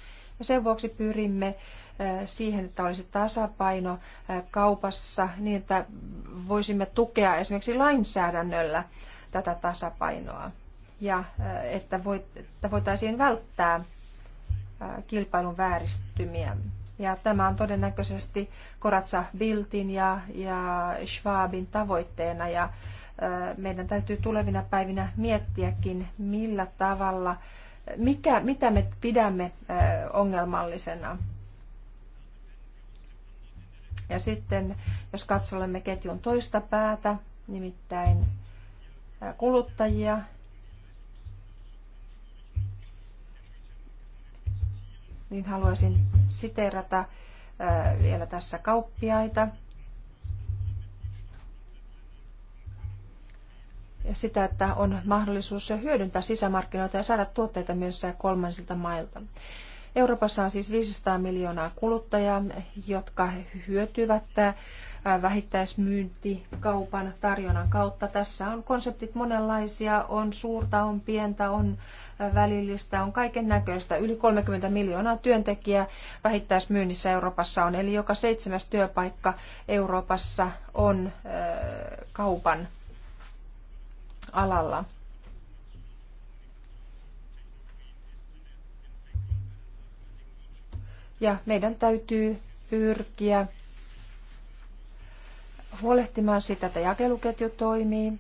Ja sen vuoksi pyrimme siihen, että olisi tasapaino kaupassa niin, että voisimme tukea esimerkiksi lainsäädännöllä tätä tasapainoa ja että, voit, voitaisiin välttää kilpailun vääristymiä. Ja tämä on todennäköisesti Koratsa Biltin ja, ja Schwabin tavoitteena ja meidän täytyy tulevina päivinä miettiäkin, millä tavalla mikä, mitä me pidämme ongelmallisena. Ja sitten, jos katsolemme ketjun toista päätä, nimittäin kuluttajia, niin haluaisin siteerata vielä tässä kauppiaita – sitä, että on mahdollisuus hyödyntää sisämarkkinoita ja saada tuotteita myös kolmansilta mailta. Euroopassa on siis 500 miljoonaa kuluttajaa, jotka hyötyvät äh, vähittäismyyntikaupan tarjonnan kautta. Tässä on konseptit monenlaisia, on suurta, on pientä, on äh, välillistä, on kaiken näköistä. Yli 30 miljoonaa työntekijää vähittäismyynnissä Euroopassa on, eli joka seitsemäs työpaikka Euroopassa on äh, kaupan alalla. Ja meidän täytyy pyrkiä huolehtimaan sitä, että jakeluketju toimii.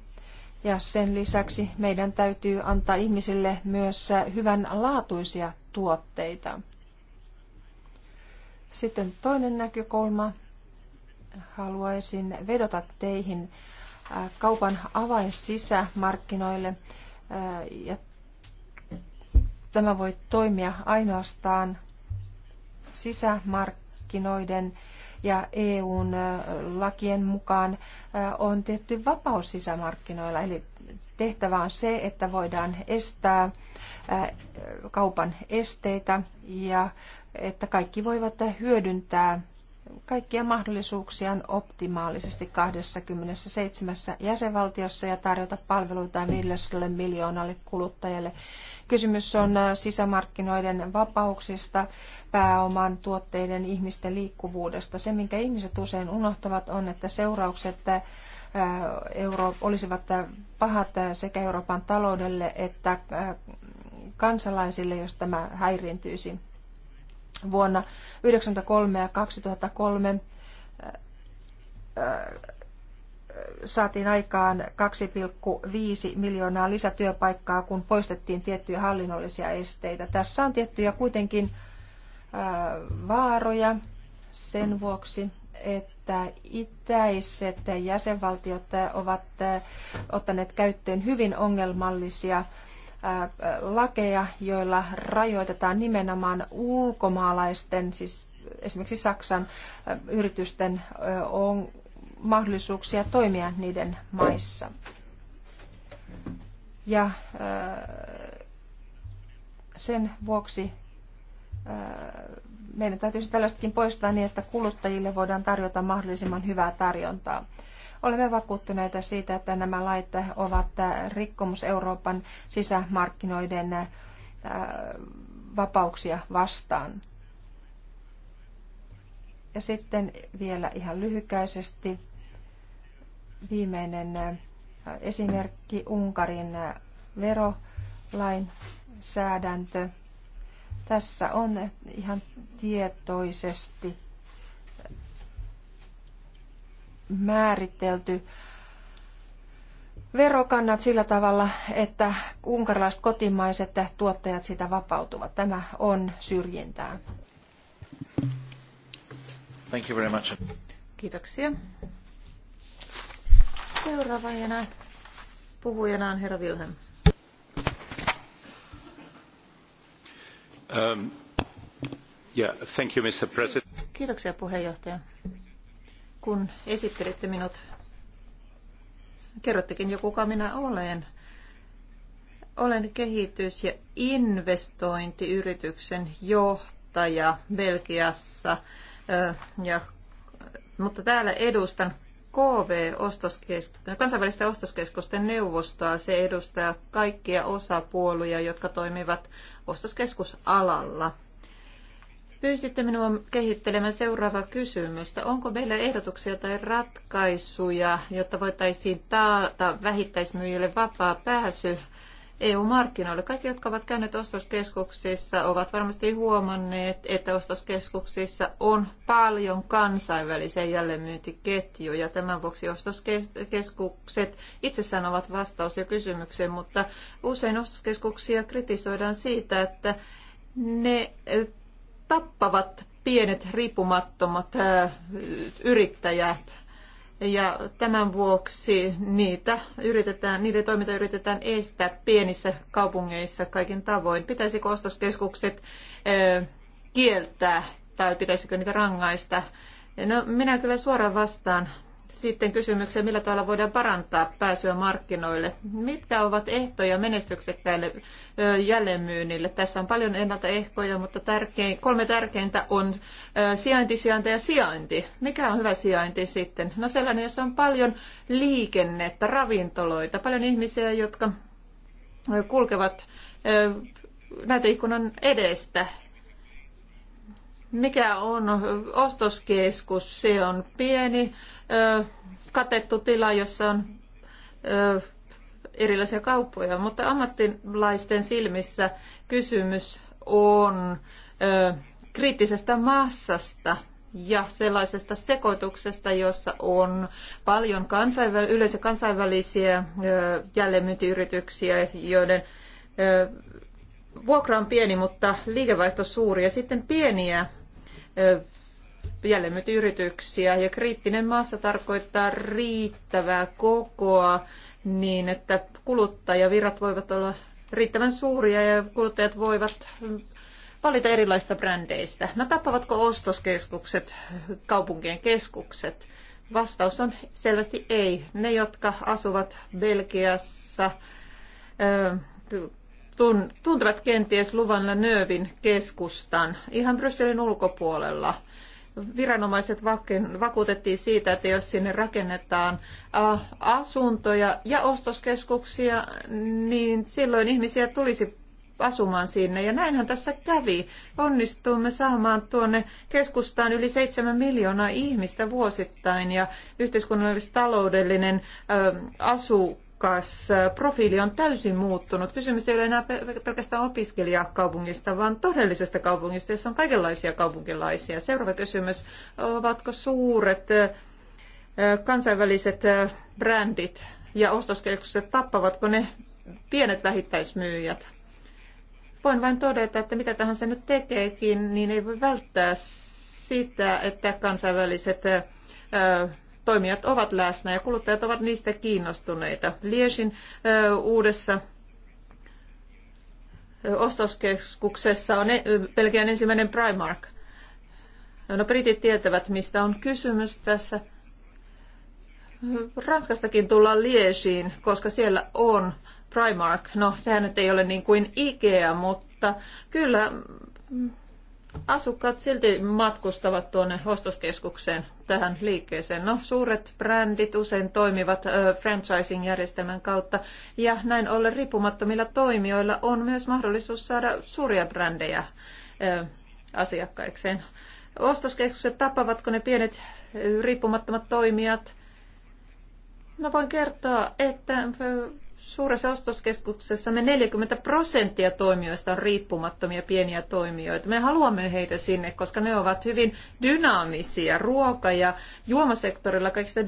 Ja sen lisäksi meidän täytyy antaa ihmisille myös hyvän laatuisia tuotteita. Sitten toinen näkökulma. Haluaisin vedota teihin kaupan avain sisämarkkinoille äh, ja tämä voi toimia ainoastaan sisämarkkinoiden ja EUn äh, lakien mukaan äh, on tietty vapaus sisämarkkinoilla. Eli tehtävä on se, että voidaan estää kaupan esteitä ja että kaikki voivat hyödyntää kaikkia mahdollisuuksiaan optimaalisesti 27 jäsenvaltiossa ja tarjota palveluita 500 miljoonalle kuluttajalle. Kysymys on äh, sisämarkkinoiden vapauksista, pääoman, tuotteiden, ihmisten liikkuvuudesta. Se, minkä ihmiset usein unohtavat, on, että seuraukset äh, euro, olisivat äh, pahat sekä Euroopan taloudelle että kansalaisille, jos tämä häiriintyisi vuonna 1993 ja 2003 äh, äh, saatiin aikaan 2,5 miljoonaa lisätyöpaikkaa, kun poistettiin tiettyjä hallinnollisia esteitä. Tässä on tiettyjä kuitenkin äh, vaaroja sen vuoksi, että itäiset jäsenvaltiot ovat ottaneet käyttöön hyvin ongelmallisia lakeja, joilla rajoitetaan nimenomaan ulkomaalaisten, siis esimerkiksi Saksan yritysten on mahdollisuuksia toimia niiden maissa. Ja sen vuoksi meidän täytyisi tällaistakin poistaa niin, että kuluttajille voidaan tarjota mahdollisimman hyvää tarjontaa. Olemme vakuuttuneita siitä, että nämä lait ovat äh, rikkomus Euroopan sisämarkkinoiden äh, vapauksia vastaan. Ja sitten vielä ihan lyhykäisesti viimeinen äh, esimerkki Unkarin verolainsäädäntö. Tässä on ihan tietoisesti määritelty verokannat sillä tavalla, että unkarilaiset kotimaiset tuottajat sitä vapautuvat. Tämä on syrjintää.
Thank you very much.
Kiitoksia. Seuraavana
puhujana on herra Wilhelm.
Um, yeah, thank you, Mr. President.
Kiitoksia puheenjohtaja kun esittelitte minut, kerrottekin jo kuka minä olen. Olen kehitys- ja investointiyrityksen johtaja Belgiassa, ja, mutta täällä edustan KV, ostoskes- kansainvälistä ostoskeskusten neuvostoa, se edustaa kaikkia osapuolia, jotka toimivat ostoskeskusalalla. Pyysitte minua kehittelemään seuraavaa kysymystä. Onko meillä ehdotuksia tai ratkaisuja, jotta voitaisiin taata vähittäismyyjille vapaa pääsy EU-markkinoille? Kaikki, jotka ovat käyneet ostoskeskuksissa, ovat varmasti huomanneet, että ostoskeskuksissa on paljon kansainvälisiä jälleenmyyntiketjuja. Tämän vuoksi ostoskeskukset itsessään ovat vastaus jo kysymykseen, mutta usein ostoskeskuksia kritisoidaan siitä, että ne tappavat pienet riippumattomat yrittäjät. Ja tämän vuoksi niitä yritetään, niiden toiminta yritetään estää pienissä kaupungeissa kaiken tavoin. Pitäisikö ostoskeskukset kieltää tai pitäisikö niitä rangaista? No, minä kyllä suoraan vastaan sitten kysymykseen, millä tavalla voidaan parantaa pääsyä markkinoille. Mitkä ovat ehtoja menestyksekkäille jälleenmyynnille? Tässä on paljon ennaltaehkoja, mutta tärkein, kolme tärkeintä on sijainti, sijainti ja sijainti. Mikä on hyvä sijainti sitten? No sellainen, jossa on paljon liikennettä, ravintoloita, paljon ihmisiä, jotka kulkevat näitä ikkunan edestä mikä on ostoskeskus? Se on pieni katettu tila, jossa on erilaisia kauppoja, mutta ammattilaisten silmissä kysymys on kriittisestä massasta ja sellaisesta sekoituksesta, jossa on paljon kansainväl- yleensä kansainvälisiä jälleenmyyntiyrityksiä, joiden vuokra on pieni, mutta liikevaihto suuri ja sitten pieniä yrityksiä ja kriittinen massa tarkoittaa riittävää kokoa niin, että kuluttajavirrat voivat olla riittävän suuria ja kuluttajat voivat valita erilaista brändeistä. No tappavatko ostoskeskukset kaupunkien keskukset? Vastaus on selvästi ei. Ne, jotka asuvat Belgiassa, tuntevat kenties Luvanla Nöövin keskustan ihan Brysselin ulkopuolella viranomaiset vakuutettiin siitä, että jos sinne rakennetaan äh, asuntoja ja ostoskeskuksia, niin silloin ihmisiä tulisi asumaan sinne. Ja näinhän tässä kävi. Onnistuimme saamaan tuonne keskustaan yli 7 miljoonaa ihmistä vuosittain ja yhteiskunnallis-taloudellinen äh, asu asukas äh, profiili on täysin muuttunut. Kysymys ei ole enää pelkästään opiskelijakaupungista, vaan todellisesta kaupungista, jossa on kaikenlaisia kaupunkilaisia. Seuraava kysymys, ovatko suuret äh, kansainväliset äh, brändit ja ostoskeskukset, tappavatko ne pienet vähittäismyyjät? Voin vain todeta, että mitä tähän se nyt tekeekin, niin ei voi välttää sitä, että kansainväliset toimijat ovat läsnä ja kuluttajat ovat niistä kiinnostuneita. Liesin uudessa ostoskeskuksessa on pelkään e, ensimmäinen Primark. No britit tietävät, mistä on kysymys tässä. Ranskastakin tullaan Liesiin, koska siellä on Primark. No, sehän nyt ei ole niin kuin Ikea, mutta kyllä mm, asukkaat silti matkustavat tuonne ostoskeskukseen tähän liikkeeseen. No, suuret brändit usein toimivat franchising-järjestelmän kautta ja näin ollen riippumattomilla toimijoilla on myös mahdollisuus saada suuria brändejä asiakkaikseen. Ostoskeskukset tapavatko ne pienet riippumattomat toimijat? No voin kertoa, että Suuressa ostoskeskuksessa me 40 prosenttia toimijoista on riippumattomia pieniä toimijoita. Me haluamme heitä sinne, koska ne ovat hyvin dynaamisia. Ruoka- ja juomasektorilla kaikista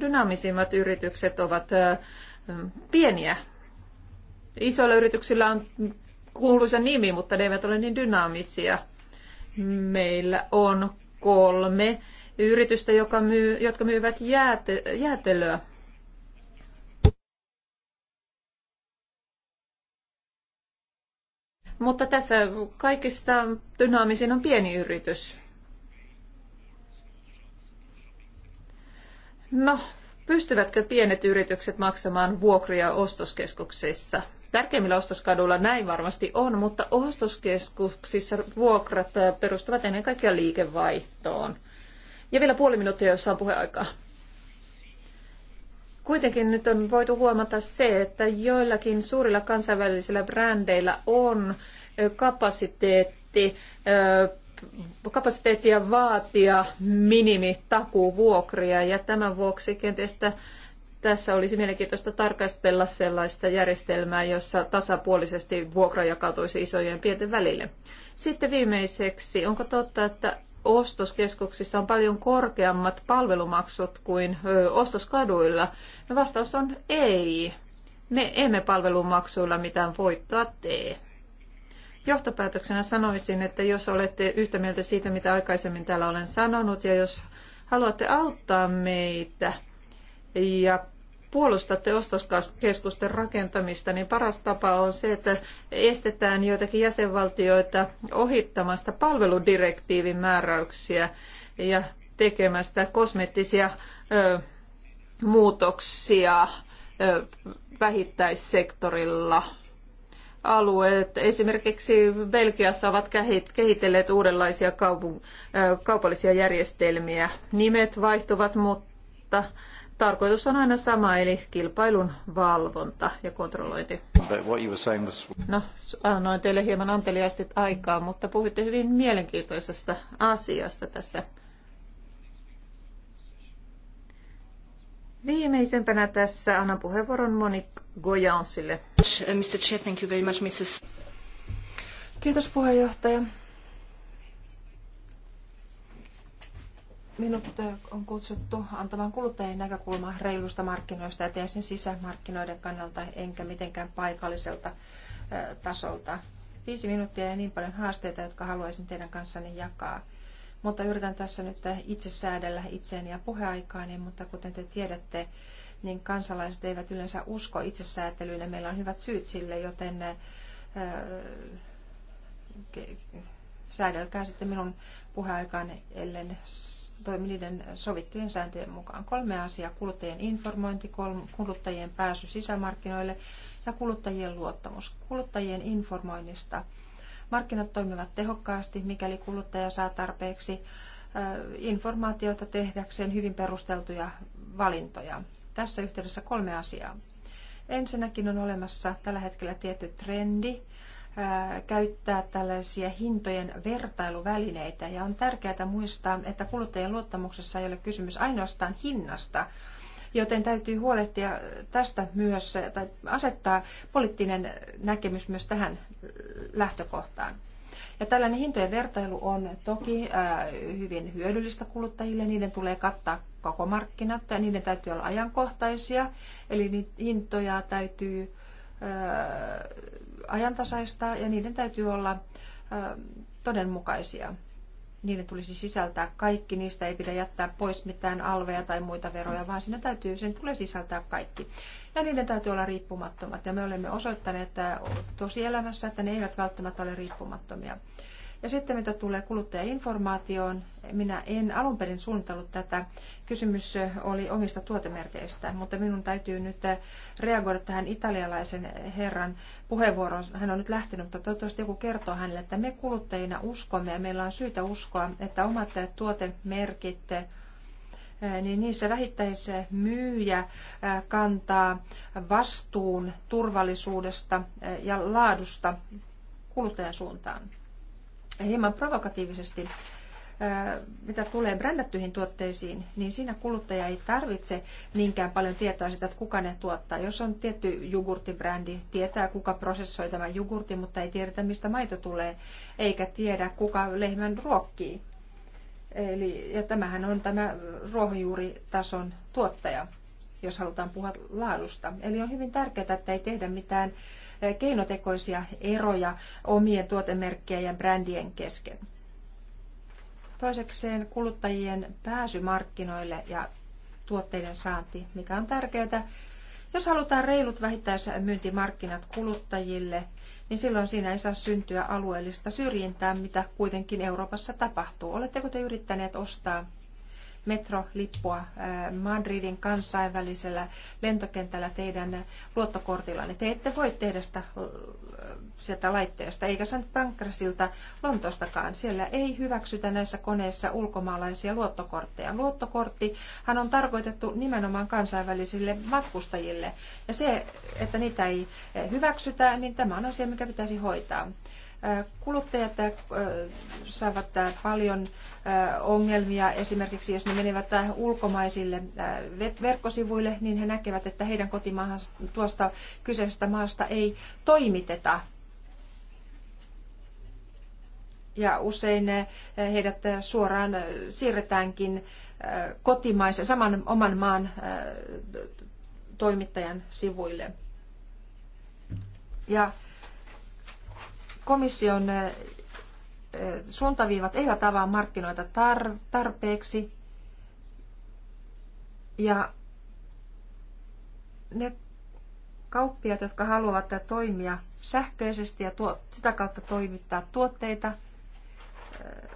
dynaamisimmat yritykset ovat pieniä. Isoilla yrityksillä on kuuluisa nimi, mutta ne eivät ole niin dynaamisia. Meillä on kolme yritystä, joka myy, jotka myyvät jäätelöä Mutta tässä kaikista dynaamisin on pieni yritys. No, pystyvätkö pienet yritykset maksamaan vuokria ostoskeskuksissa? Tärkeimmillä ostoskaduilla näin varmasti on, mutta ostoskeskuksissa vuokrat perustuvat ennen kaikkea liikevaihtoon. Ja vielä puoli minuuttia, jos saan puheaikaa. Kuitenkin nyt on voitu huomata se, että joillakin suurilla kansainvälisillä brändeillä on kapasiteetti, kapasiteettia vaatia minimitakuvuokria ja tämän vuoksi kenties tässä olisi mielenkiintoista tarkastella sellaista järjestelmää, jossa tasapuolisesti vuokra jakautuisi isojen ja pienten välille. Sitten viimeiseksi, onko totta, että ostoskeskuksissa on paljon korkeammat palvelumaksut kuin ostoskaduilla? No vastaus on ei. Me emme palvelumaksuilla mitään voittoa tee. Johtopäätöksenä sanoisin, että jos olette yhtä mieltä siitä, mitä aikaisemmin täällä olen sanonut, ja jos haluatte auttaa meitä ja puolustatte ostoskeskusten rakentamista, niin paras tapa on se, että estetään joitakin jäsenvaltioita ohittamasta palveludirektiivin määräyksiä ja tekemästä kosmettisia ö, muutoksia ö, vähittäissektorilla alueet. Esimerkiksi Belgiassa ovat kehitelleet uudenlaisia kaupallisia järjestelmiä. Nimet vaihtuvat, mutta tarkoitus on aina sama, eli kilpailun valvonta ja kontrollointi. No, annoin teille hieman anteliaasti aikaa, mutta puhuitte hyvin mielenkiintoisesta asiasta tässä. Viimeisempänä tässä annan puheenvuoron Monique Goyansille. Mr. Chair, thank you very much, Mrs. Kiitos puheenjohtaja.
Minut on kutsuttu antamaan kuluttajien näkökulma reilusta markkinoista ja teen sen sisämarkkinoiden kannalta enkä mitenkään paikalliselta tasolta. Viisi minuuttia ja niin paljon haasteita, jotka haluaisin teidän kanssanne jakaa. Mutta yritän tässä nyt itse säädellä itseäni ja puheaikaani, mutta kuten te tiedätte, niin kansalaiset eivät yleensä usko itsesäätelyyn ja meillä on hyvät syyt sille, joten säädelkää sitten minun puheaikaan, ellei toimi niiden sovittujen sääntöjen mukaan. Kolme asiaa, kuluttajien informointi, kuluttajien pääsy sisämarkkinoille ja kuluttajien luottamus. Kuluttajien informoinnista. Markkinat toimivat tehokkaasti, mikäli kuluttaja saa tarpeeksi informaatiota tehdäkseen hyvin perusteltuja valintoja. Tässä yhteydessä kolme asiaa. Ensinnäkin on olemassa tällä hetkellä tietty trendi, käyttää tällaisia hintojen vertailuvälineitä. Ja on tärkeää muistaa, että kuluttajien luottamuksessa ei ole kysymys ainoastaan hinnasta, joten täytyy huolehtia tästä myös, tai asettaa poliittinen näkemys myös tähän lähtökohtaan. Ja tällainen hintojen vertailu on toki hyvin hyödyllistä kuluttajille. Niiden tulee kattaa koko markkinat ja niiden täytyy olla ajankohtaisia. Eli hintoja täytyy ajantasaistaa ja niiden täytyy olla todenmukaisia. Niiden tulisi sisältää kaikki, niistä ei pidä jättää pois mitään alveja tai muita veroja, vaan sinne täytyy, sen tulee sisältää kaikki. Ja niiden täytyy olla riippumattomat. Ja me olemme osoittaneet että tosielämässä, että ne eivät välttämättä ole riippumattomia. Ja sitten mitä tulee kuluttajainformaatioon, minä en alun perin suunnitellut tätä. Kysymys oli omista tuotemerkeistä, mutta minun täytyy nyt reagoida tähän italialaisen herran puheenvuoroon. Hän on nyt lähtenyt, mutta toivottavasti joku kertoo hänelle, että me kuluttajina uskomme ja meillä on syytä uskoa, että omat tuotemerkit eh, niin niissä myyjä eh, kantaa vastuun turvallisuudesta eh, ja laadusta kuluttajan suuntaan hieman provokatiivisesti, mitä tulee brändättyihin tuotteisiin, niin siinä kuluttaja ei tarvitse niinkään paljon tietoa sitä, että kuka ne tuottaa. Jos on tietty jogurttibrändi, tietää kuka prosessoi tämän jogurtin, mutta ei tiedetä mistä maito tulee, eikä tiedä kuka lehmän ruokkii. Eli, ja tämähän on tämä ruohonjuuritason tuottaja, jos halutaan puhua laadusta. Eli on hyvin tärkeää, että ei tehdä mitään äh, keinotekoisia eroja omien tuotemerkkien ja brändien kesken. Toisekseen kuluttajien pääsy markkinoille ja tuotteiden saanti, mikä on tärkeää. Jos halutaan reilut vähittäismyyntimarkkinat kuluttajille, niin silloin siinä ei saa syntyä alueellista syrjintää, mitä kuitenkin Euroopassa tapahtuu. Oletteko te yrittäneet ostaa metrolippua äh, Madridin kansainvälisellä lentokentällä teidän luottokortillanne. Te ette voi tehdä sitä äh, sieltä laitteesta, eikä St. Pancrasilta Lontoostakaan. Siellä ei hyväksytä näissä koneissa ulkomaalaisia luottokortteja. Luottokortti hän on tarkoitettu nimenomaan kansainvälisille matkustajille. Ja se, että niitä ei äh, hyväksytä, niin tämä on asia, mikä pitäisi hoitaa. Kuluttajat äh, saavat äh, paljon äh, ongelmia. Esimerkiksi jos ne menevät ulkomaisille verkkosivuille, niin he näkevät, että heidän kotimaahan tuosta kyseisestä maasta ei toimiteta ja usein heidät suoraan siirretäänkin kotimaisen saman oman maan toimittajan sivuille. Ja komission eh, eh, suuntaviivat eivät avaa markkinoita tarpeeksi. Ja ne kauppiat, jotka haluavat toimia sähköisesti ja tuo, sitä kautta toimittaa tuotteita, eh,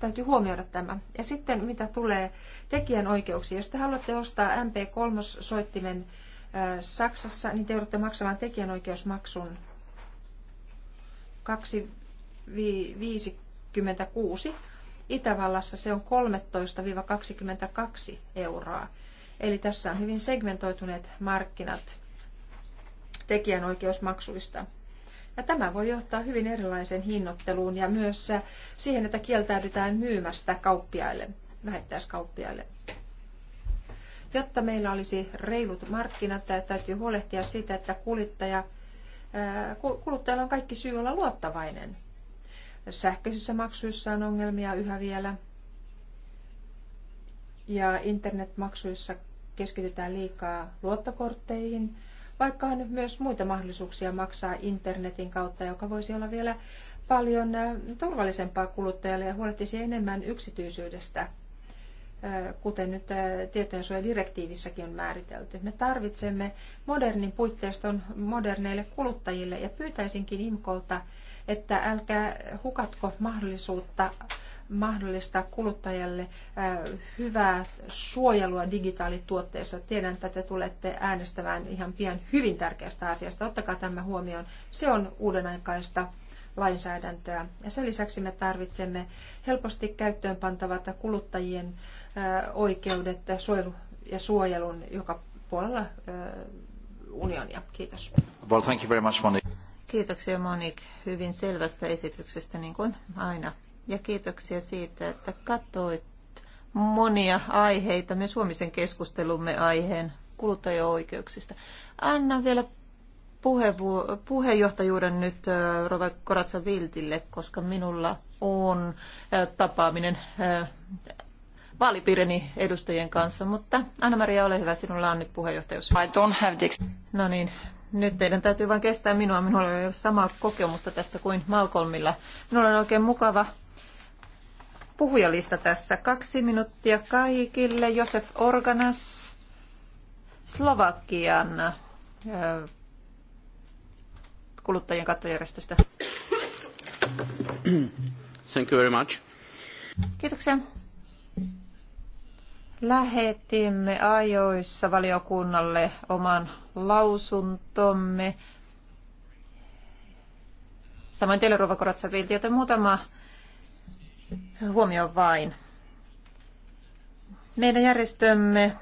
täytyy huomioida tämä. Ja sitten mitä tulee tekijänoikeuksiin, jos te haluatte ostaa MP3-soittimen Saksassa, niin te joudutte maksamaan tekijänoikeusmaksun 2,56. Itävallassa se on 13-22 euroa. Eli tässä on hyvin segmentoituneet markkinat tekijänoikeusmaksuista. Ja tämä voi johtaa hyvin erilaiseen hinnoitteluun ja myös siihen, että kieltäydytään myymästä kauppiaille, vähittäiskauppiaille. Jotta meillä olisi reilut markkinat, täytyy huolehtia siitä, että kuluttaja kuluttajalla on kaikki syy olla luottavainen. Sähköisissä maksuissa on ongelmia yhä vielä. Ja internetmaksuissa keskitytään liikaa luottokortteihin, vaikka on myös muita mahdollisuuksia maksaa internetin kautta, joka voisi olla vielä paljon turvallisempaa kuluttajalle ja huolehtisi enemmän yksityisyydestä kuten nyt tietojensuojadirektiivissäkin on määritelty. Me tarvitsemme modernin puitteiston moderneille kuluttajille ja pyytäisinkin IMKolta, että älkää hukatko mahdollisuutta mahdollistaa kuluttajalle hyvää suojelua digitaalituotteissa. Tiedän, että te tulette äänestämään ihan pian hyvin tärkeästä asiasta. Ottakaa tämä huomioon. Se on uudenaikaista lainsäädäntöä. Ja sen lisäksi me tarvitsemme helposti käyttöön pantavat kuluttajien oikeudet suojelu ja suojelun joka puolella unionia. Kiitos.
Well, thank you very much, Monique.
Kiitoksia Monik hyvin selvästä
esityksestä, niin kuin aina ja kiitoksia siitä, että katsoit monia aiheita, me suomisen keskustelumme aiheen kuluttajaoikeuksista. Anna vielä puheenjohtajuuden nyt äh, Rova Koratsa Viltille, koska minulla on äh, tapaaminen äh, vaalipiirini edustajien kanssa, mutta Anna-Maria, ole hyvä, sinulla on nyt puheenjohtajuus. I don't have this. No niin, nyt teidän täytyy vain kestää minua. Minulla ei ole samaa kokemusta tästä kuin Malcolmilla. Minulla on oikein mukava puhujalista tässä. Kaksi minuuttia kaikille. Josef Organas, Slovakian kuluttajien kattojärjestöstä.
Thank you very much.
Kiitoksia. Lähetimme ajoissa valiokunnalle oman lausuntomme. Samoin teille Ruovakoratsavilti, joten muutama huomioon vain. Meidän järjestömme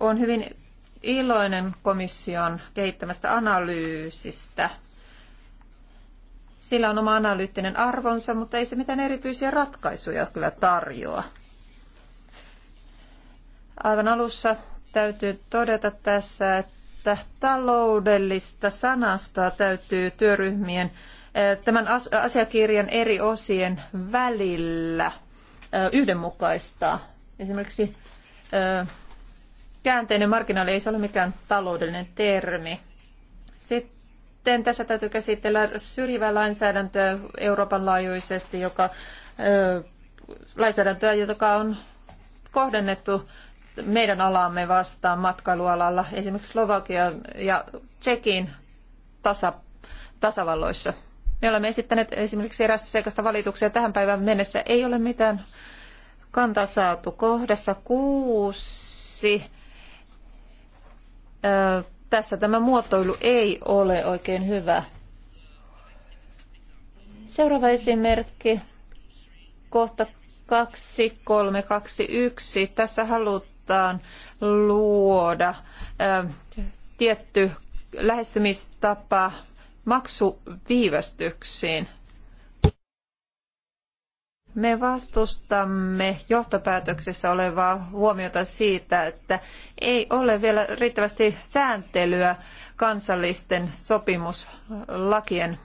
on hyvin iloinen komission kehittämästä analyysistä. Sillä on oma analyyttinen arvonsa, mutta ei se mitään erityisiä ratkaisuja kyllä tarjoa. Aivan alussa täytyy todeta tässä, että taloudellista sanasta täytyy työryhmien tämän asiakirjan eri osien välillä yhdenmukaistaa. Esimerkiksi käänteinen marginaali ei se ole mikään taloudellinen termi. Sitten tässä täytyy käsitellä syrjivää lainsäädäntöä Euroopan laajuisesti, joka, lainsäädäntöä, joka on kohdennettu meidän alamme vastaan matkailualalla, esimerkiksi Slovakian ja Tsekin tasa, tasavalloissa. Me olemme esittäneet esimerkiksi erästä seikasta valituksia tähän päivään mennessä. Ei ole mitään kantaa saatu. Kohdassa kuusi. Ö, tässä tämä muotoilu ei ole oikein hyvä. Seuraava esimerkki. Kohta 2321. Tässä halutaan luoda ö, tietty lähestymistapa maksuviivästyksiin. Me vastustamme johtopäätöksessä olevaa huomiota siitä, että ei ole vielä riittävästi sääntelyä kansallisten sopimuslakien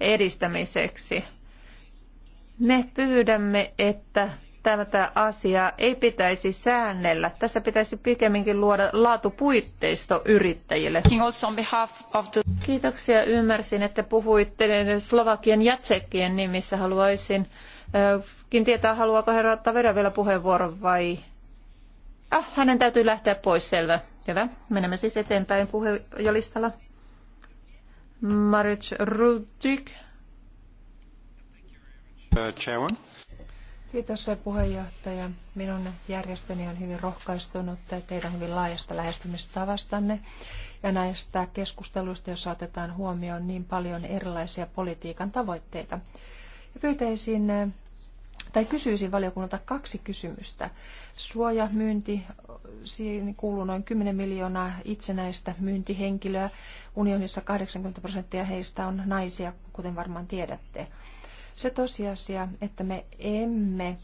edistämiseksi. Me pyydämme, että tätä asiaa ei pitäisi säännellä. Tässä pitäisi pikemminkin luoda laatupuitteisto yrittäjille. Kiitoksia. Ymmärsin, että puhuitte Slovakian jatsekkien nimissä. Haluaisin kin tietää, haluaako herra Tavera vielä puheenvuoron vai... Ah, hänen täytyy lähteä pois, selvä. Hyvä. Menemme siis eteenpäin puheenjalistalla.
Maric Rudik.
Uh, chairman.
Kiitos puheenjohtaja. Minun järjestöni on hyvin rohkaistunut teidän hyvin laajasta lähestymistavastanne ja näistä keskusteluista, joissa otetaan huomioon niin paljon erilaisia politiikan tavoitteita. Ja pyytäisin tai kysyisin valiokunnalta kaksi kysymystä. Suojamyynti, siinä kuuluu noin 10 miljoonaa itsenäistä myyntihenkilöä. Unionissa 80 prosenttia heistä on naisia, kuten varmaan tiedätte. Se tosiasia, että me emme eh,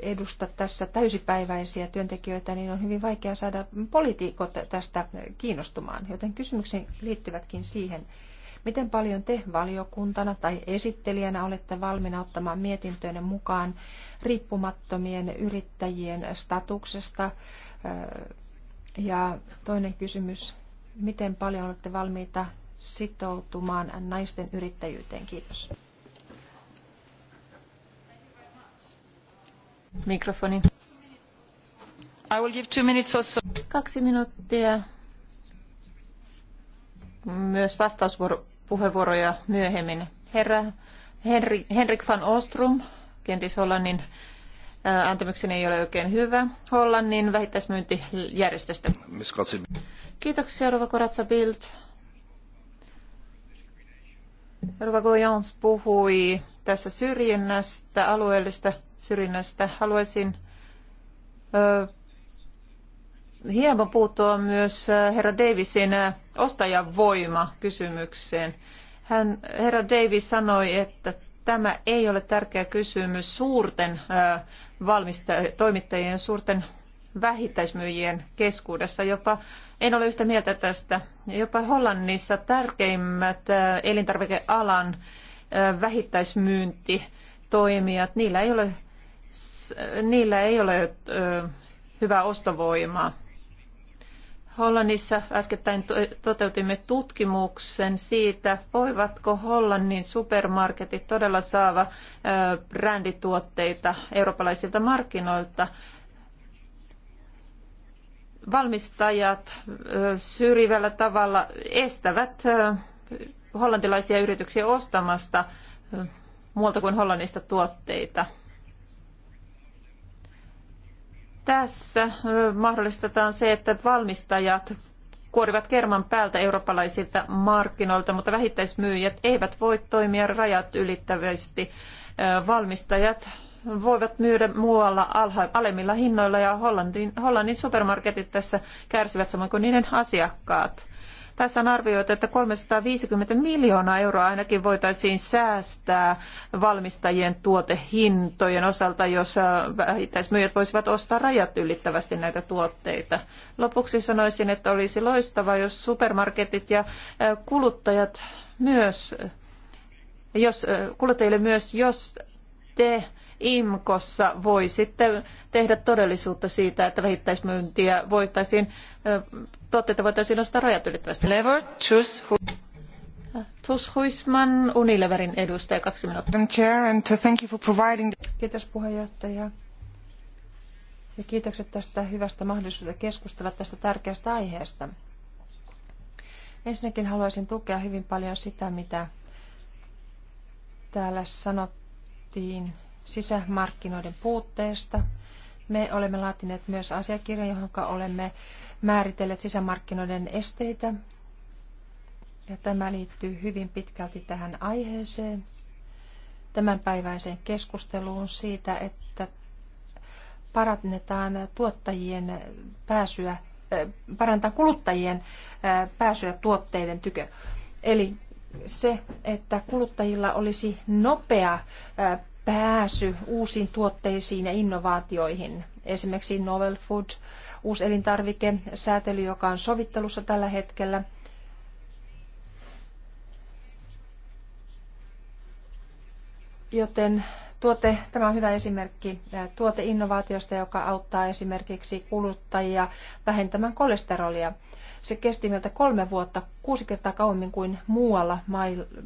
edusta tässä täysipäiväisiä työntekijöitä, niin on hyvin vaikea saada poliitikot tästä kiinnostumaan. Joten kysymyksen liittyvätkin siihen, miten paljon te valiokuntana tai esittelijänä olette valmiina ottamaan mietintöönne mukaan riippumattomien yrittäjien statuksesta. Eh, ja toinen kysymys, miten paljon olette valmiita sitoutumaan naisten yrittäjyyteen? Kiitos.
Kaksi minuuttia. Myös vastauspuheenvuoroja myöhemmin. Herra Henri, Henrik van Ostrom, kenties Hollannin ääntämykseni äh, ei ole oikein hyvä, Hollannin vähittäismyyntijärjestöstä. Kiitoksia, Rova Koratsa Bild. Rova Goyans puhui tässä syrjinnästä, alueellista syrjinnästä. Haluaisin ö, hieman puuttua myös herra Davisin ostajavoima kysymykseen. Hän, herra Davis sanoi, että tämä ei ole tärkeä kysymys suurten valmista- toimittajien ja suurten vähittäismyyjien keskuudessa. Jopa, en ole yhtä mieltä tästä, jopa Hollannissa tärkeimmät elintarvikealan vähittäismyyntitoimijat, niillä ei ole niillä ei ole hyvää ostovoimaa. Hollannissa äskettäin toteutimme tutkimuksen siitä, voivatko Hollannin supermarketit todella saada brändituotteita eurooppalaisilta markkinoilta. Valmistajat syrjivällä tavalla estävät hollantilaisia yrityksiä ostamasta muualta kuin Hollannista tuotteita. Tässä mahdollistetaan se, että valmistajat kuorivat kerman päältä eurooppalaisilta markkinoilta, mutta vähittäismyyjät eivät voi toimia rajat ylittävästi. Valmistajat voivat myydä muualla alha, alemmilla hinnoilla ja Hollannin, Hollannin supermarketit tässä kärsivät samoin kuin niiden asiakkaat. Tässä on arvioitu, että 350 miljoonaa euroa ainakin voitaisiin säästää valmistajien tuotehintojen osalta, jos äh, vähittäismyyjät voisivat ostaa rajat ylittävästi näitä tuotteita. Lopuksi sanoisin, että olisi loistavaa, jos supermarketit ja äh, kuluttajat myös, äh, jos kuluttajille myös, jos te IMKossa voi sitten tehdä todellisuutta siitä, että vähittäismyyntiä voitaisiin, tuotteita voitaisiin ostaa rajat ylittävästi. Lever, Tus Huisman, Unileverin edustaja, kaksi minuuttia.
Chair, and thank you for providing... Kiitos puheenjohtaja. Ja kiitokset tästä hyvästä mahdollisuudesta keskustella tästä tärkeästä aiheesta. Ensinnäkin haluaisin tukea hyvin paljon sitä, mitä täällä sanottiin sisämarkkinoiden puutteesta. Me olemme laatineet myös asiakirjan, johon olemme määritelleet sisämarkkinoiden esteitä. Ja tämä liittyy hyvin pitkälti tähän aiheeseen, tämänpäiväiseen keskusteluun siitä, että parannetaan tuottajien pääsyä, äh, parantaa kuluttajien äh, pääsyä tuotteiden tykö. Eli se, että kuluttajilla olisi nopea äh, pääsy uusiin tuotteisiin ja innovaatioihin. Esimerkiksi Novel Food, uusi elintarvike, säätely, joka on sovittelussa tällä hetkellä. Joten Tuote, tämä on hyvä esimerkki tuoteinnovaatiosta, joka auttaa esimerkiksi kuluttajia vähentämään kolesterolia. Se kesti meiltä kolme vuotta, kuusi kertaa kauemmin kuin muualla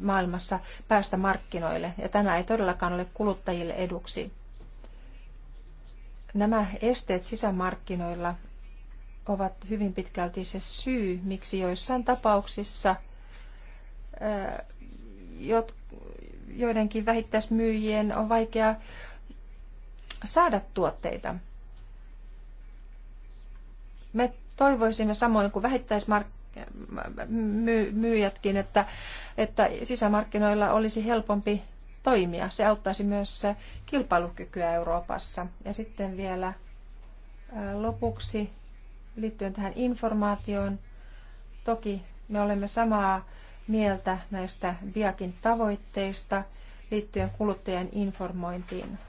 maailmassa päästä markkinoille, ja tämä ei todellakaan ole kuluttajille eduksi. Nämä esteet sisämarkkinoilla ovat hyvin pitkälti se syy, miksi joissain tapauksissa jot, joidenkin vähittäismyyjien on vaikea saada tuotteita. Me toivoisimme samoin kuin vähittäismyyjätkin, että, että sisämarkkinoilla olisi helpompi toimia. Se auttaisi myös kilpailukykyä Euroopassa. Ja sitten vielä lopuksi liittyen tähän informaatioon. Toki me olemme samaa mieltä näistä Viakin tavoitteista liittyen kuluttajan informointiin.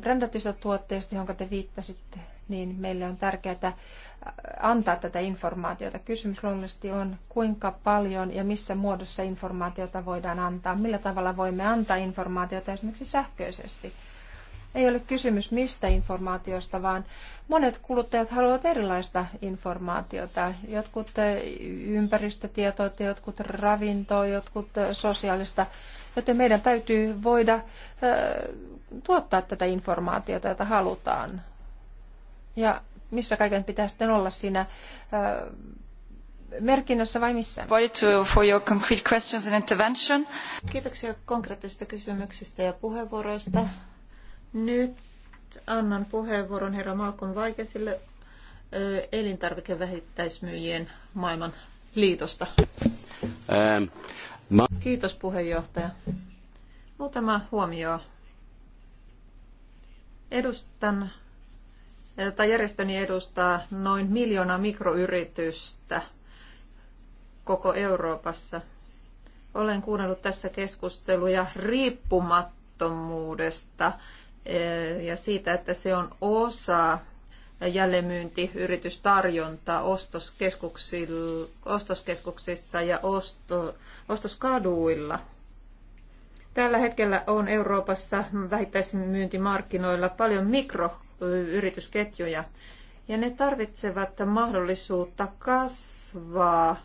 Brändätyistä tuotteista, jonka te viittasitte, niin meille on tärkeää antaa tätä informaatiota. Kysymys luonnollisesti on, kuinka paljon ja missä muodossa informaatiota voidaan antaa, millä tavalla voimme antaa informaatiota esimerkiksi sähköisesti ei ole kysymys mistä informaatiosta, vaan monet kuluttajat haluavat erilaista informaatiota. Jotkut eh, ympäristötietoja, jotkut ravintoa, jotkut eh, sosiaalista. Joten meidän täytyy voida eh, tuottaa tätä informaatiota, jota halutaan. Ja missä kaiken pitää sitten olla siinä merkinnässä vai missä? For your concrete questions and intervention.
Kiitoksia konkreettisista kysymyksistä ja puheenvuoroista. Nyt annan puheenvuoron herra Malkon Vaikesille elintarvikevähittäismyyjien maailman liitosta.
Ähm, ma-
Kiitos puheenjohtaja. Muutama huomio. Edustan tai järjestöni edustaa noin miljoona mikroyritystä koko Euroopassa. Olen kuunnellut tässä keskusteluja riippumattomuudesta Eh, ja siitä, että se on osa jälleenmyyntiyritystarjontaa ostoskeskuksissa ja osto, ostoskaduilla. Tällä hetkellä on Euroopassa vähittäismyyntimarkkinoilla paljon mikroyritysketjuja, ja ne tarvitsevat mahdollisuutta kasvaa.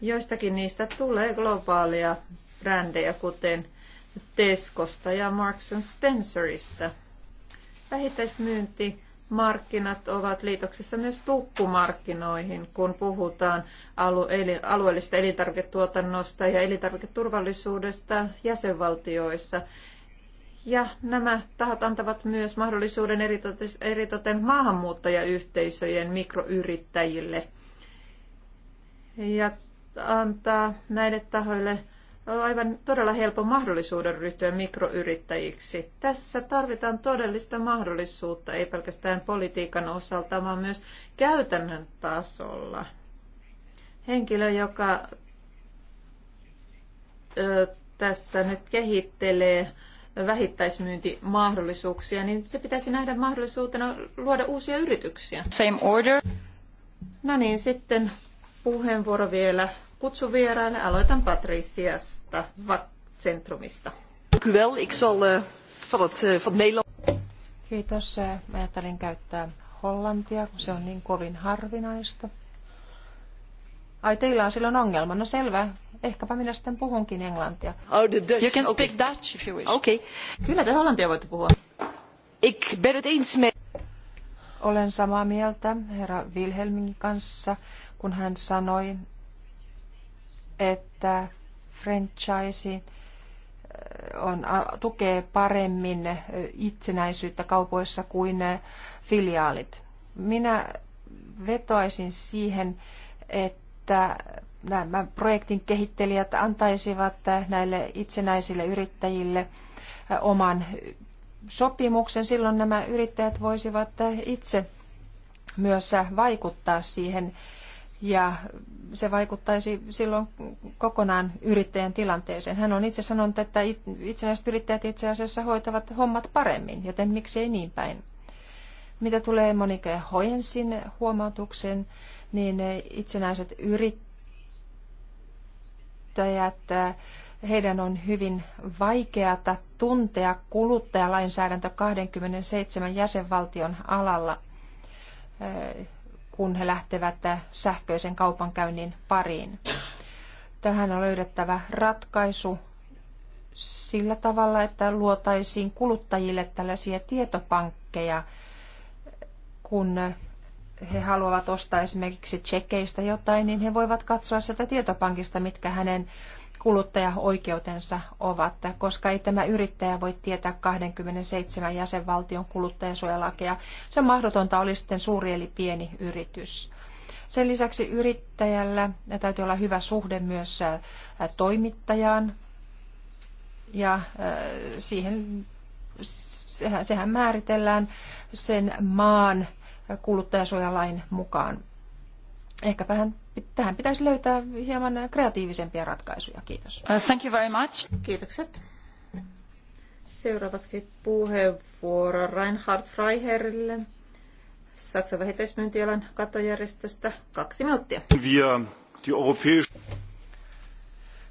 Joistakin niistä tulee globaalia brändejä, kuten Teskosta ja Marks Spencerista. Vähittäismyynti markkinat ovat liitoksessa myös tukkumarkkinoihin, kun puhutaan alueellisesta elintarviketuotannosta ja elintarviketurvallisuudesta jäsenvaltioissa. Ja nämä tahot antavat myös mahdollisuuden eritoten maahanmuuttajayhteisöjen mikroyrittäjille ja antaa näille tahoille aivan todella helpon mahdollisuuden ryhtyä mikroyrittäjiksi. Tässä tarvitaan todellista mahdollisuutta, ei pelkästään politiikan osalta, vaan myös käytännön tasolla. Henkilö, joka ö, tässä nyt kehittelee vähittäismyyntimahdollisuuksia, niin se pitäisi nähdä mahdollisuutena luoda uusia yrityksiä. Same order. No niin, sitten puheenvuoro vielä kutsuvieraille. Aloitan Patriciasta VAC-centrumista.
Eh, eh,
Kiitos. Eh, mä ajattelin käyttää hollantia, kun se on niin kovin harvinaista. Ai, teillä on silloin ongelma. No selvä. Ehkäpä minä sitten puhunkin englantia. Oh, the Dutch. You can speak okay. Dutch if you wish. Okay.
Kyllä te hollantia voitte puhua. Ik ben het eens met...
Olen samaa mieltä herra Wilhelmin kanssa, kun hän sanoi, että franchising äh, on, tukee paremmin äh, itsenäisyyttä kaupoissa kuin äh, filiaalit. Minä vetoaisin siihen, että nämä projektin kehittelijät antaisivat näille itsenäisille yrittäjille oman sopimuksen. Silloin nämä yrittäjät voisivat itse myös vaikuttaa siihen, ja se vaikuttaisi silloin kokonaan yrittäjän tilanteeseen. Hän on itse sanonut, että itsenäiset yrittäjät itse asiassa hoitavat hommat paremmin, joten miksi ei niin päin. Mitä tulee Monika Hoensin huomautuksen, niin itsenäiset yrittäjät, heidän on hyvin vaikeata tuntea kuluttajalainsäädäntö 27 jäsenvaltion alalla kun he lähtevät sähköisen kaupankäynnin pariin. Tähän on löydettävä ratkaisu sillä tavalla, että luotaisiin kuluttajille tällaisia tietopankkeja, kun he haluavat ostaa esimerkiksi tsekeistä jotain, niin he voivat katsoa sieltä tietopankista, mitkä hänen kuluttajaoikeutensa ovat, koska ei tämä yrittäjä voi tietää 27 jäsenvaltion kuluttajansuojalakeja. Se on mahdotonta, oli sitten suuri eli pieni yritys. Sen lisäksi yrittäjällä täytyy olla hyvä suhde myös äh, toimittajaan ja äh, siihen, sehän, sehän määritellään sen maan kuluttajansuojalain mukaan vähän tähän pitäisi löytää hieman kreatiivisempia ratkaisuja. Kiitos. Uh, thank you very much. Kiitokset.
Seuraavaksi puheenvuoro Reinhard Freiherrille. Saksan vähittäismyyntialan kattojärjestöstä. Kaksi minuuttia.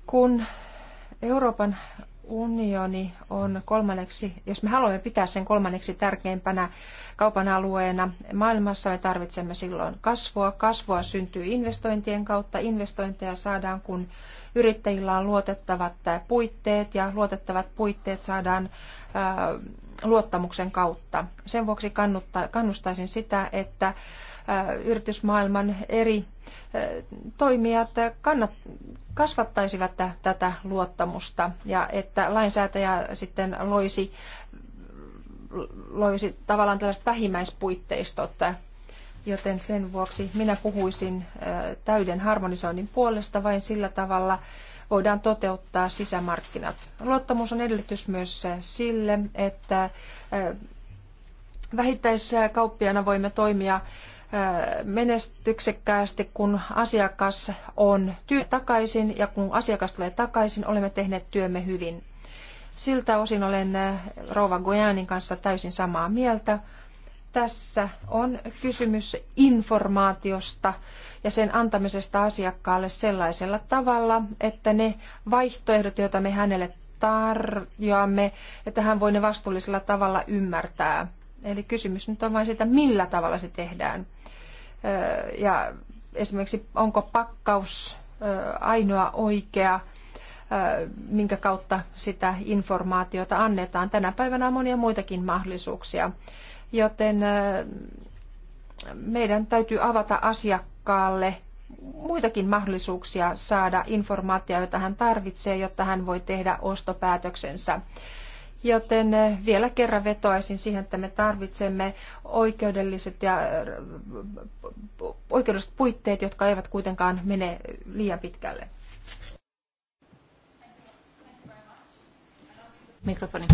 Kun Euroopan unioni on kolmanneksi, jos me haluamme pitää sen kolmanneksi tärkeimpänä kaupan alueena maailmassa, me tarvitsemme silloin kasvua. Kasvua syntyy investointien kautta. Investointeja saadaan, kun yrittäjillä on luotettavat puitteet ja luotettavat puitteet saadaan luottamuksen kautta. Sen vuoksi kannustaisin sitä, että äh, yritysmaailman eri äh, toimijat kannat, kasvattaisivat tätä luottamusta ja että lainsäätäjä sitten loisi, loisi tavallaan tällaiset vähimmäispuitteistot, joten sen vuoksi minä puhuisin äh, täyden harmonisoinnin puolesta vain sillä tavalla, voidaan toteuttaa sisämarkkinat. Luottamus on edellytys myös sille, että äh, vähittäiskauppiana voimme toimia äh, menestyksekkäästi, kun asiakas on työ takaisin ja kun asiakas tulee takaisin, olemme tehneet työmme hyvin. Siltä osin olen äh, Rouva Gojanin kanssa täysin samaa mieltä tässä on kysymys informaatiosta ja sen antamisesta asiakkaalle sellaisella tavalla, että ne vaihtoehdot, joita me hänelle tarjoamme, että hän voi ne vastuullisella tavalla ymmärtää. Eli kysymys nyt on vain siitä, millä tavalla se tehdään. Ja esimerkiksi onko pakkaus ainoa oikea, minkä kautta sitä informaatiota annetaan. Tänä päivänä on monia muitakin mahdollisuuksia joten meidän täytyy avata asiakkaalle muitakin mahdollisuuksia saada informaatiota, jota hän tarvitsee, jotta hän voi tehdä ostopäätöksensä. Joten vielä kerran vetoaisin siihen, että me tarvitsemme oikeudelliset ja oikeudelliset puitteet, jotka eivät kuitenkaan mene liian pitkälle. Mikrofoni.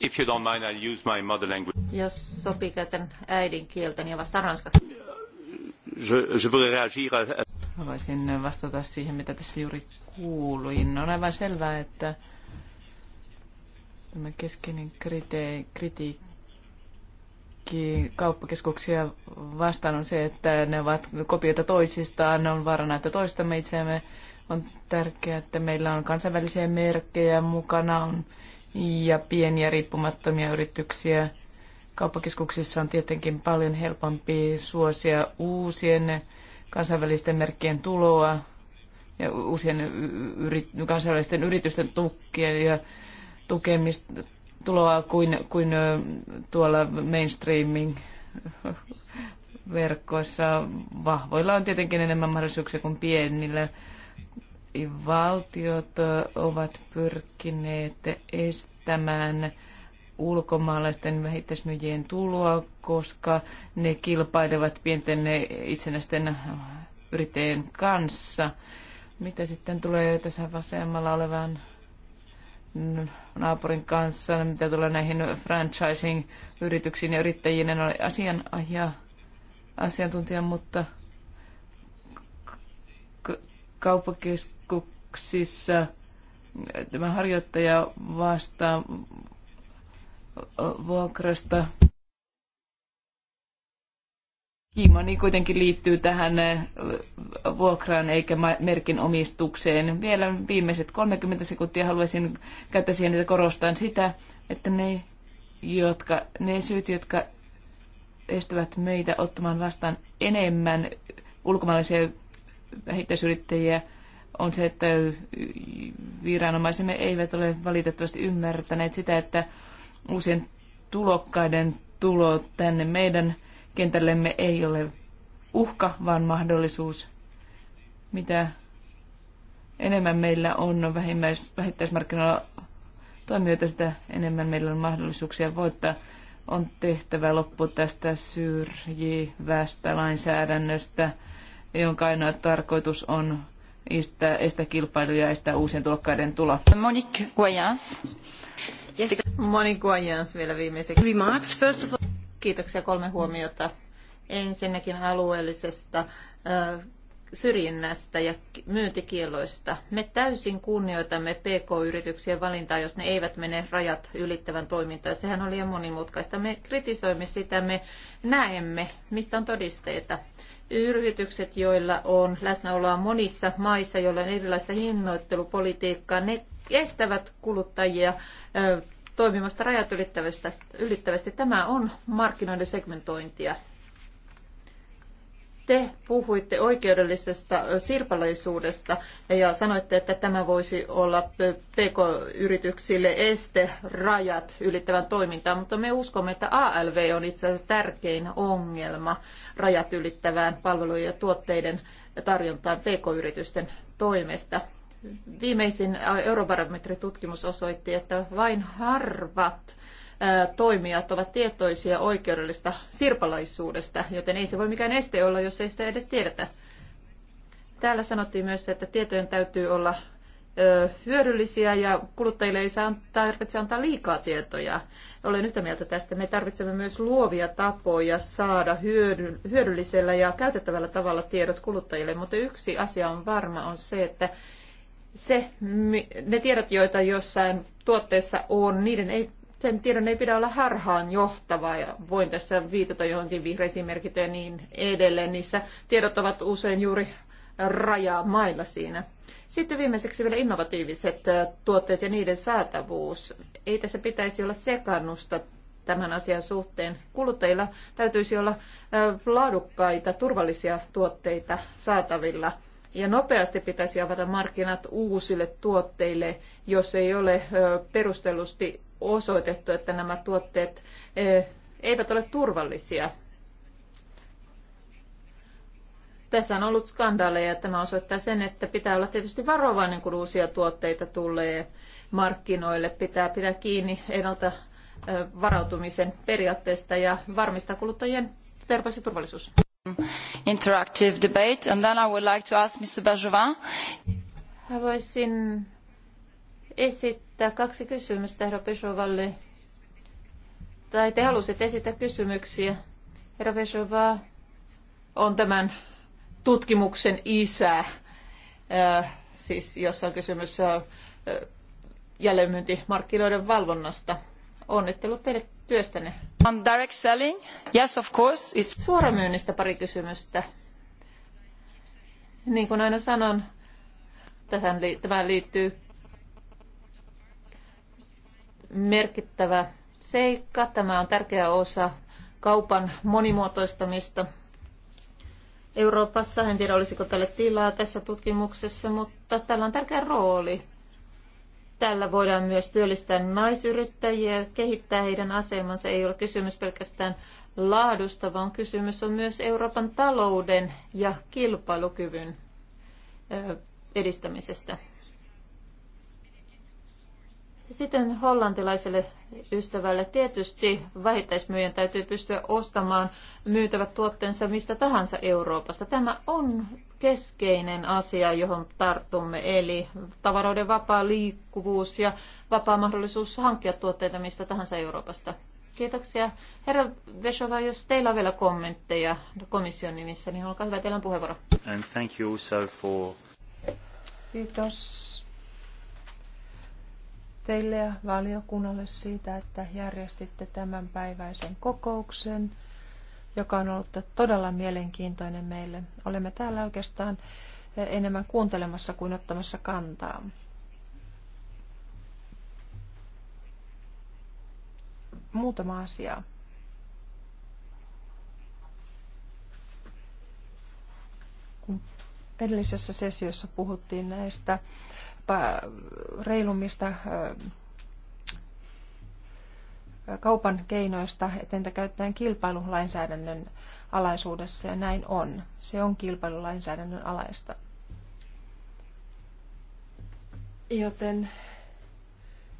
If you don't mind, I'll use my mother language.
Jos sopii, käytän äidinkieltäni ja vastaan ranskaksi.
Je, je voudrais réagir à...
Haluaisin vastata siihen, mitä tässä juuri kuuluin. On aivan selvää, että tämä keskeinen krite- kritiikki kauppakeskuksia vastaan on se, että ne ovat kopioita toisistaan, ne on vaarana, että toistamme itseämme on tärkeää, että meillä on kansainvälisiä merkkejä mukana on, ja pieniä riippumattomia yrityksiä. Kauppakeskuksissa on tietenkin paljon helpompi suosia uusien kansainvälisten merkkien tuloa ja uusien yrit, kansainvälisten yritysten tukia ja tukemista tuloa kuin, kuin tuolla mainstreaming verkkoissa. Vahvoilla on tietenkin enemmän mahdollisuuksia kuin pienillä valtiot ovat pyrkineet estämään ulkomaalaisten vähittäismyyjien tuloa, koska ne kilpailevat pienten itsenäisten yrittäjien kanssa. Mitä sitten tulee tässä vasemmalla olevaan naapurin kanssa, mitä tulee näihin franchising-yrityksiin ja yrittäjiin, en ole asianaja, asiantuntija, mutta kauppakeskuksissa tämä harjoittaja vastaa vuokrasta. Kiimani kuitenkin liittyy tähän vuokraan eikä merkin omistukseen. Vielä viimeiset 30 sekuntia haluaisin käyttää siihen, että korostan sitä, että ne, jotka, ne syyt, jotka estävät meitä ottamaan vastaan enemmän ulkomaalaisia vähittäisyrittäjiä on se, että viranomaisemme eivät ole valitettavasti ymmärtäneet sitä, että uusien tulokkaiden tulo tänne meidän kentällemme ei ole uhka, vaan mahdollisuus. Mitä enemmän meillä on vähimmäis, vähittäismarkkinoilla toimijoita, sitä enemmän meillä on mahdollisuuksia voittaa. On tehtävä loppu tästä syrjivästä lainsäädännöstä jonka ainoa tarkoitus on estää, estää kilpailu ja estää uusien tulokkaiden tulo. Monique Guayans.
Yes. Monique Guayans vielä viimeiseksi. Remarks, first of all. Kiitoksia kolme huomiota. Ensinnäkin alueellisesta syrjinnästä ja myyntikieloista. Me täysin kunnioitamme PK-yrityksien valintaa, jos ne eivät mene rajat ylittävän toimintaan. Sehän on liian monimutkaista. Me kritisoimme sitä, me näemme, mistä on todisteita yritykset, joilla on läsnäoloa monissa maissa, joilla on erilaista hinnoittelupolitiikkaa, ne estävät kuluttajia toimimasta rajat ylittävästi. Tämä on markkinoiden segmentointia te puhuitte oikeudellisesta sirpaleisuudesta ja sanoitte, että tämä voisi olla PK-yrityksille este rajat ylittävän toimintaan, mutta me uskomme, että ALV on itse asiassa tärkein ongelma rajat ylittävään palvelujen ja tuotteiden tarjontaan PK-yritysten toimesta. Viimeisin eurobarometritutkimus osoitti, että vain harvat toimijat ovat tietoisia oikeudellista sirpalaisuudesta, joten ei se voi mikään este olla, jos ei sitä edes tiedetä. Täällä sanottiin myös, että tietojen täytyy olla hyödyllisiä ja kuluttajille ei saa, tarvitse antaa liikaa tietoja. Olen yhtä mieltä tästä. Me tarvitsemme myös luovia tapoja saada hyödy, hyödyllisellä ja käytettävällä tavalla tiedot kuluttajille, mutta yksi asia on varma on se, että se, ne tiedot, joita jossain tuotteessa on, niiden ei sen tiedon ei pidä olla harhaan johtava ja voin tässä viitata johonkin vihreisiin merkintöihin niin edelleen. Niissä tiedot ovat usein juuri mailla siinä. Sitten viimeiseksi vielä innovatiiviset äh, tuotteet ja niiden saatavuus. Ei tässä pitäisi olla sekannusta tämän asian suhteen. Kuluttajilla täytyisi olla äh, laadukkaita, turvallisia tuotteita saatavilla. Ja nopeasti pitäisi avata markkinat uusille tuotteille, jos ei ole äh, perustellusti osoitettu, että nämä tuotteet eivät ole turvallisia. Tässä on ollut skandaaleja ja tämä osoittaa sen, että pitää olla tietysti varovainen, kun uusia tuotteita tulee markkinoille. Pitää pitää kiinni ennalta varautumisen periaatteesta ja varmistaa kuluttajien terveys ja turvallisuus.
Interactive debate and then I would like to ask Mr. Bergevin.
Haluaisin esittää esittää kaksi kysymystä herra Pesovalle. Tai te halusitte esittää kysymyksiä. Herra Pesova on tämän tutkimuksen isä, äh, siis jossa on kysymys äh, jälleenmyyntimarkkinoiden valvonnasta. Onnittelut teille työstänne. On direct selling? Yes, of course. It's... Suoramyynnistä pari kysymystä. Niin kuin aina sanon, tähän, tämä liittyy merkittävä seikka. Tämä on tärkeä osa kaupan monimuotoistamista Euroopassa. En tiedä, olisiko tälle tilaa tässä tutkimuksessa, mutta tällä on tärkeä rooli. Tällä voidaan myös työllistää naisyrittäjiä, kehittää heidän asemansa. Ei ole kysymys pelkästään laadusta, vaan kysymys on myös Euroopan talouden ja kilpailukyvyn edistämisestä. Sitten hollantilaiselle ystävälle tietysti vähittäismyyjän täytyy pystyä ostamaan myytävät tuotteensa mistä tahansa Euroopasta. Tämä on keskeinen asia, johon tartumme, eli tavaroiden vapaa liikkuvuus ja vapaa mahdollisuus hankkia tuotteita mistä tahansa Euroopasta. Kiitoksia. Herra Vesova, jos teillä on vielä kommentteja komission nimissä, niin olkaa hyvä, teillä on puheenvuoro.
And thank you also for...
Kiitos teille ja valiokunnalle siitä, että järjestitte tämän päiväisen kokouksen, joka on ollut todella mielenkiintoinen meille. Olemme täällä oikeastaan enemmän kuuntelemassa kuin ottamassa kantaa. Muutama asia. Kun edellisessä sesiossa puhuttiin näistä reilummista kaupan keinoista, että entä käyttäen kilpailulainsäädännön alaisuudessa, ja näin on. Se on kilpailulainsäädännön alaista. Joten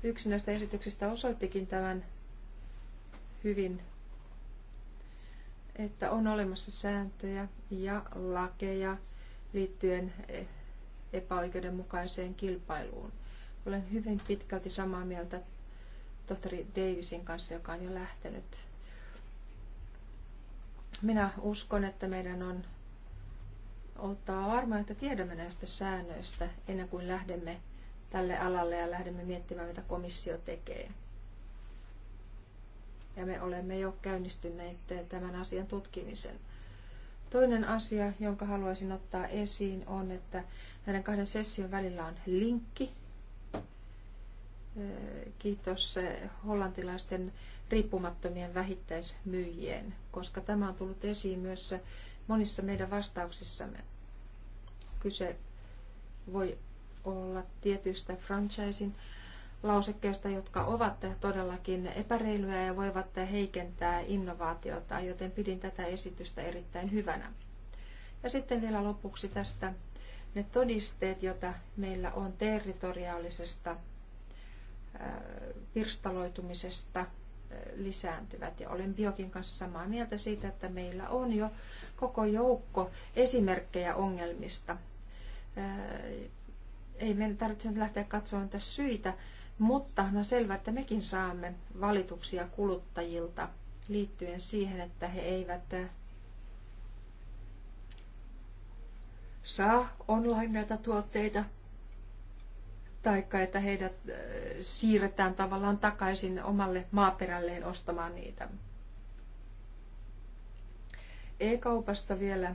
yksi näistä esityksistä osoittikin tämän hyvin, että on olemassa sääntöjä ja lakeja liittyen epäoikeudenmukaiseen kilpailuun. Olen hyvin pitkälti samaa mieltä tohtori Davisin kanssa, joka on jo lähtenyt. Minä uskon, että meidän on oltava varma, että tiedämme näistä säännöistä ennen kuin lähdemme tälle alalle ja lähdemme miettimään, mitä komissio tekee. Ja me olemme jo käynnistyneet tämän asian tutkimisen. Toinen asia, jonka haluaisin ottaa esiin, on, että näiden kahden session välillä on linkki. Kiitos e, hollantilaisten riippumattomien vähittäismyyjien, koska tämä on tullut esiin myös monissa meidän vastauksissamme. Kyse voi olla tietystä franchisin lausekkeista, jotka ovat todellakin epäreilyjä ja voivat heikentää innovaatiota, joten pidin tätä esitystä erittäin hyvänä. Ja sitten vielä lopuksi tästä ne todisteet, joita meillä on territoriaalisesta äh, pirstaloitumisesta äh, lisääntyvät. Ja olen Biokin kanssa samaa mieltä siitä, että meillä on jo koko joukko esimerkkejä ongelmista. Äh, ei meidän tarvitse lähteä katsomaan tässä syitä, mutta on no selvää, että mekin saamme valituksia kuluttajilta liittyen siihen, että he eivät eh, saa online näitä tuotteita, taikka että heidät eh, siirretään tavallaan takaisin omalle maaperälleen ostamaan niitä. E-kaupasta vielä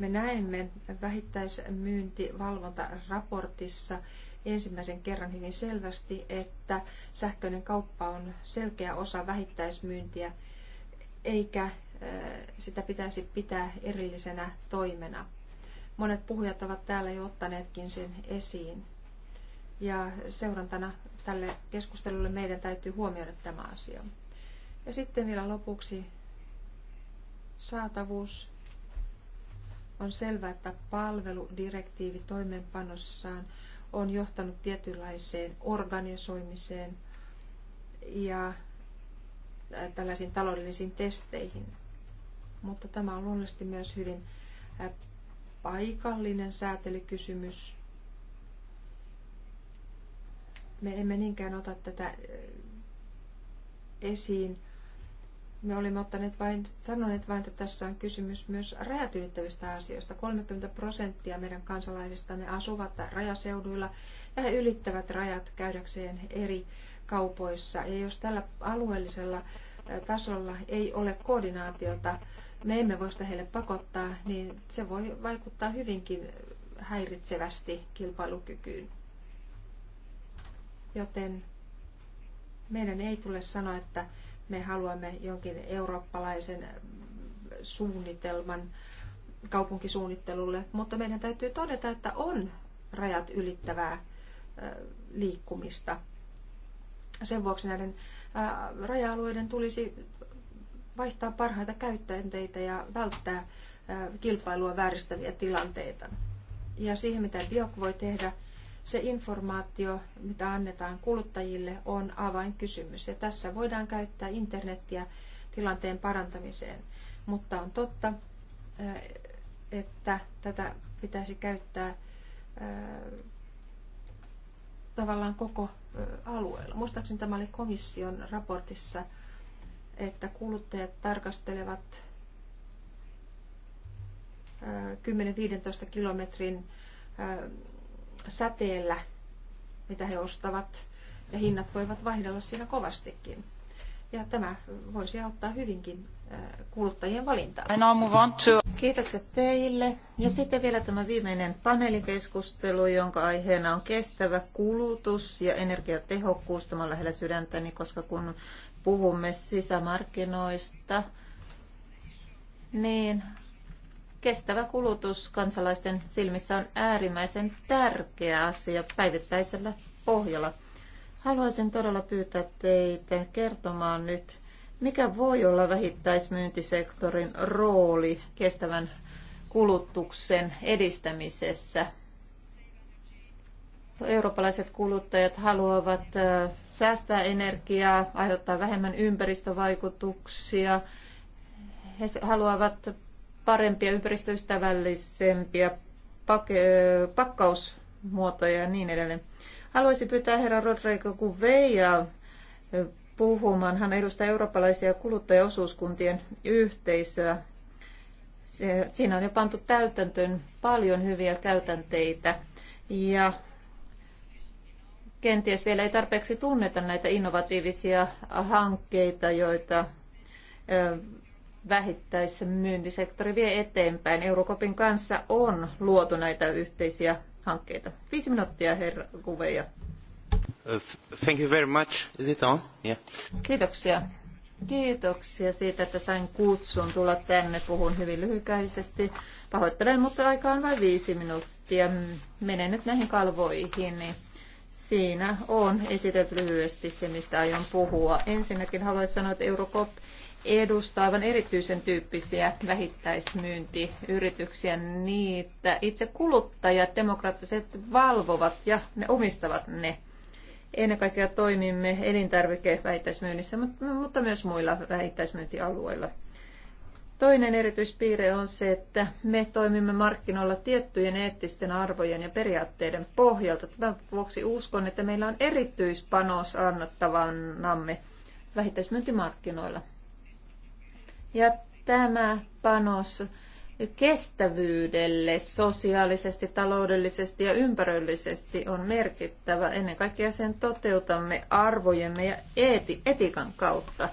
me näemme vähittäismyyntivalvontaraportissa ensimmäisen kerran hyvin selvästi, että sähköinen kauppa on selkeä osa vähittäismyyntiä, eikä sitä pitäisi pitää erillisenä toimena. Monet puhujat ovat täällä jo ottaneetkin sen esiin. Ja seurantana tälle keskustelulle meidän täytyy huomioida tämä asia. Ja sitten vielä lopuksi saatavuus on selvää, että palveludirektiivi toimeenpanossaan on johtanut tietynlaiseen organisoimiseen ja äh, tällaisiin taloudellisiin testeihin. Mutta tämä on luonnollisesti myös hyvin äh, paikallinen säätelykysymys. Me emme niinkään ota tätä äh, esiin me olimme ottaneet vain, sanoneet vain, että tässä on kysymys myös rajat ylittävistä asioista. 30 prosenttia meidän kansalaisistamme asuvat rajaseuduilla ja he ylittävät rajat käydäkseen eri kaupoissa. Ja jos tällä alueellisella tasolla ei ole koordinaatiota, me emme voi sitä heille pakottaa, niin se voi vaikuttaa hyvinkin häiritsevästi kilpailukykyyn. Joten meidän ei tule sanoa, että me haluamme jonkin eurooppalaisen suunnitelman kaupunkisuunnittelulle, mutta meidän täytyy todeta, että on rajat ylittävää liikkumista. Sen vuoksi näiden raja-alueiden tulisi vaihtaa parhaita käyttäjänteitä ja välttää kilpailua vääristäviä tilanteita. Ja siihen, mitä Biok voi tehdä, se informaatio, mitä annetaan kuluttajille, on avainkysymys. Ja tässä voidaan käyttää internettiä tilanteen parantamiseen. Mutta on totta, eh, että tätä pitäisi käyttää eh, tavallaan koko eh, alueella. Muistaakseni tämä oli komission raportissa, että kuluttajat tarkastelevat 10-15 kilometrin säteellä, mitä he ostavat, ja hinnat voivat vaihdella siinä kovastikin. Ja tämä voisi auttaa hyvinkin kuluttajien valintaan. Kiitokset teille. Ja sitten vielä tämä
viimeinen paneelikeskustelu, jonka aiheena on kestävä kulutus ja energiatehokkuus. Tämä on lähellä sydäntäni, koska kun puhumme sisämarkkinoista, niin kestävä kulutus kansalaisten silmissä on äärimmäisen tärkeä asia päivittäisellä pohjalla. Haluaisin todella pyytää teitä kertomaan nyt, mikä voi olla vähittäismyyntisektorin rooli kestävän kulutuksen edistämisessä. Eurooppalaiset kuluttajat haluavat säästää energiaa, aiheuttaa vähemmän ympäristövaikutuksia. He haluavat parempia, ympäristöystävällisempiä pakkausmuotoja ja niin edelleen. Haluaisin pyytää herra Rodrigo Gouveia puhumaan. Hän edustaa eurooppalaisia kuluttajaosuuskuntien yhteisöä. siinä on jo pantu täytäntöön paljon hyviä käytänteitä ja kenties vielä ei tarpeeksi tunneta näitä innovatiivisia hankkeita, joita myyntisektori vie eteenpäin. Eurokopin kanssa on luotu näitä yhteisiä hankkeita. Viisi minuuttia, herra Kuveja.
Uh, thank you very much. Is it on? Yeah.
Kiitoksia. Kiitoksia siitä, että sain kutsun tulla tänne. Puhun hyvin lyhykäisesti. Pahoittelen, mutta aika on vain viisi minuuttia. Menen nyt näihin kalvoihin. Niin siinä on esitelty lyhyesti se, mistä aion puhua. Ensinnäkin haluaisin sanoa, että Eurocop edustaa aivan erityisen tyyppisiä vähittäismyyntiyrityksiä. Niitä itse kuluttajat demokraattiset valvovat ja ne omistavat ne. Ennen kaikkea toimimme elintarvikevähittäismyynnissä, mutta myös muilla vähittäismyyntialueilla. Toinen erityispiirre on se, että me toimimme markkinoilla tiettyjen eettisten arvojen ja periaatteiden pohjalta. Tämän vuoksi uskon, että meillä on erityispanos annettavanamme vähittäismyyntimarkkinoilla. Ja tämä panos kestävyydelle sosiaalisesti, taloudellisesti ja ympäröllisesti on merkittävä. Ennen kaikkea sen toteutamme arvojemme ja eti etikan kautta.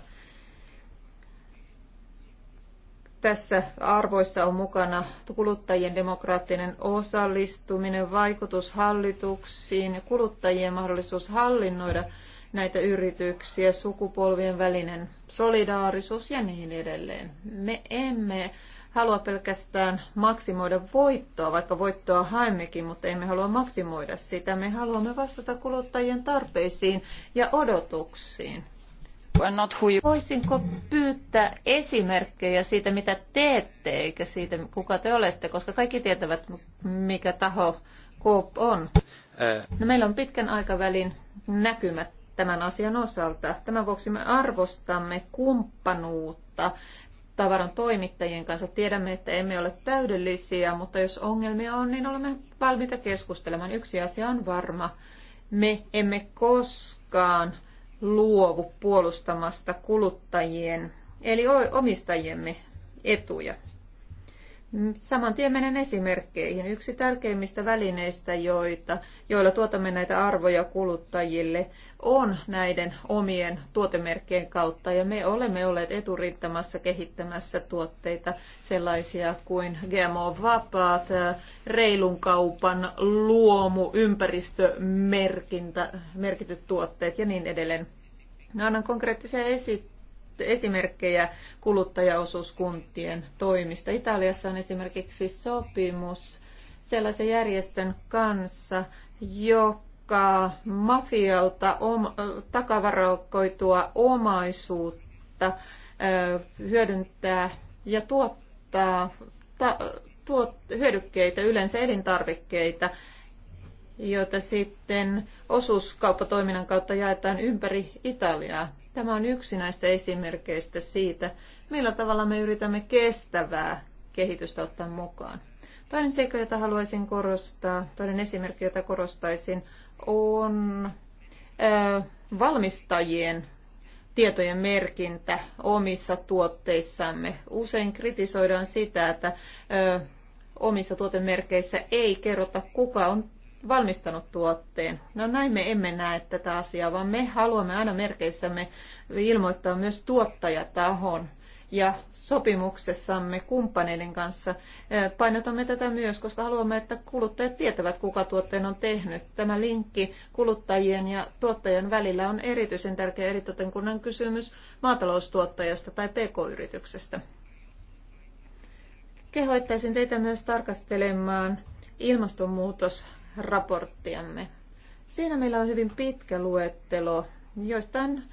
Tässä arvoissa on mukana kuluttajien demokraattinen osallistuminen, vaikutus hallituksiin, kuluttajien mahdollisuus hallinnoida – näitä yrityksiä, sukupolvien välinen solidaarisuus ja niin edelleen. Me emme halua pelkästään maksimoida voittoa, vaikka voittoa haemmekin, mutta emme halua maksimoida sitä. Me haluamme vastata kuluttajien tarpeisiin ja odotuksiin. Voisinko pyytää esimerkkejä siitä, mitä teette, eikä siitä, kuka te olette, koska kaikki tietävät, mikä taho Coop on. Äh. No, meillä on pitkän aikavälin näkymät tämän asian osalta. Tämän vuoksi me arvostamme kumppanuutta tavaran toimittajien kanssa. Tiedämme, että emme ole täydellisiä, mutta jos ongelmia on, niin olemme valmiita keskustelemaan. Yksi asia on varma. Me emme koskaan luovu puolustamasta kuluttajien, eli omistajiemme etuja. Saman tien menen esimerkkeihin. Yksi tärkeimmistä välineistä, joita, joilla tuotamme näitä arvoja kuluttajille, on näiden omien tuotemerkkien kautta. Ja me olemme olleet eturintamassa kehittämässä tuotteita sellaisia kuin GMO-vapaat, reilun kaupan, luomu, ympäristömerkityt tuotteet ja niin edelleen. No, annan konkreettisia esittää esimerkkejä kuluttajaosuuskuntien toimista. Italiassa on esimerkiksi sopimus sellaisen järjestön kanssa, joka mafialta om, takavarokoitua omaisuutta ö, hyödyntää ja tuottaa ta, tuot, hyödykkeitä, yleensä elintarvikkeita, joita sitten osuuskauppatoiminnan kautta jaetaan ympäri Italiaa. Tämä on yksi näistä esimerkkeistä siitä, millä tavalla me yritämme kestävää kehitystä ottaa mukaan. Toinen seikka, jota haluaisin korostaa, toinen esimerkki, jota korostaisin, on valmistajien tietojen merkintä omissa tuotteissamme. Usein kritisoidaan sitä, että omissa tuotemerkeissä ei kerrota, kuka on valmistanut tuotteen. No näin me emme näe tätä asiaa, vaan me haluamme aina merkeissämme ilmoittaa myös tuottajatahon ja sopimuksessamme kumppaneiden kanssa eh, painotamme tätä myös, koska haluamme, että kuluttajat tietävät, kuka tuotteen on tehnyt. Tämä linkki kuluttajien ja tuottajien välillä on erityisen tärkeä eritoten kun on kysymys maataloustuottajasta tai pk-yrityksestä. Kehoittaisin teitä myös tarkastelemaan ilmastonmuutos raporttiamme. Siinä meillä on hyvin pitkä luettelo joistain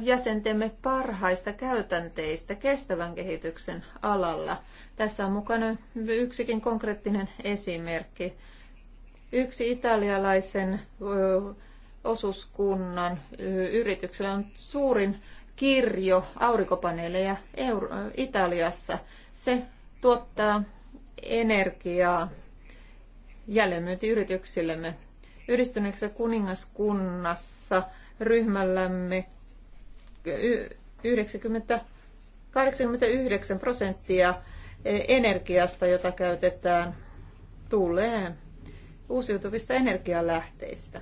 jäsentemme parhaista käytänteistä kestävän kehityksen alalla. Tässä on mukana yksikin konkreettinen esimerkki. Yksi italialaisen osuuskunnan yrityksellä on suurin kirjo aurinkopaneeleja Italiassa. Se tuottaa energiaa jälleenmyyntiyrityksillemme. Yhdistyneessä kuningaskunnassa ryhmällämme 90, 89 prosenttia energiasta, jota käytetään, tulee uusiutuvista energialähteistä.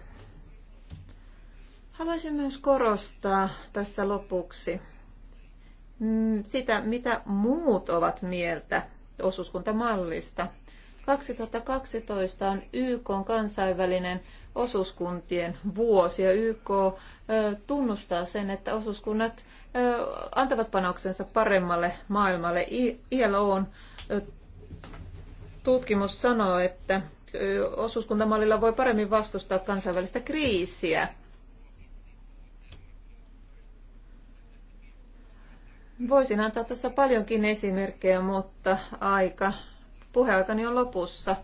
Haluaisin myös korostaa tässä lopuksi sitä, mitä muut ovat mieltä osuuskuntamallista – 2012 on YK kansainvälinen osuuskuntien vuosi ja YK tunnustaa sen, että osuuskunnat antavat panoksensa paremmalle maailmalle. ILO on tutkimus sanoo, että osuuskuntamallilla voi paremmin vastustaa kansainvälistä kriisiä. Voisin antaa tässä paljonkin esimerkkejä, mutta aika puheaikani on lopussa.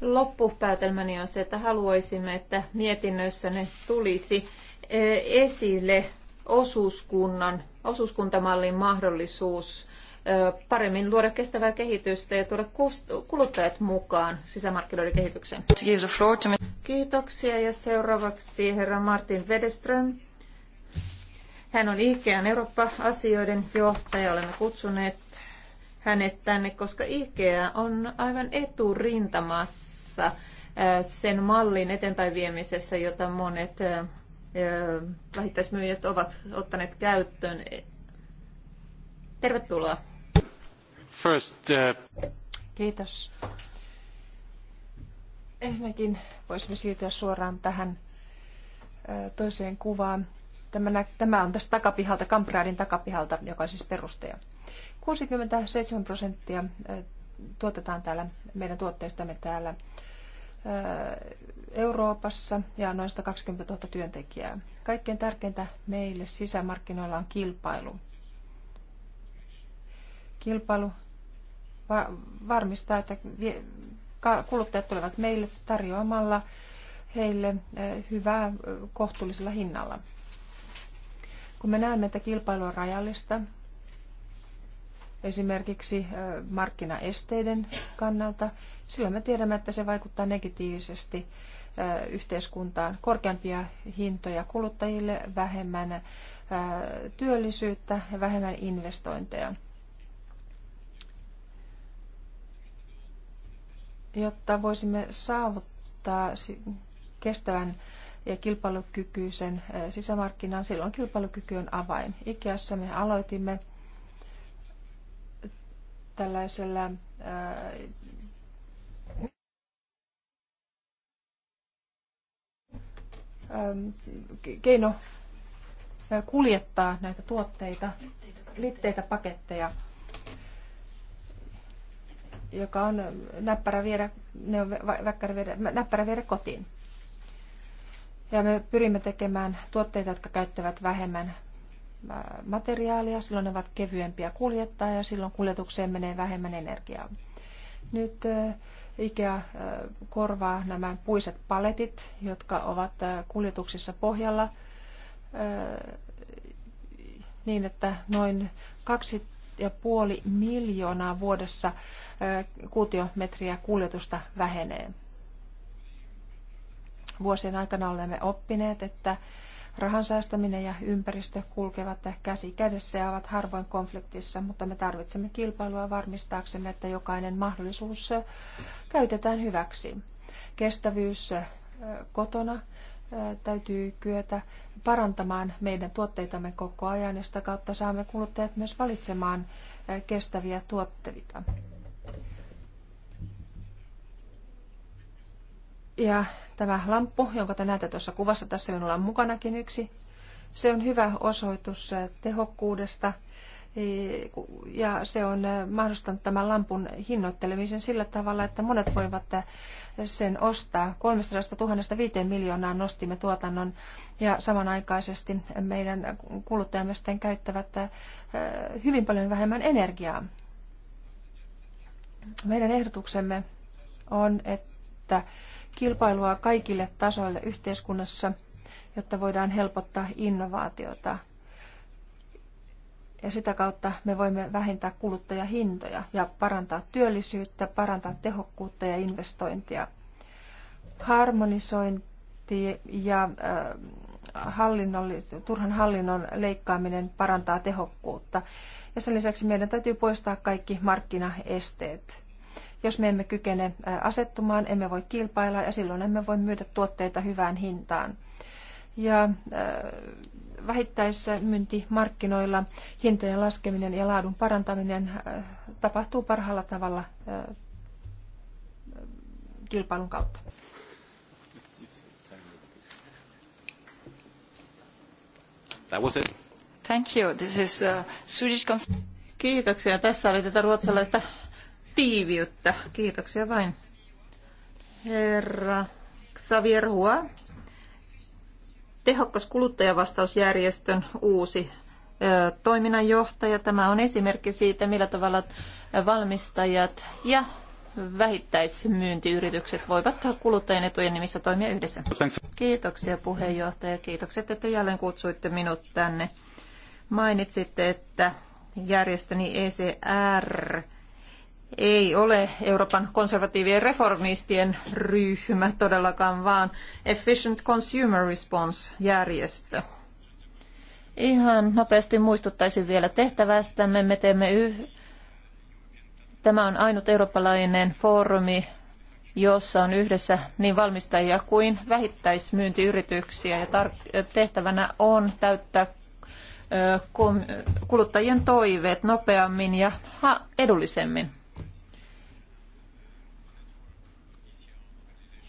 Loppupäätelmäni on se, että haluaisimme, että ne tulisi eh, esille osuuskunnan, osuuskuntamallin mahdollisuus eh, paremmin luoda kestävää kehitystä ja tuoda kuluttajat mukaan sisämarkkinoiden kehitykseen. Kiitoksia ja seuraavaksi herra Martin Wedeström. Hän on Ikean Eurooppa-asioiden johtaja. Olemme kutsuneet hänet tänne, koska IKEA on aivan eturintamassa äh, sen mallin eteenpäin viemisessä, jota monet äh, äh, vähittäismyyjät ovat ottaneet käyttöön. Tervetuloa.
First, uh...
Kiitos. Ensinnäkin voisimme siirtyä suoraan tähän toiseen kuvaan. Tämä, tämä on tästä takapihalta, Kampraadin takapihalta, joka on siis perustaja. 67 prosenttia tuotetaan täällä meidän tuotteistamme täällä Euroopassa ja noin 120 000 työntekijää. Kaikkein tärkeintä meille sisämarkkinoilla on kilpailu. Kilpailu varmistaa, että kuluttajat tulevat meille tarjoamalla heille hyvää kohtuullisella hinnalla. Kun me näemme, että kilpailu on rajallista, esimerkiksi markkinaesteiden kannalta, silloin me tiedämme, että se vaikuttaa negatiivisesti yhteiskuntaan. Korkeampia hintoja kuluttajille, vähemmän työllisyyttä ja vähemmän investointeja. Jotta voisimme saavuttaa kestävän ja kilpailukykyisen sisämarkkinan, silloin kilpailukyky on avain. Ikeassa me aloitimme tällaisella ää, keino kuljettaa näitä tuotteita, litteitä, paketteja, joka on näppärä viedä, ne on väkkärä viedä, näppärä viedä kotiin. Ja me pyrimme tekemään tuotteita, jotka käyttävät vähemmän materiaalia, silloin ne ovat kevyempiä kuljettaa ja silloin kuljetukseen menee vähemmän energiaa. Nyt IKEA korvaa nämä puiset paletit, jotka ovat kuljetuksissa pohjalla niin, että noin kaksi ja puoli miljoonaa vuodessa kuutiometriä kuljetusta vähenee. Vuosien aikana olemme oppineet, että Rahan säästäminen ja ympäristö kulkevat käsi kädessä ja ovat harvoin konfliktissa, mutta me tarvitsemme kilpailua varmistaaksemme, että jokainen mahdollisuus käytetään hyväksi. Kestävyys kotona täytyy kyetä parantamaan meidän tuotteitamme koko ajan ja sitä kautta saamme kuluttajat myös valitsemaan kestäviä tuotteita. Ja tämä lamppu, jonka te näette tuossa kuvassa, tässä minulla on mukanakin yksi, se on hyvä osoitus eh, tehokkuudesta e, ja se on eh, mahdollistanut tämän lampun hinnoittelemisen sillä tavalla, että monet voivat eh, sen ostaa. 300 000 5 miljoonaa nostimme tuotannon ja samanaikaisesti meidän kuluttajamme sitten käyttävät hyvin paljon vähemmän energiaa. Meidän ehdotuksemme on, että kilpailua kaikille tasoille yhteiskunnassa, jotta voidaan helpottaa innovaatiota. Ja sitä kautta me voimme vähentää kuluttajahintoja ja parantaa työllisyyttä, parantaa tehokkuutta ja investointia. Harmonisointi ja äh, turhan hallinnon leikkaaminen parantaa tehokkuutta. Ja sen lisäksi meidän täytyy poistaa kaikki markkinaesteet. Jos me emme kykene asettumaan, emme voi kilpailla ja silloin emme voi myydä tuotteita hyvään hintaan. Ja vähittäisessä myyntimarkkinoilla hintojen laskeminen ja laadun parantaminen tapahtuu parhaalla tavalla kilpailun
kautta. That was it.
Thank you. This is, uh, Swedish Kiitoksia. Tässä oli tätä ruotsalaista tiiviyttä. Kiitoksia vain. Herra Xavier Hua, tehokas kuluttajavastausjärjestön uusi toiminnanjohtaja. Tämä on esimerkki siitä, millä tavalla valmistajat ja vähittäismyyntiyritykset voivat kuluttajien etujen nimissä toimia yhdessä. Kiitoksia puheenjohtaja. Kiitokset, että jälleen kutsuitte minut tänne. Mainitsitte, että järjestöni ECR ei ole Euroopan konservatiivien reformistien ryhmä todellakaan, vaan Efficient Consumer Response-järjestö. Ihan nopeasti muistuttaisin vielä tehtävästämme. Me teemme yh... Tämä on ainut eurooppalainen foorumi, jossa on yhdessä niin valmistajia kuin vähittäismyyntiyrityksiä. Ja tar- tehtävänä on täyttää kuluttajien toiveet nopeammin ja edullisemmin.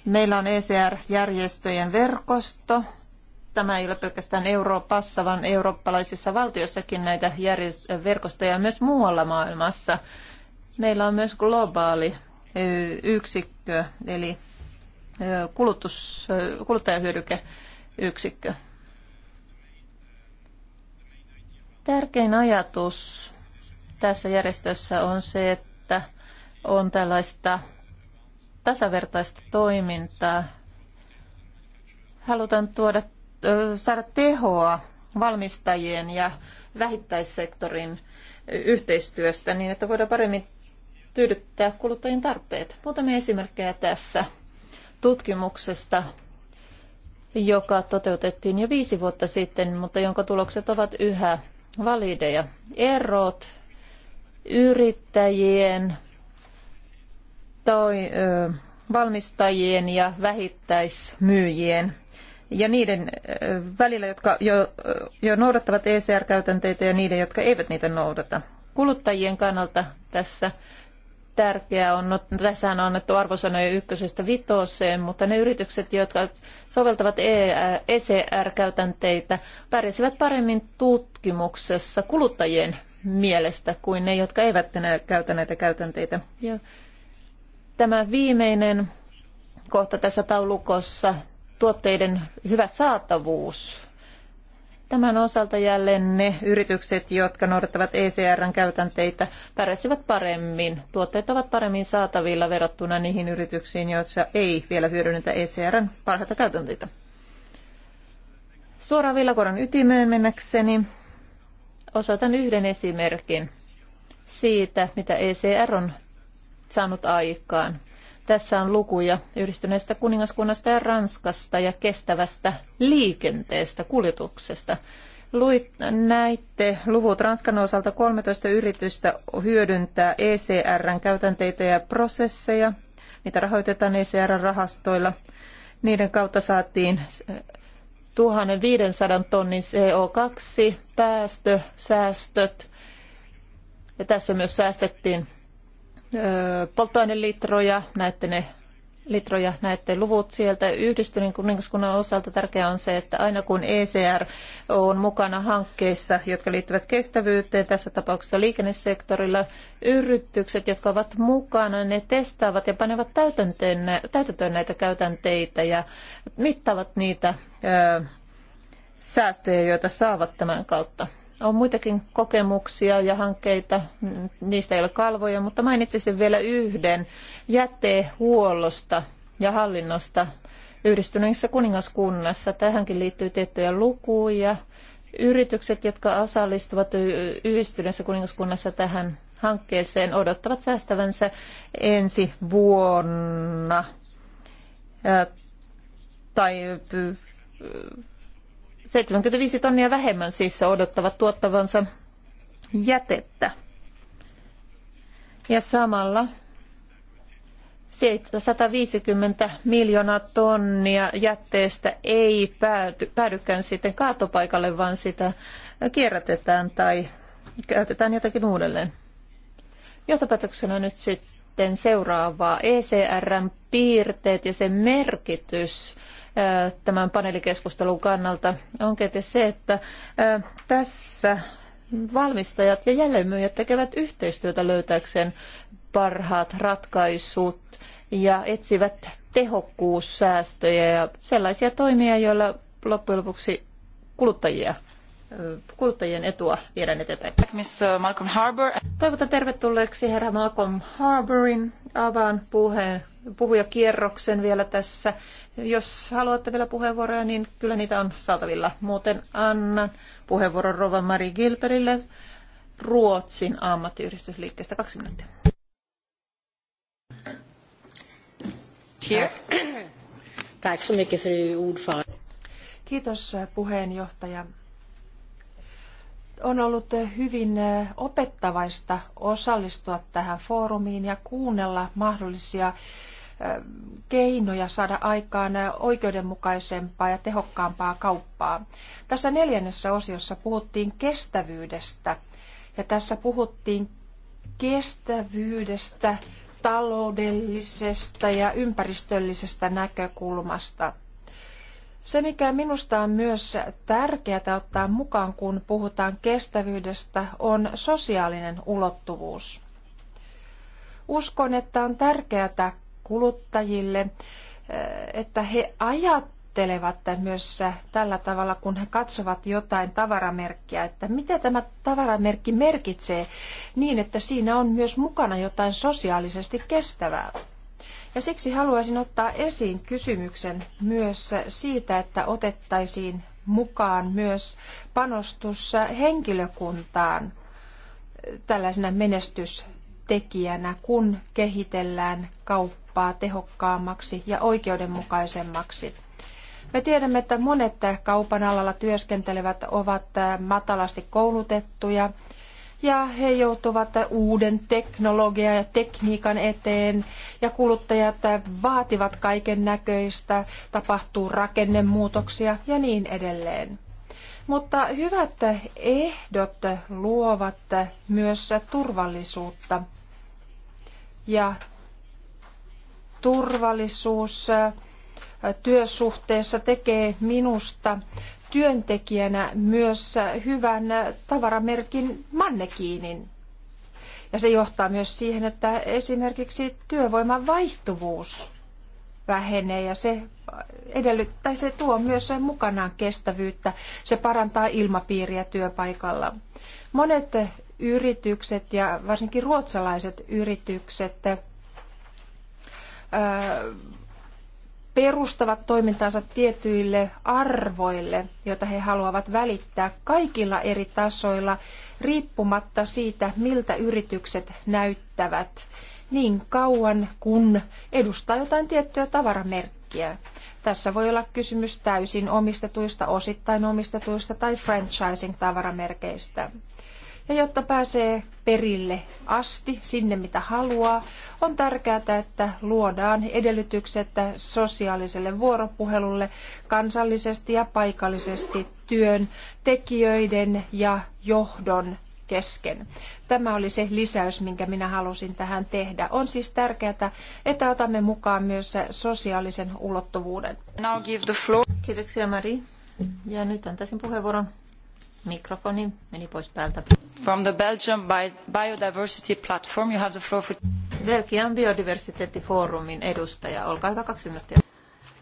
Meillä on ECR-järjestöjen verkosto. Tämä ei ole pelkästään Euroopassa, vaan eurooppalaisissa valtioissakin näitä järjest- verkostoja myös muualla maailmassa. Meillä on myös globaali yksikkö, eli kulutus, kuluttajahyödykeyksikkö. Tärkein ajatus tässä järjestössä on se, että on tällaista tasavertaista toimintaa. Halutaan tuoda, saada tehoa valmistajien ja vähittäissektorin yhteistyöstä niin, että voidaan paremmin tyydyttää kuluttajien tarpeet. Muutamia esimerkkejä tässä tutkimuksesta, joka toteutettiin jo viisi vuotta sitten, mutta jonka tulokset ovat yhä valideja. Erot yrittäjien toi, valmistajien ja vähittäismyyjien ja niiden välillä, jotka jo, jo noudattavat ECR-käytänteitä ja niiden, jotka eivät niitä noudata. Kuluttajien kannalta tässä tärkeää on, no, tässähän on annettu arvosanoja ykkösestä vitoseen, mutta ne yritykset, jotka soveltavat ECR-käytänteitä, e pärjäsivät paremmin tutkimuksessa kuluttajien mielestä kuin ne, jotka eivät enää käytä näitä käytänteitä. Ja tämä viimeinen kohta tässä taulukossa, tuotteiden hyvä saatavuus. Tämän osalta jälleen ne yritykset, jotka noudattavat ECRn käytänteitä, pärjäsivät paremmin. Tuotteet ovat paremmin saatavilla verrattuna niihin yrityksiin, joissa ei vielä hyödynnetä ECRn parhaita käytänteitä. Suoraan villakoron ytimeen mennäkseni osoitan yhden esimerkin siitä, mitä ECR on saanut aikaan. Tässä on lukuja yhdistyneestä kuningaskunnasta ja Ranskasta ja kestävästä liikenteestä, kuljetuksesta. Luit, näitte luvut Ranskan osalta 13 yritystä hyödyntää ECRn käytänteitä ja prosesseja, mitä rahoitetaan ECR-rahastoilla. Niiden kautta saatiin 1500 tonnin CO2-päästösäästöt. Ja tässä myös säästettiin polttoainelitroja, näette ne litroja, näette luvut sieltä. Yhdistyneen kuningaskunnan osalta tärkeää on se, että aina kun ECR on mukana hankkeissa, jotka liittyvät kestävyyteen, tässä tapauksessa liikennesektorilla, yritykset, jotka ovat mukana, ne testaavat ja panevat täytäntöön näitä käytänteitä ja mittaavat niitä ö, säästöjä, joita saavat tämän kautta. On muitakin kokemuksia ja hankkeita, niistä ei ole kalvoja, mutta mainitsisin vielä yhden jätehuollosta ja hallinnosta yhdistyneessä kuningaskunnassa. Tähänkin liittyy tiettyjä lukuja. Yritykset, jotka osallistuvat yhdistyneessä kuningaskunnassa tähän hankkeeseen, odottavat säästävänsä ensi vuonna tai 75 tonnia vähemmän siis odottavat tuottavansa jätettä. Ja samalla 150 miljoonaa tonnia jätteestä ei pääty, päädykään sitten kaatopaikalle, vaan sitä kierrätetään tai käytetään jotakin uudelleen. Johtopäätöksenä nyt sitten seuraavaa ECRn piirteet ja sen merkitys tämän paneelikeskustelun kannalta on kenties se, että tässä valmistajat ja jälleenmyyjät tekevät yhteistyötä löytääkseen parhaat ratkaisut ja etsivät tehokkuussäästöjä ja sellaisia toimia, joilla loppujen lopuksi kuluttajia kuluttajien etua viedään eteenpäin. Malcolm Harbour. Toivotan tervetulleeksi herra Malcolm Harbourin avaan puheen, puhujakierroksen vielä tässä. Jos haluatte vielä puheenvuoroja, niin kyllä niitä on saatavilla. Muuten annan puheenvuoron Rova Mari Gilberille Ruotsin ammattiyhdistysliikkeestä.
Kaksi minuuttia. Here. Tack så mycket fru ordförande. Kiitos eh, puheenjohtaja on ollut eh, hyvin eh, opettavaista osallistua tähän foorumiin ja kuunnella mahdollisia eh, keinoja saada aikaan oikeudenmukaisempaa ja tehokkaampaa kauppaa. Tässä neljännessä osiossa puhuttiin kestävyydestä ja tässä puhuttiin kestävyydestä taloudellisesta ja ympäristöllisestä näkökulmasta. Se, mikä minusta on myös tärkeää ottaa mukaan, kun puhutaan kestävyydestä, on sosiaalinen ulottuvuus. Uskon, että on tärkeää kuluttajille, eh, että he ajattelevat myös tällä tavalla, kun he katsovat jotain tavaramerkkiä, että mitä tämä tavaramerkki merkitsee niin, että siinä on myös mukana jotain sosiaalisesti kestävää. Ja siksi haluaisin ottaa esiin kysymyksen myös siitä, että otettaisiin mukaan myös panostus henkilökuntaan tällaisena menestystekijänä, kun kehitellään kauppaa tehokkaammaksi ja oikeudenmukaisemmaksi. Me tiedämme, että monet kaupan alalla työskentelevät ovat matalasti koulutettuja ja he joutuvat uuden teknologian ja tekniikan eteen ja kuluttajat vaativat kaiken näköistä, tapahtuu rakennemuutoksia ja niin edelleen. Mutta hyvät ehdot luovat myös turvallisuutta ja turvallisuus työsuhteessa tekee minusta työntekijänä myös hyvän tavaramerkin mannekiinin. Ja se johtaa myös siihen, että esimerkiksi työvoiman vaihtuvuus vähenee ja se, edellyttää, se tuo myös mukanaan kestävyyttä. Se parantaa ilmapiiriä työpaikalla. Monet yritykset ja varsinkin ruotsalaiset yritykset ää, perustavat toimintansa tietyille arvoille, joita he haluavat välittää kaikilla eri tasoilla, riippumatta siitä, miltä yritykset näyttävät, niin kauan kun edustaa jotain tiettyä tavaramerkkiä. Tässä voi olla kysymys täysin omistetuista, osittain omistetuista tai franchising-tavaramerkeistä. Ja jotta pääsee perille asti, sinne mitä haluaa, on tärkeää, että luodaan edellytykset sosiaaliselle vuoropuhelulle kansallisesti ja paikallisesti työn tekijöiden ja johdon kesken. Tämä oli se lisäys, minkä minä halusin tähän tehdä. On siis tärkeää, että otamme mukaan myös sosiaalisen ulottuvuuden. Now give the floor. Kiitoksia Mari. Ja nyt antaisin puheenvuoron
Mikrofoni meni pois päältä. From the Belgium Biodiversity Platform, you have the floor for... Belgian biodiversiteettifoorumin edustaja, olkaa hyvä kaksi minuuttia.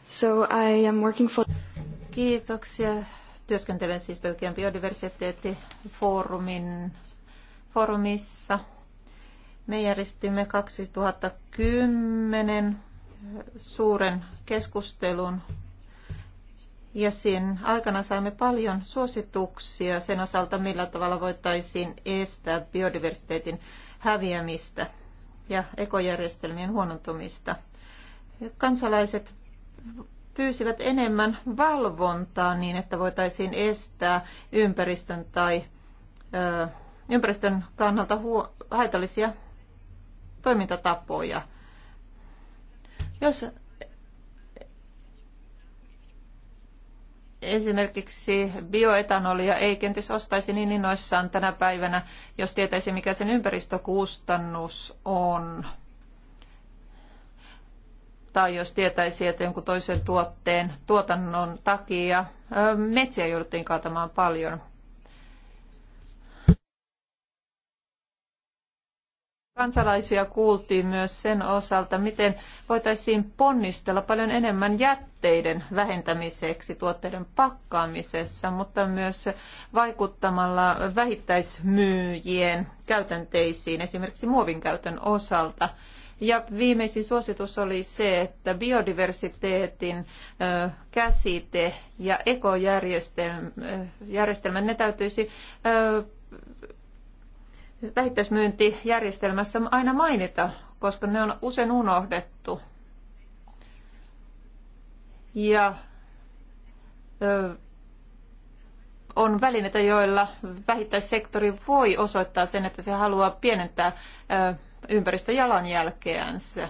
So I am working for...
Kiitoksia. Työskentelen siis Belgian biodiversiteettifoorumin forumissa. Me järjestimme 2010 suuren keskustelun ja sen aikana saimme paljon suosituksia sen osalta, millä tavalla voitaisiin estää biodiversiteetin häviämistä ja ekojärjestelmien huonontumista. Kansalaiset pyysivät enemmän valvontaa niin, että voitaisiin estää ympäristön tai ö, ympäristön kannalta huo- haitallisia toimintatapoja. Jos esimerkiksi bioetanolia ei kenties ostaisi niin innoissaan tänä päivänä, jos tietäisi, mikä sen ympäristökustannus on. Tai jos tietäisi, että jonkun toisen tuotteen tuotannon takia metsiä jouduttiin kaatamaan paljon. Kansalaisia kuultiin myös sen osalta, miten voitaisiin ponnistella paljon enemmän jätteiden vähentämiseksi tuotteiden pakkaamisessa, mutta myös vaikuttamalla vähittäismyyjien käytänteisiin, esimerkiksi muovin käytön osalta. Ja viimeisin suositus oli se, että biodiversiteetin käsite ja ekojärjestelmän ne täytyisi vähittäismyyntijärjestelmässä aina mainita, koska ne on usein unohdettu. Ja ö, on välineitä, joilla vähittäissektori voi osoittaa sen, että se haluaa pienentää ympäristöjalanjälkeänsä.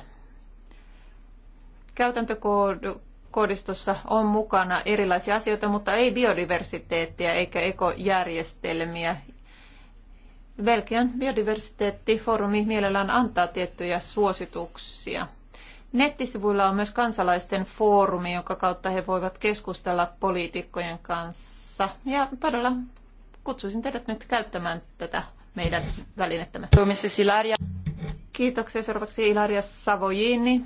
Käytäntökoodistossa on mukana erilaisia asioita, mutta ei biodiversiteettiä eikä ekojärjestelmiä Belgian biodiversiteettifoorumi mielellään antaa tiettyjä suosituksia. Nettisivuilla on myös kansalaisten foorumi, jonka kautta he voivat keskustella poliitikkojen kanssa. Ja todella kutsuisin teidät nyt käyttämään tätä meidän välinettämme. Kiitoksia seuraavaksi Ilaria Savojini.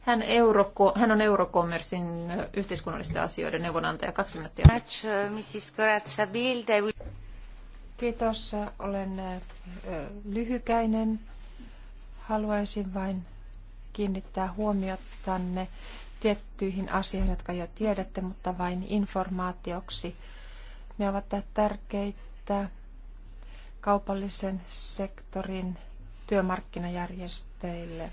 Hän, Euroko, hän on Eurokommersin yhteiskunnallisten asioiden neuvonantaja. Kaksi minuuttia.
Uh, Kiitos. Olen lyhykäinen. Haluaisin vain kiinnittää huomiotanne tiettyihin asioihin, jotka jo tiedätte, mutta vain informaatioksi. Ne ovat tärkeitä kaupallisen sektorin työmarkkinajärjestöille.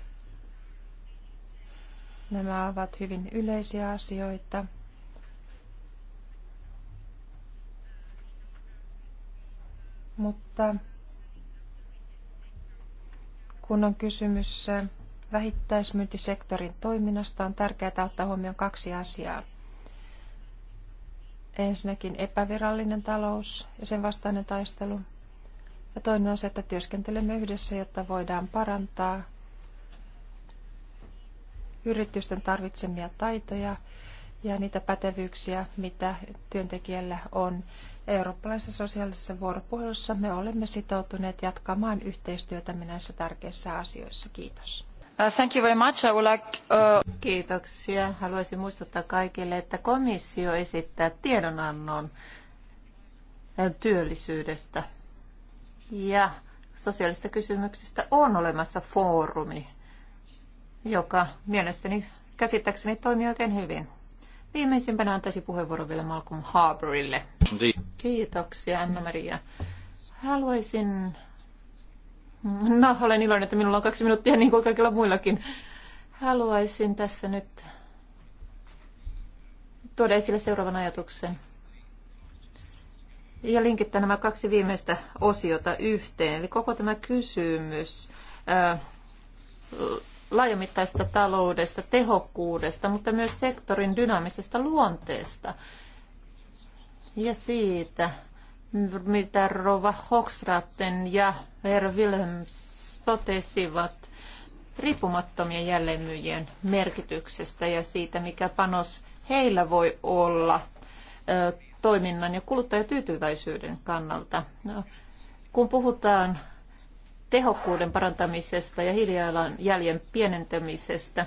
Nämä ovat hyvin yleisiä asioita Mutta kun on kysymys vähittäismyyntisektorin toiminnasta, on tärkeää ottaa huomioon kaksi asiaa. Ensinnäkin epävirallinen talous ja sen vastainen taistelu. Ja toinen on se, että työskentelemme yhdessä, jotta voidaan parantaa yritysten tarvitsemia taitoja ja niitä pätevyyksiä, mitä työntekijällä on. Eurooppalaisessa sosiaalisessa vuoropuhelussa me olemme sitoutuneet jatkamaan yhteistyötä näissä tärkeissä asioissa. Kiitos.
Uh, thank you very much. I would like, uh... Kiitoksia. Haluaisin muistuttaa kaikille, että komissio esittää tiedonannon eh, työllisyydestä. Ja sosiaalista kysymyksistä on olemassa foorumi, joka mielestäni käsittääkseni toimii oikein hyvin. Viimeisimpänä antaisin puheenvuoron vielä Malcolm Harbourille. Kiitoksia, Anna-Maria. Haluaisin... No, olen iloinen, että minulla on kaksi minuuttia niin kuin kaikilla muillakin. Haluaisin tässä nyt tuoda esille seuraavan ajatuksen. Ja linkittää nämä kaksi viimeistä osiota yhteen. Eli koko tämä kysymys laajamittaisesta taloudesta, tehokkuudesta, mutta myös sektorin dynaamisesta luonteesta ja siitä, mitä Rova Hoxraten ja Herr Wilhelms totesivat riippumattomien jälleenmyyjien merkityksestä ja siitä, mikä panos heillä voi olla toiminnan ja kuluttajatyytyväisyyden kannalta. No, kun puhutaan tehokkuuden parantamisesta ja hiilijalanjäljen pienentämisestä.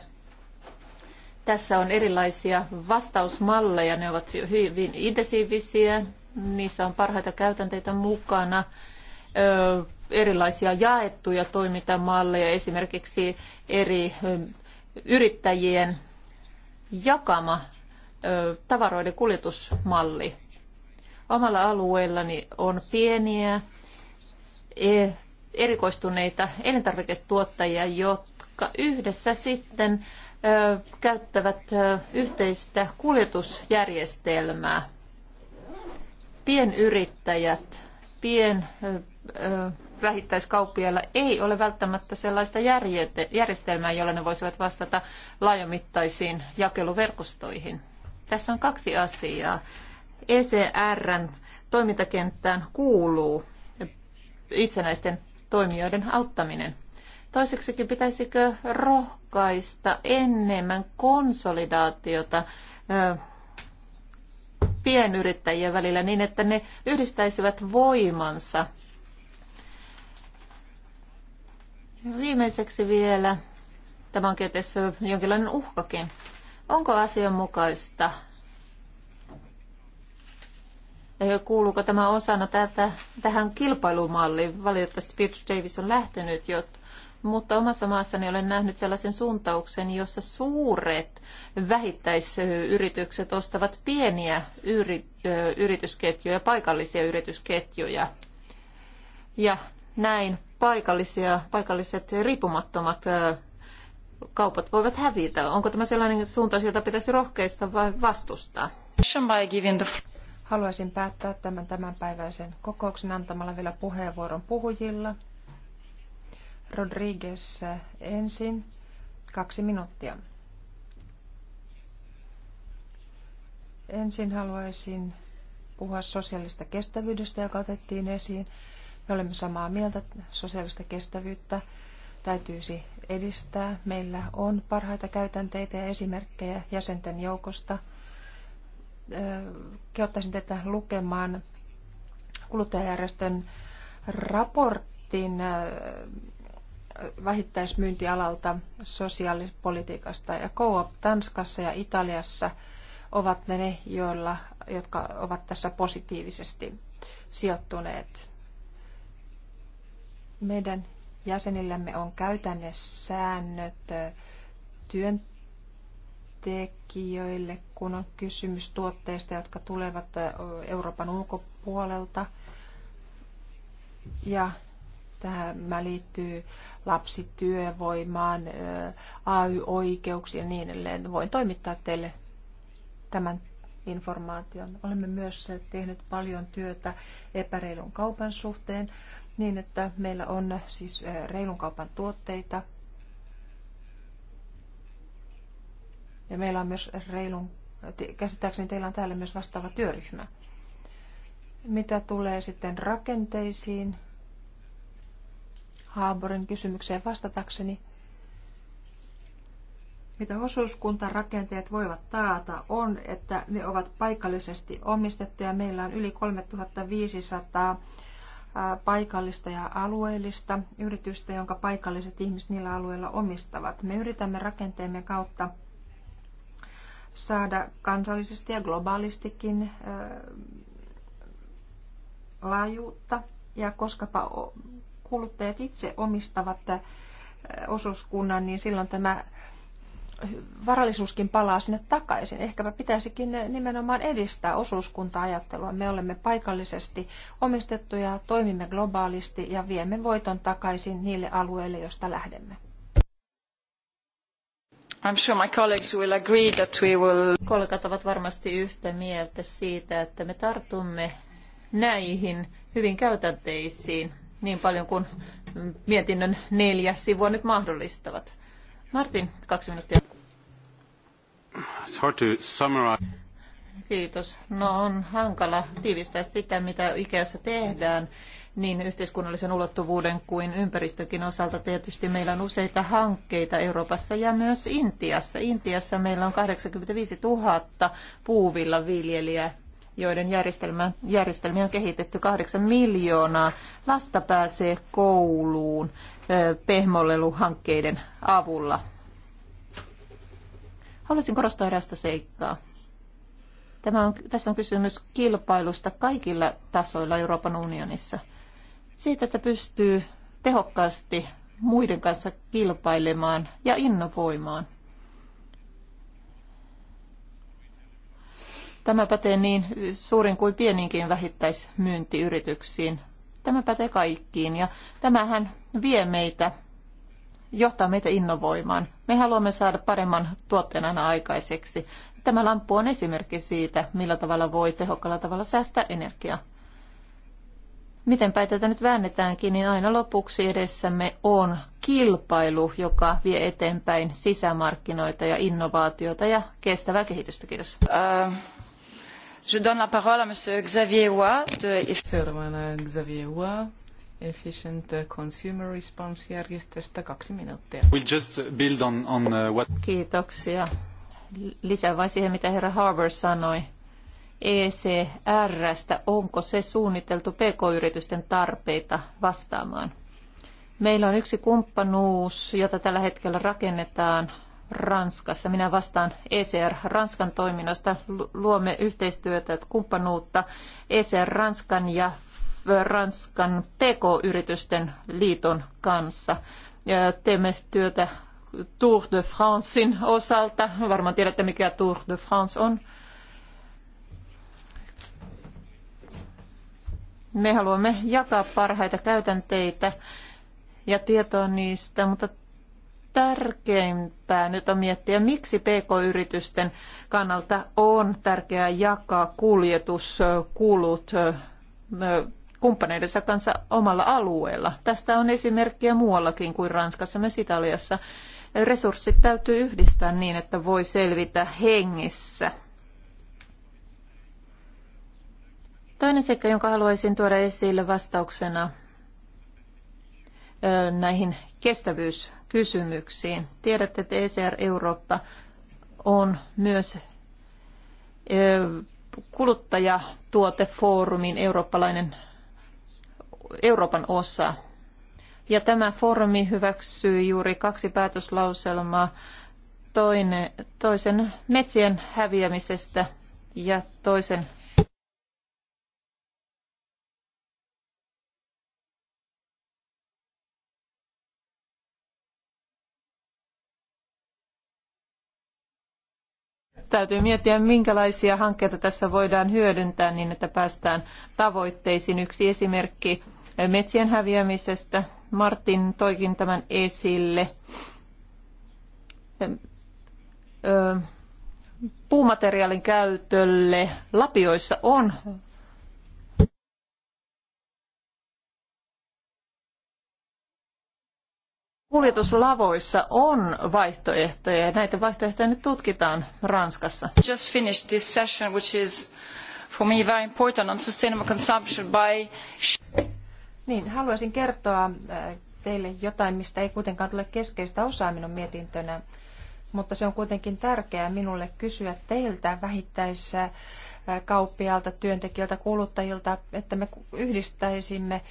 Tässä on erilaisia vastausmalleja, ne ovat hyvin intensiivisiä, niissä on parhaita käytänteitä mukana, erilaisia jaettuja toimintamalleja, esimerkiksi eri yrittäjien jakama tavaroiden kuljetusmalli. Omalla alueellani on pieniä e, erikoistuneita elintarviketuottajia, jotka yhdessä sitten käyttävät yhteistä kuljetusjärjestelmää. Pienyrittäjät, pien vähittäiskauppiailla ei ole välttämättä sellaista järjestelmää, jolla ne voisivat vastata laajamittaisiin jakeluverkostoihin. Tässä on kaksi asiaa. ECRn toimintakenttään kuuluu itsenäisten toimijoiden auttaminen. Toiseksikin pitäisikö rohkaista enemmän konsolidaatiota pienyrittäjien välillä niin, että ne yhdistäisivät voimansa. Viimeiseksi vielä, tämä on jonkinlainen uhkakin. Onko asianmukaista kuuluuko tämä osana tätä, tähän kilpailumalliin. Valitettavasti Peter Davis on lähtenyt jo, mutta omassa maassani olen nähnyt sellaisen suuntauksen, jossa suuret vähittäisyritykset ostavat pieniä yri, yritysketjuja, paikallisia yritysketjuja. Ja näin paikallisia, paikalliset riippumattomat kaupat voivat hävitä. Onko tämä sellainen suuntaus, jota
pitäisi rohkeista vai vastustaa? Haluaisin päättää tämän tämänpäiväisen kokouksen antamalla vielä puheenvuoron puhujilla. Rodriguez ensin, kaksi minuuttia. Ensin haluaisin puhua sosiaalista kestävyydestä, joka otettiin esiin. Me olemme samaa mieltä, että sosiaalista kestävyyttä täytyisi edistää. Meillä on parhaita käytänteitä ja esimerkkejä jäsenten joukosta – kehottaisin teitä lukemaan kuluttajajärjestön raportin vähittäismyyntialalta sosiaalipolitiikasta. Ja co Tanskassa ja Italiassa ovat ne, joilla, jotka ovat tässä positiivisesti sijoittuneet. Meidän jäsenillämme on käytännössäännöt työn tekijöille, kun on kysymys tuotteista, jotka tulevat Euroopan ulkopuolelta. Ja tämä liittyy lapsityövoimaan, AY-oikeuksiin ja niin edelleen. Voin toimittaa teille tämän informaation. Olemme myös tehneet paljon työtä epäreilun kaupan suhteen niin, että meillä on siis reilun kaupan tuotteita, Ja meillä on myös reilun, käsittääkseni teillä on täällä myös vastaava työryhmä. Mitä tulee sitten rakenteisiin, Haaborin kysymykseen vastatakseni, mitä osuuskuntarakenteet voivat taata on, että ne ovat paikallisesti omistettuja. Meillä on yli 3500 paikallista ja alueellista yritystä, jonka paikalliset ihmiset niillä alueilla omistavat. Me yritämme rakenteemme kautta saada kansallisesti ja globaalistikin laajuutta. Ja koskapa kuluttajat itse omistavat osuuskunnan, niin silloin tämä varallisuuskin palaa sinne takaisin. Ehkäpä pitäisikin nimenomaan edistää osuuskunta-ajattelua. Me olemme paikallisesti omistettuja, toimimme globaalisti ja viemme voiton takaisin niille alueille, joista lähdemme.
I'm sure my colleagues will agree
that we will... Kollegat ovat varmasti yhtä mieltä siitä, että me tartumme näihin hyvin käytänteisiin niin paljon kuin mietinnön neljä sivua nyt mahdollistavat. Martin, kaksi minuuttia.
It's hard to summarize.
Kiitos. No on hankala tiivistää sitä, mitä Ikeassa tehdään niin yhteiskunnallisen ulottuvuuden kuin ympäristökin osalta. Tietysti meillä on useita hankkeita Euroopassa ja myös Intiassa. Intiassa meillä on 85 000 puuvilla viljelijää joiden järjestelmä, järjestelmiä on kehitetty 8 miljoonaa. Lasta pääsee kouluun pehmolleluhankkeiden avulla. Haluaisin korostaa erästä seikkaa. Tämä on, tässä on kysymys kilpailusta kaikilla tasoilla Euroopan unionissa – siitä, että pystyy tehokkaasti muiden kanssa kilpailemaan ja innovoimaan. Tämä pätee niin suurin kuin pieninkin vähittäismyyntiyrityksiin. Tämä pätee kaikkiin ja tämähän vie meitä, johtaa meitä innovoimaan. Me haluamme saada paremman tuotteen aina aikaiseksi. Tämä lamppu on esimerkki siitä, millä tavalla voi tehokkaalla tavalla säästää energiaa. Mitenpä tätä nyt väännetäänkin, niin aina lopuksi edessämme on kilpailu, joka vie eteenpäin sisämarkkinoita ja innovaatiota ja
kestävää kehitystä. Kiitos. Uh, je donne la parole à monsieur Xavier Hua de Seuraavana Xavier Hua, Efficient Consumer Response-järjestöstä kaksi minuuttia.
We'll just build on, on uh, what...
Kiitoksia.
Lisää vain siihen, mitä herra Harbour sanoi ECRstä, onko se suunniteltu PK-yritysten tarpeita vastaamaan? Meillä on yksi kumppanuus, jota tällä hetkellä rakennetaan Ranskassa. Minä vastaan ECR Ranskan toiminnoista. Luomme yhteistyötä, kumppanuutta ECR Ranskan ja Ranskan PK-yritysten liiton kanssa. ja Teemme työtä Tour de Francein osalta. Varmaan tiedätte, mikä Tour de France on. Me haluamme jakaa parhaita käytänteitä ja tietoa niistä, mutta tärkeimpää nyt on miettiä, miksi pk-yritysten kannalta on tärkeää jakaa kuljetuskulut kumppaneidensa kanssa omalla alueella. Tästä on esimerkkiä muuallakin kuin Ranskassa, myös Italiassa. Resurssit täytyy yhdistää niin, että voi selvitä hengissä. Toinen seikka, jonka haluaisin tuoda esille vastauksena näihin kestävyyskysymyksiin. Tiedätte, että ECR Eurooppa on myös kuluttajatuotefoorumin eurooppalainen Euroopan osa. Ja tämä foorumi hyväksyi juuri kaksi päätöslauselmaa toinen, toisen metsien häviämisestä ja toisen täytyy miettiä, minkälaisia hankkeita tässä voidaan hyödyntää niin, että päästään tavoitteisiin. Yksi esimerkki metsien häviämisestä. Martin toikin tämän esille. Puumateriaalin käytölle lapioissa on kuljetuslavoissa on vaihtoehtoja ja näitä vaihtoehtoja nyt tutkitaan Ranskassa.
Just finished this session which is for me very important on sustainable consumption
by niin, haluaisin kertoa äh, teille jotain, mistä ei kuitenkaan tule keskeistä osaa minun mietintönä, mutta se on kuitenkin tärkeää minulle kysyä teiltä vähittäisessä kauppialta, työntekijöiltä, kuluttajilta, että me yhdistäisimme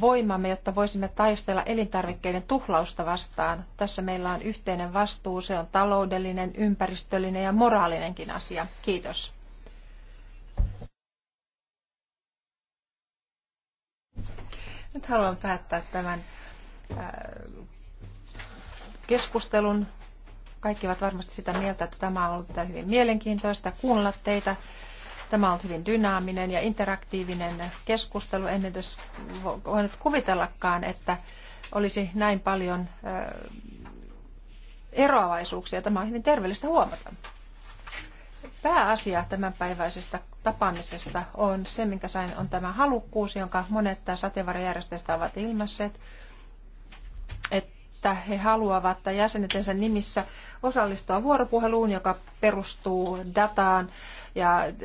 voimamme, jotta voisimme taistella elintarvikkeiden tuhlausta vastaan. Tässä meillä on yhteinen vastuu, se on taloudellinen, ympäristöllinen ja moraalinenkin asia. Kiitos. Nyt haluan päättää tämän äh, keskustelun. Kaikki ovat varmasti sitä mieltä, että tämä on ollut hyvin mielenkiintoista kuunnella teitä. Tämä on hyvin dynaaminen ja interaktiivinen keskustelu. En edes voinut kuvitellakaan, että olisi näin paljon eroavaisuuksia. Tämä on hyvin terveellistä huomata. Pääasia tämänpäiväisestä tapaamisesta on se, minkä sain, on tämä halukkuus, jonka monet sateenvarajärjestöistä ovat ilmaisseet, että että he haluavat jäsenetensä nimissä osallistua vuoropuheluun, joka perustuu dataan ja eh,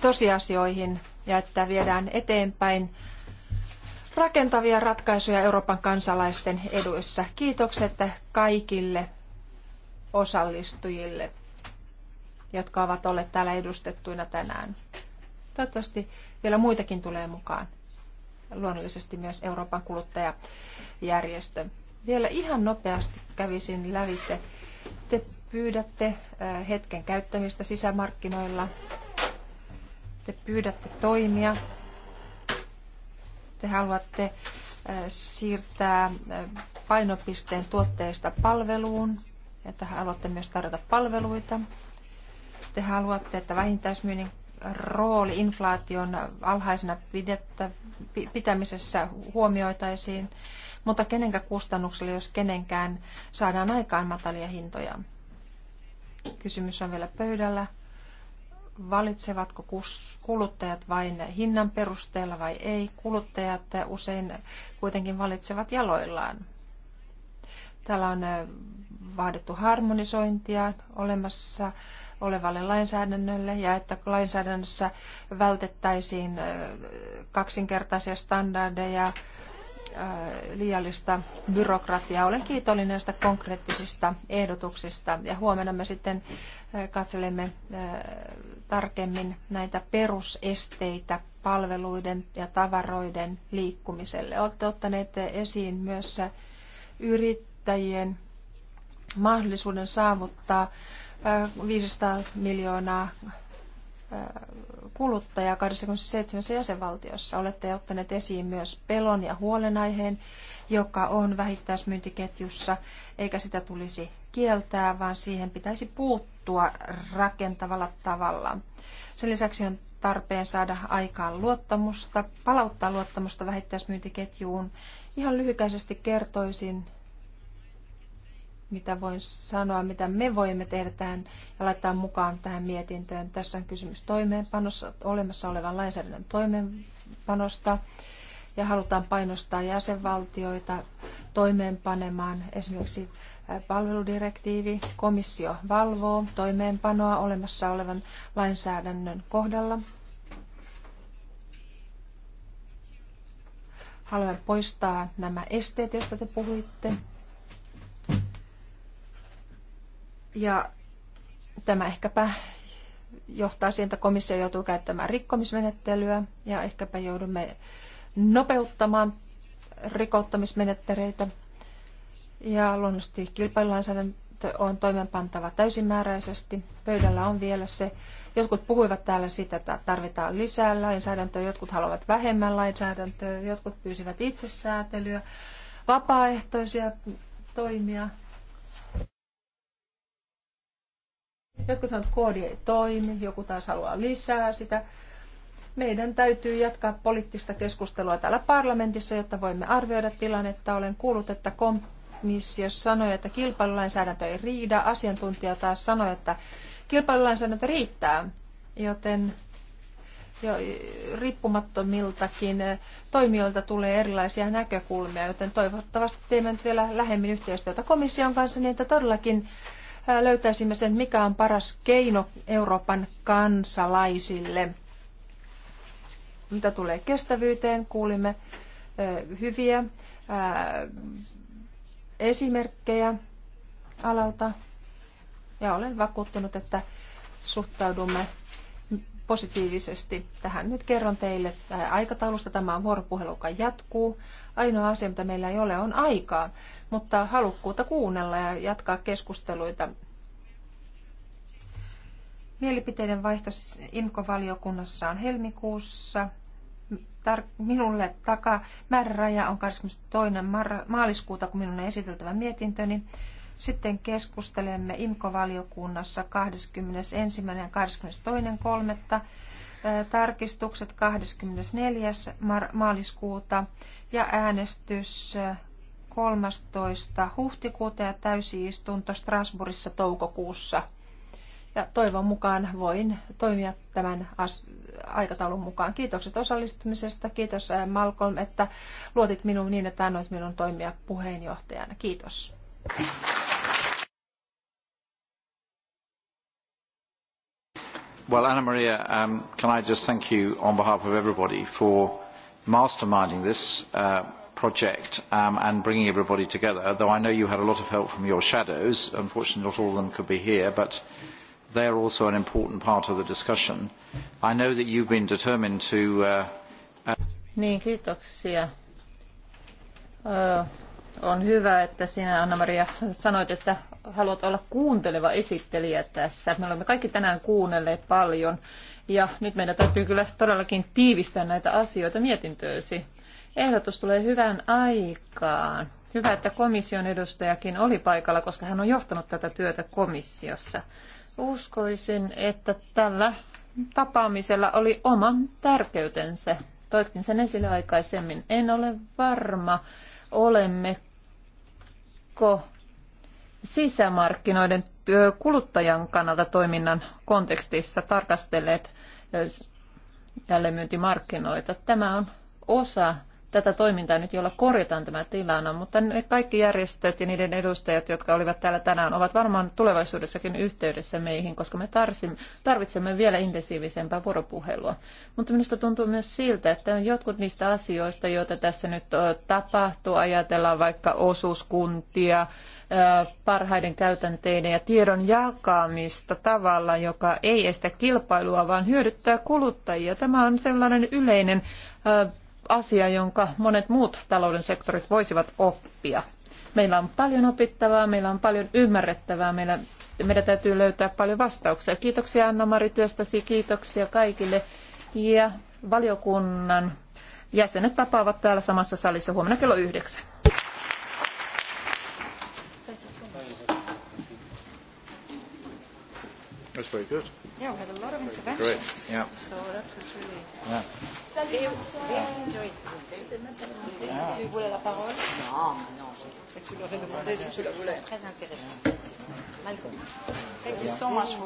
tosiasioihin ja että viedään eteenpäin rakentavia ratkaisuja Euroopan kansalaisten eduissa. Kiitokset kaikille osallistujille, jotka ovat olleet täällä edustettuina tänään. Toivottavasti vielä muitakin tulee mukaan luonnollisesti myös Euroopan kuluttajajärjestö. Vielä ihan nopeasti kävisin lävitse. Te pyydätte äh, hetken käyttämistä sisämarkkinoilla. Te pyydätte toimia. Te haluatte äh, siirtää äh, painopisteen tuotteista palveluun, että haluatte myös tarjota palveluita. Te haluatte, että vähintäismyynnin rooli inflaation alhaisena pidettä, pitämisessä huomioitaisiin, mutta kenenkä kustannuksella, jos kenenkään saadaan aikaan matalia hintoja? Kysymys on vielä pöydällä. Valitsevatko kuluttajat vain hinnan perusteella vai ei? Kuluttajat usein kuitenkin valitsevat jaloillaan. Täällä on vaadittu harmonisointia olemassa olevalle lainsäädännölle ja että lainsäädännössä vältettäisiin kaksinkertaisia standardeja, liiallista byrokratiaa. Olen kiitollinen näistä konkreettisista ehdotuksista ja huomenna me sitten katselemme tarkemmin näitä perusesteitä palveluiden ja tavaroiden liikkumiselle. Olette ottaneet esiin myös yrittäjien mahdollisuuden saavuttaa 500 miljoonaa kuluttajaa 27 jäsenvaltiossa. Olette ottaneet esiin myös pelon ja huolenaiheen, joka on vähittäismyyntiketjussa, eikä sitä tulisi kieltää, vaan siihen pitäisi puuttua rakentavalla tavalla. Sen lisäksi on tarpeen saada aikaan luottamusta, palauttaa luottamusta vähittäismyyntiketjuun. Ihan lyhykäisesti kertoisin mitä voin sanoa, mitä me voimme tehdä tähän ja laittaa mukaan tähän mietintöön. Tässä on kysymys toimeenpanossa, olemassa olevan lainsäädännön toimeenpanosta ja halutaan painostaa jäsenvaltioita toimeenpanemaan esimerkiksi palveludirektiivi. Komissio valvoo toimeenpanoa olemassa olevan lainsäädännön kohdalla. Haluan poistaa nämä esteet, joista te puhuitte. Ja tämä ehkäpä johtaa siihen, että komissio joutuu käyttämään rikkomismenettelyä ja ehkäpä joudumme nopeuttamaan rikottamismenettelyitä. Ja luonnollisesti kilpailulainsäädäntö on toimenpantava täysimääräisesti. Pöydällä on vielä se. Jotkut puhuivat täällä siitä, että tarvitaan lisää lainsäädäntöä, jotkut haluavat vähemmän lainsäädäntöä, jotkut pyysivät itsesäätelyä, vapaaehtoisia toimia. Jotkut sanovat, että koodi ei toimi, joku taas haluaa lisää sitä. Meidän täytyy jatkaa poliittista keskustelua täällä parlamentissa, jotta voimme arvioida tilannetta. Olen kuullut, että komissio sanoi, että kilpailulainsäädäntö ei riida. Asiantuntija taas sanoi, että kilpailulainsäädäntö riittää, joten jo riippumattomiltakin toimijoilta tulee erilaisia näkökulmia, joten toivottavasti teemme nyt vielä lähemmin yhteistyötä komission kanssa niin, että todellakin löytäisimme sen, mikä on paras keino Euroopan kansalaisille. Mitä tulee kestävyyteen, kuulimme hyviä esimerkkejä alalta ja olen vakuuttunut, että suhtaudumme positiivisesti. Tähän nyt kerron teille aikataulusta. Tämä on vuoropuhelu, joka jatkuu. Ainoa asia, mitä meillä ei ole, on aikaa, mutta halukkuutta kuunnella ja jatkaa keskusteluita. Mielipiteiden vaihto IMKO-valiokunnassa on helmikuussa. minulle taka määräraja on 22. maaliskuuta, kun minun on esiteltävä mietintöni. Niin sitten keskustelemme IMKO-valiokunnassa 21. ja 22.3. Tarkistukset 24. maaliskuuta ja äänestys 13. huhtikuuta ja täysiistunto Strasbourgissa toukokuussa. Ja toivon mukaan voin toimia tämän aikataulun mukaan. Kiitokset osallistumisesta. Kiitos Malcolm, että luotit minuun niin, että annoit minun toimia puheenjohtajana. Kiitos.
Well, Anna Maria, um, can I just thank you on behalf of everybody for masterminding this uh, project um, and bringing everybody together, though I know you had a lot of help from your shadows. Unfortunately, not all of them could be here, but they are also an important part of the discussion. I know that you've been determined to... Uh, uh
niin, kiitoksia. Ö, uh, on hyvä, että sinä Anna-Maria sanoit, että haluat olla kuunteleva esittelijä tässä. Me olemme kaikki tänään kuunnelleet paljon ja nyt meidän täytyy kyllä todellakin tiivistää näitä asioita mietintöösi. Ehdotus tulee hyvään aikaan. Hyvä, että komission edustajakin oli paikalla, koska hän on johtanut tätä työtä komissiossa. Uskoisin, että tällä tapaamisella oli oma tärkeytensä. Toitkin sen esille aikaisemmin. En ole varma, olemmeko sisämarkkinoiden kuluttajan kannalta toiminnan kontekstissa tarkastelleet jälleenmyyntimarkkinoita. Tämä on osa tätä toimintaa nyt, jolla korjataan tämä tilanne, mutta ne kaikki järjestöt ja niiden edustajat, jotka olivat täällä tänään, ovat varmaan tulevaisuudessakin yhteydessä meihin, koska me tarvitsemme vielä intensiivisempää vuoropuhelua. Mutta minusta tuntuu myös siltä, että jotkut niistä asioista, joita tässä nyt tapahtuu, ajatellaan vaikka osuuskuntia, parhaiden käytänteiden ja tiedon jakamista tavalla, joka ei estä kilpailua, vaan hyödyttää kuluttajia. Tämä on sellainen yleinen asia, jonka monet muut talouden sektorit voisivat oppia. Meillä on paljon opittavaa, meillä on paljon ymmärrettävää, meillä, meidän täytyy löytää paljon vastauksia. Kiitoksia Anna-Mari työstäsi, kiitoksia kaikille ja valiokunnan jäsenet tapaavat täällä samassa salissa huomenna kello yhdeksän.
That's very good.
Yeah, we had a lot of interventions. Great. Yeah. So that was really. Yeah. Et,
et
interesting. Yeah. Tu
voulais la parole Non, non. Je...
Et tu leur as demandé si tu la voulais.
Très intéressant, bien sûr. Malcolm. Thank you so much.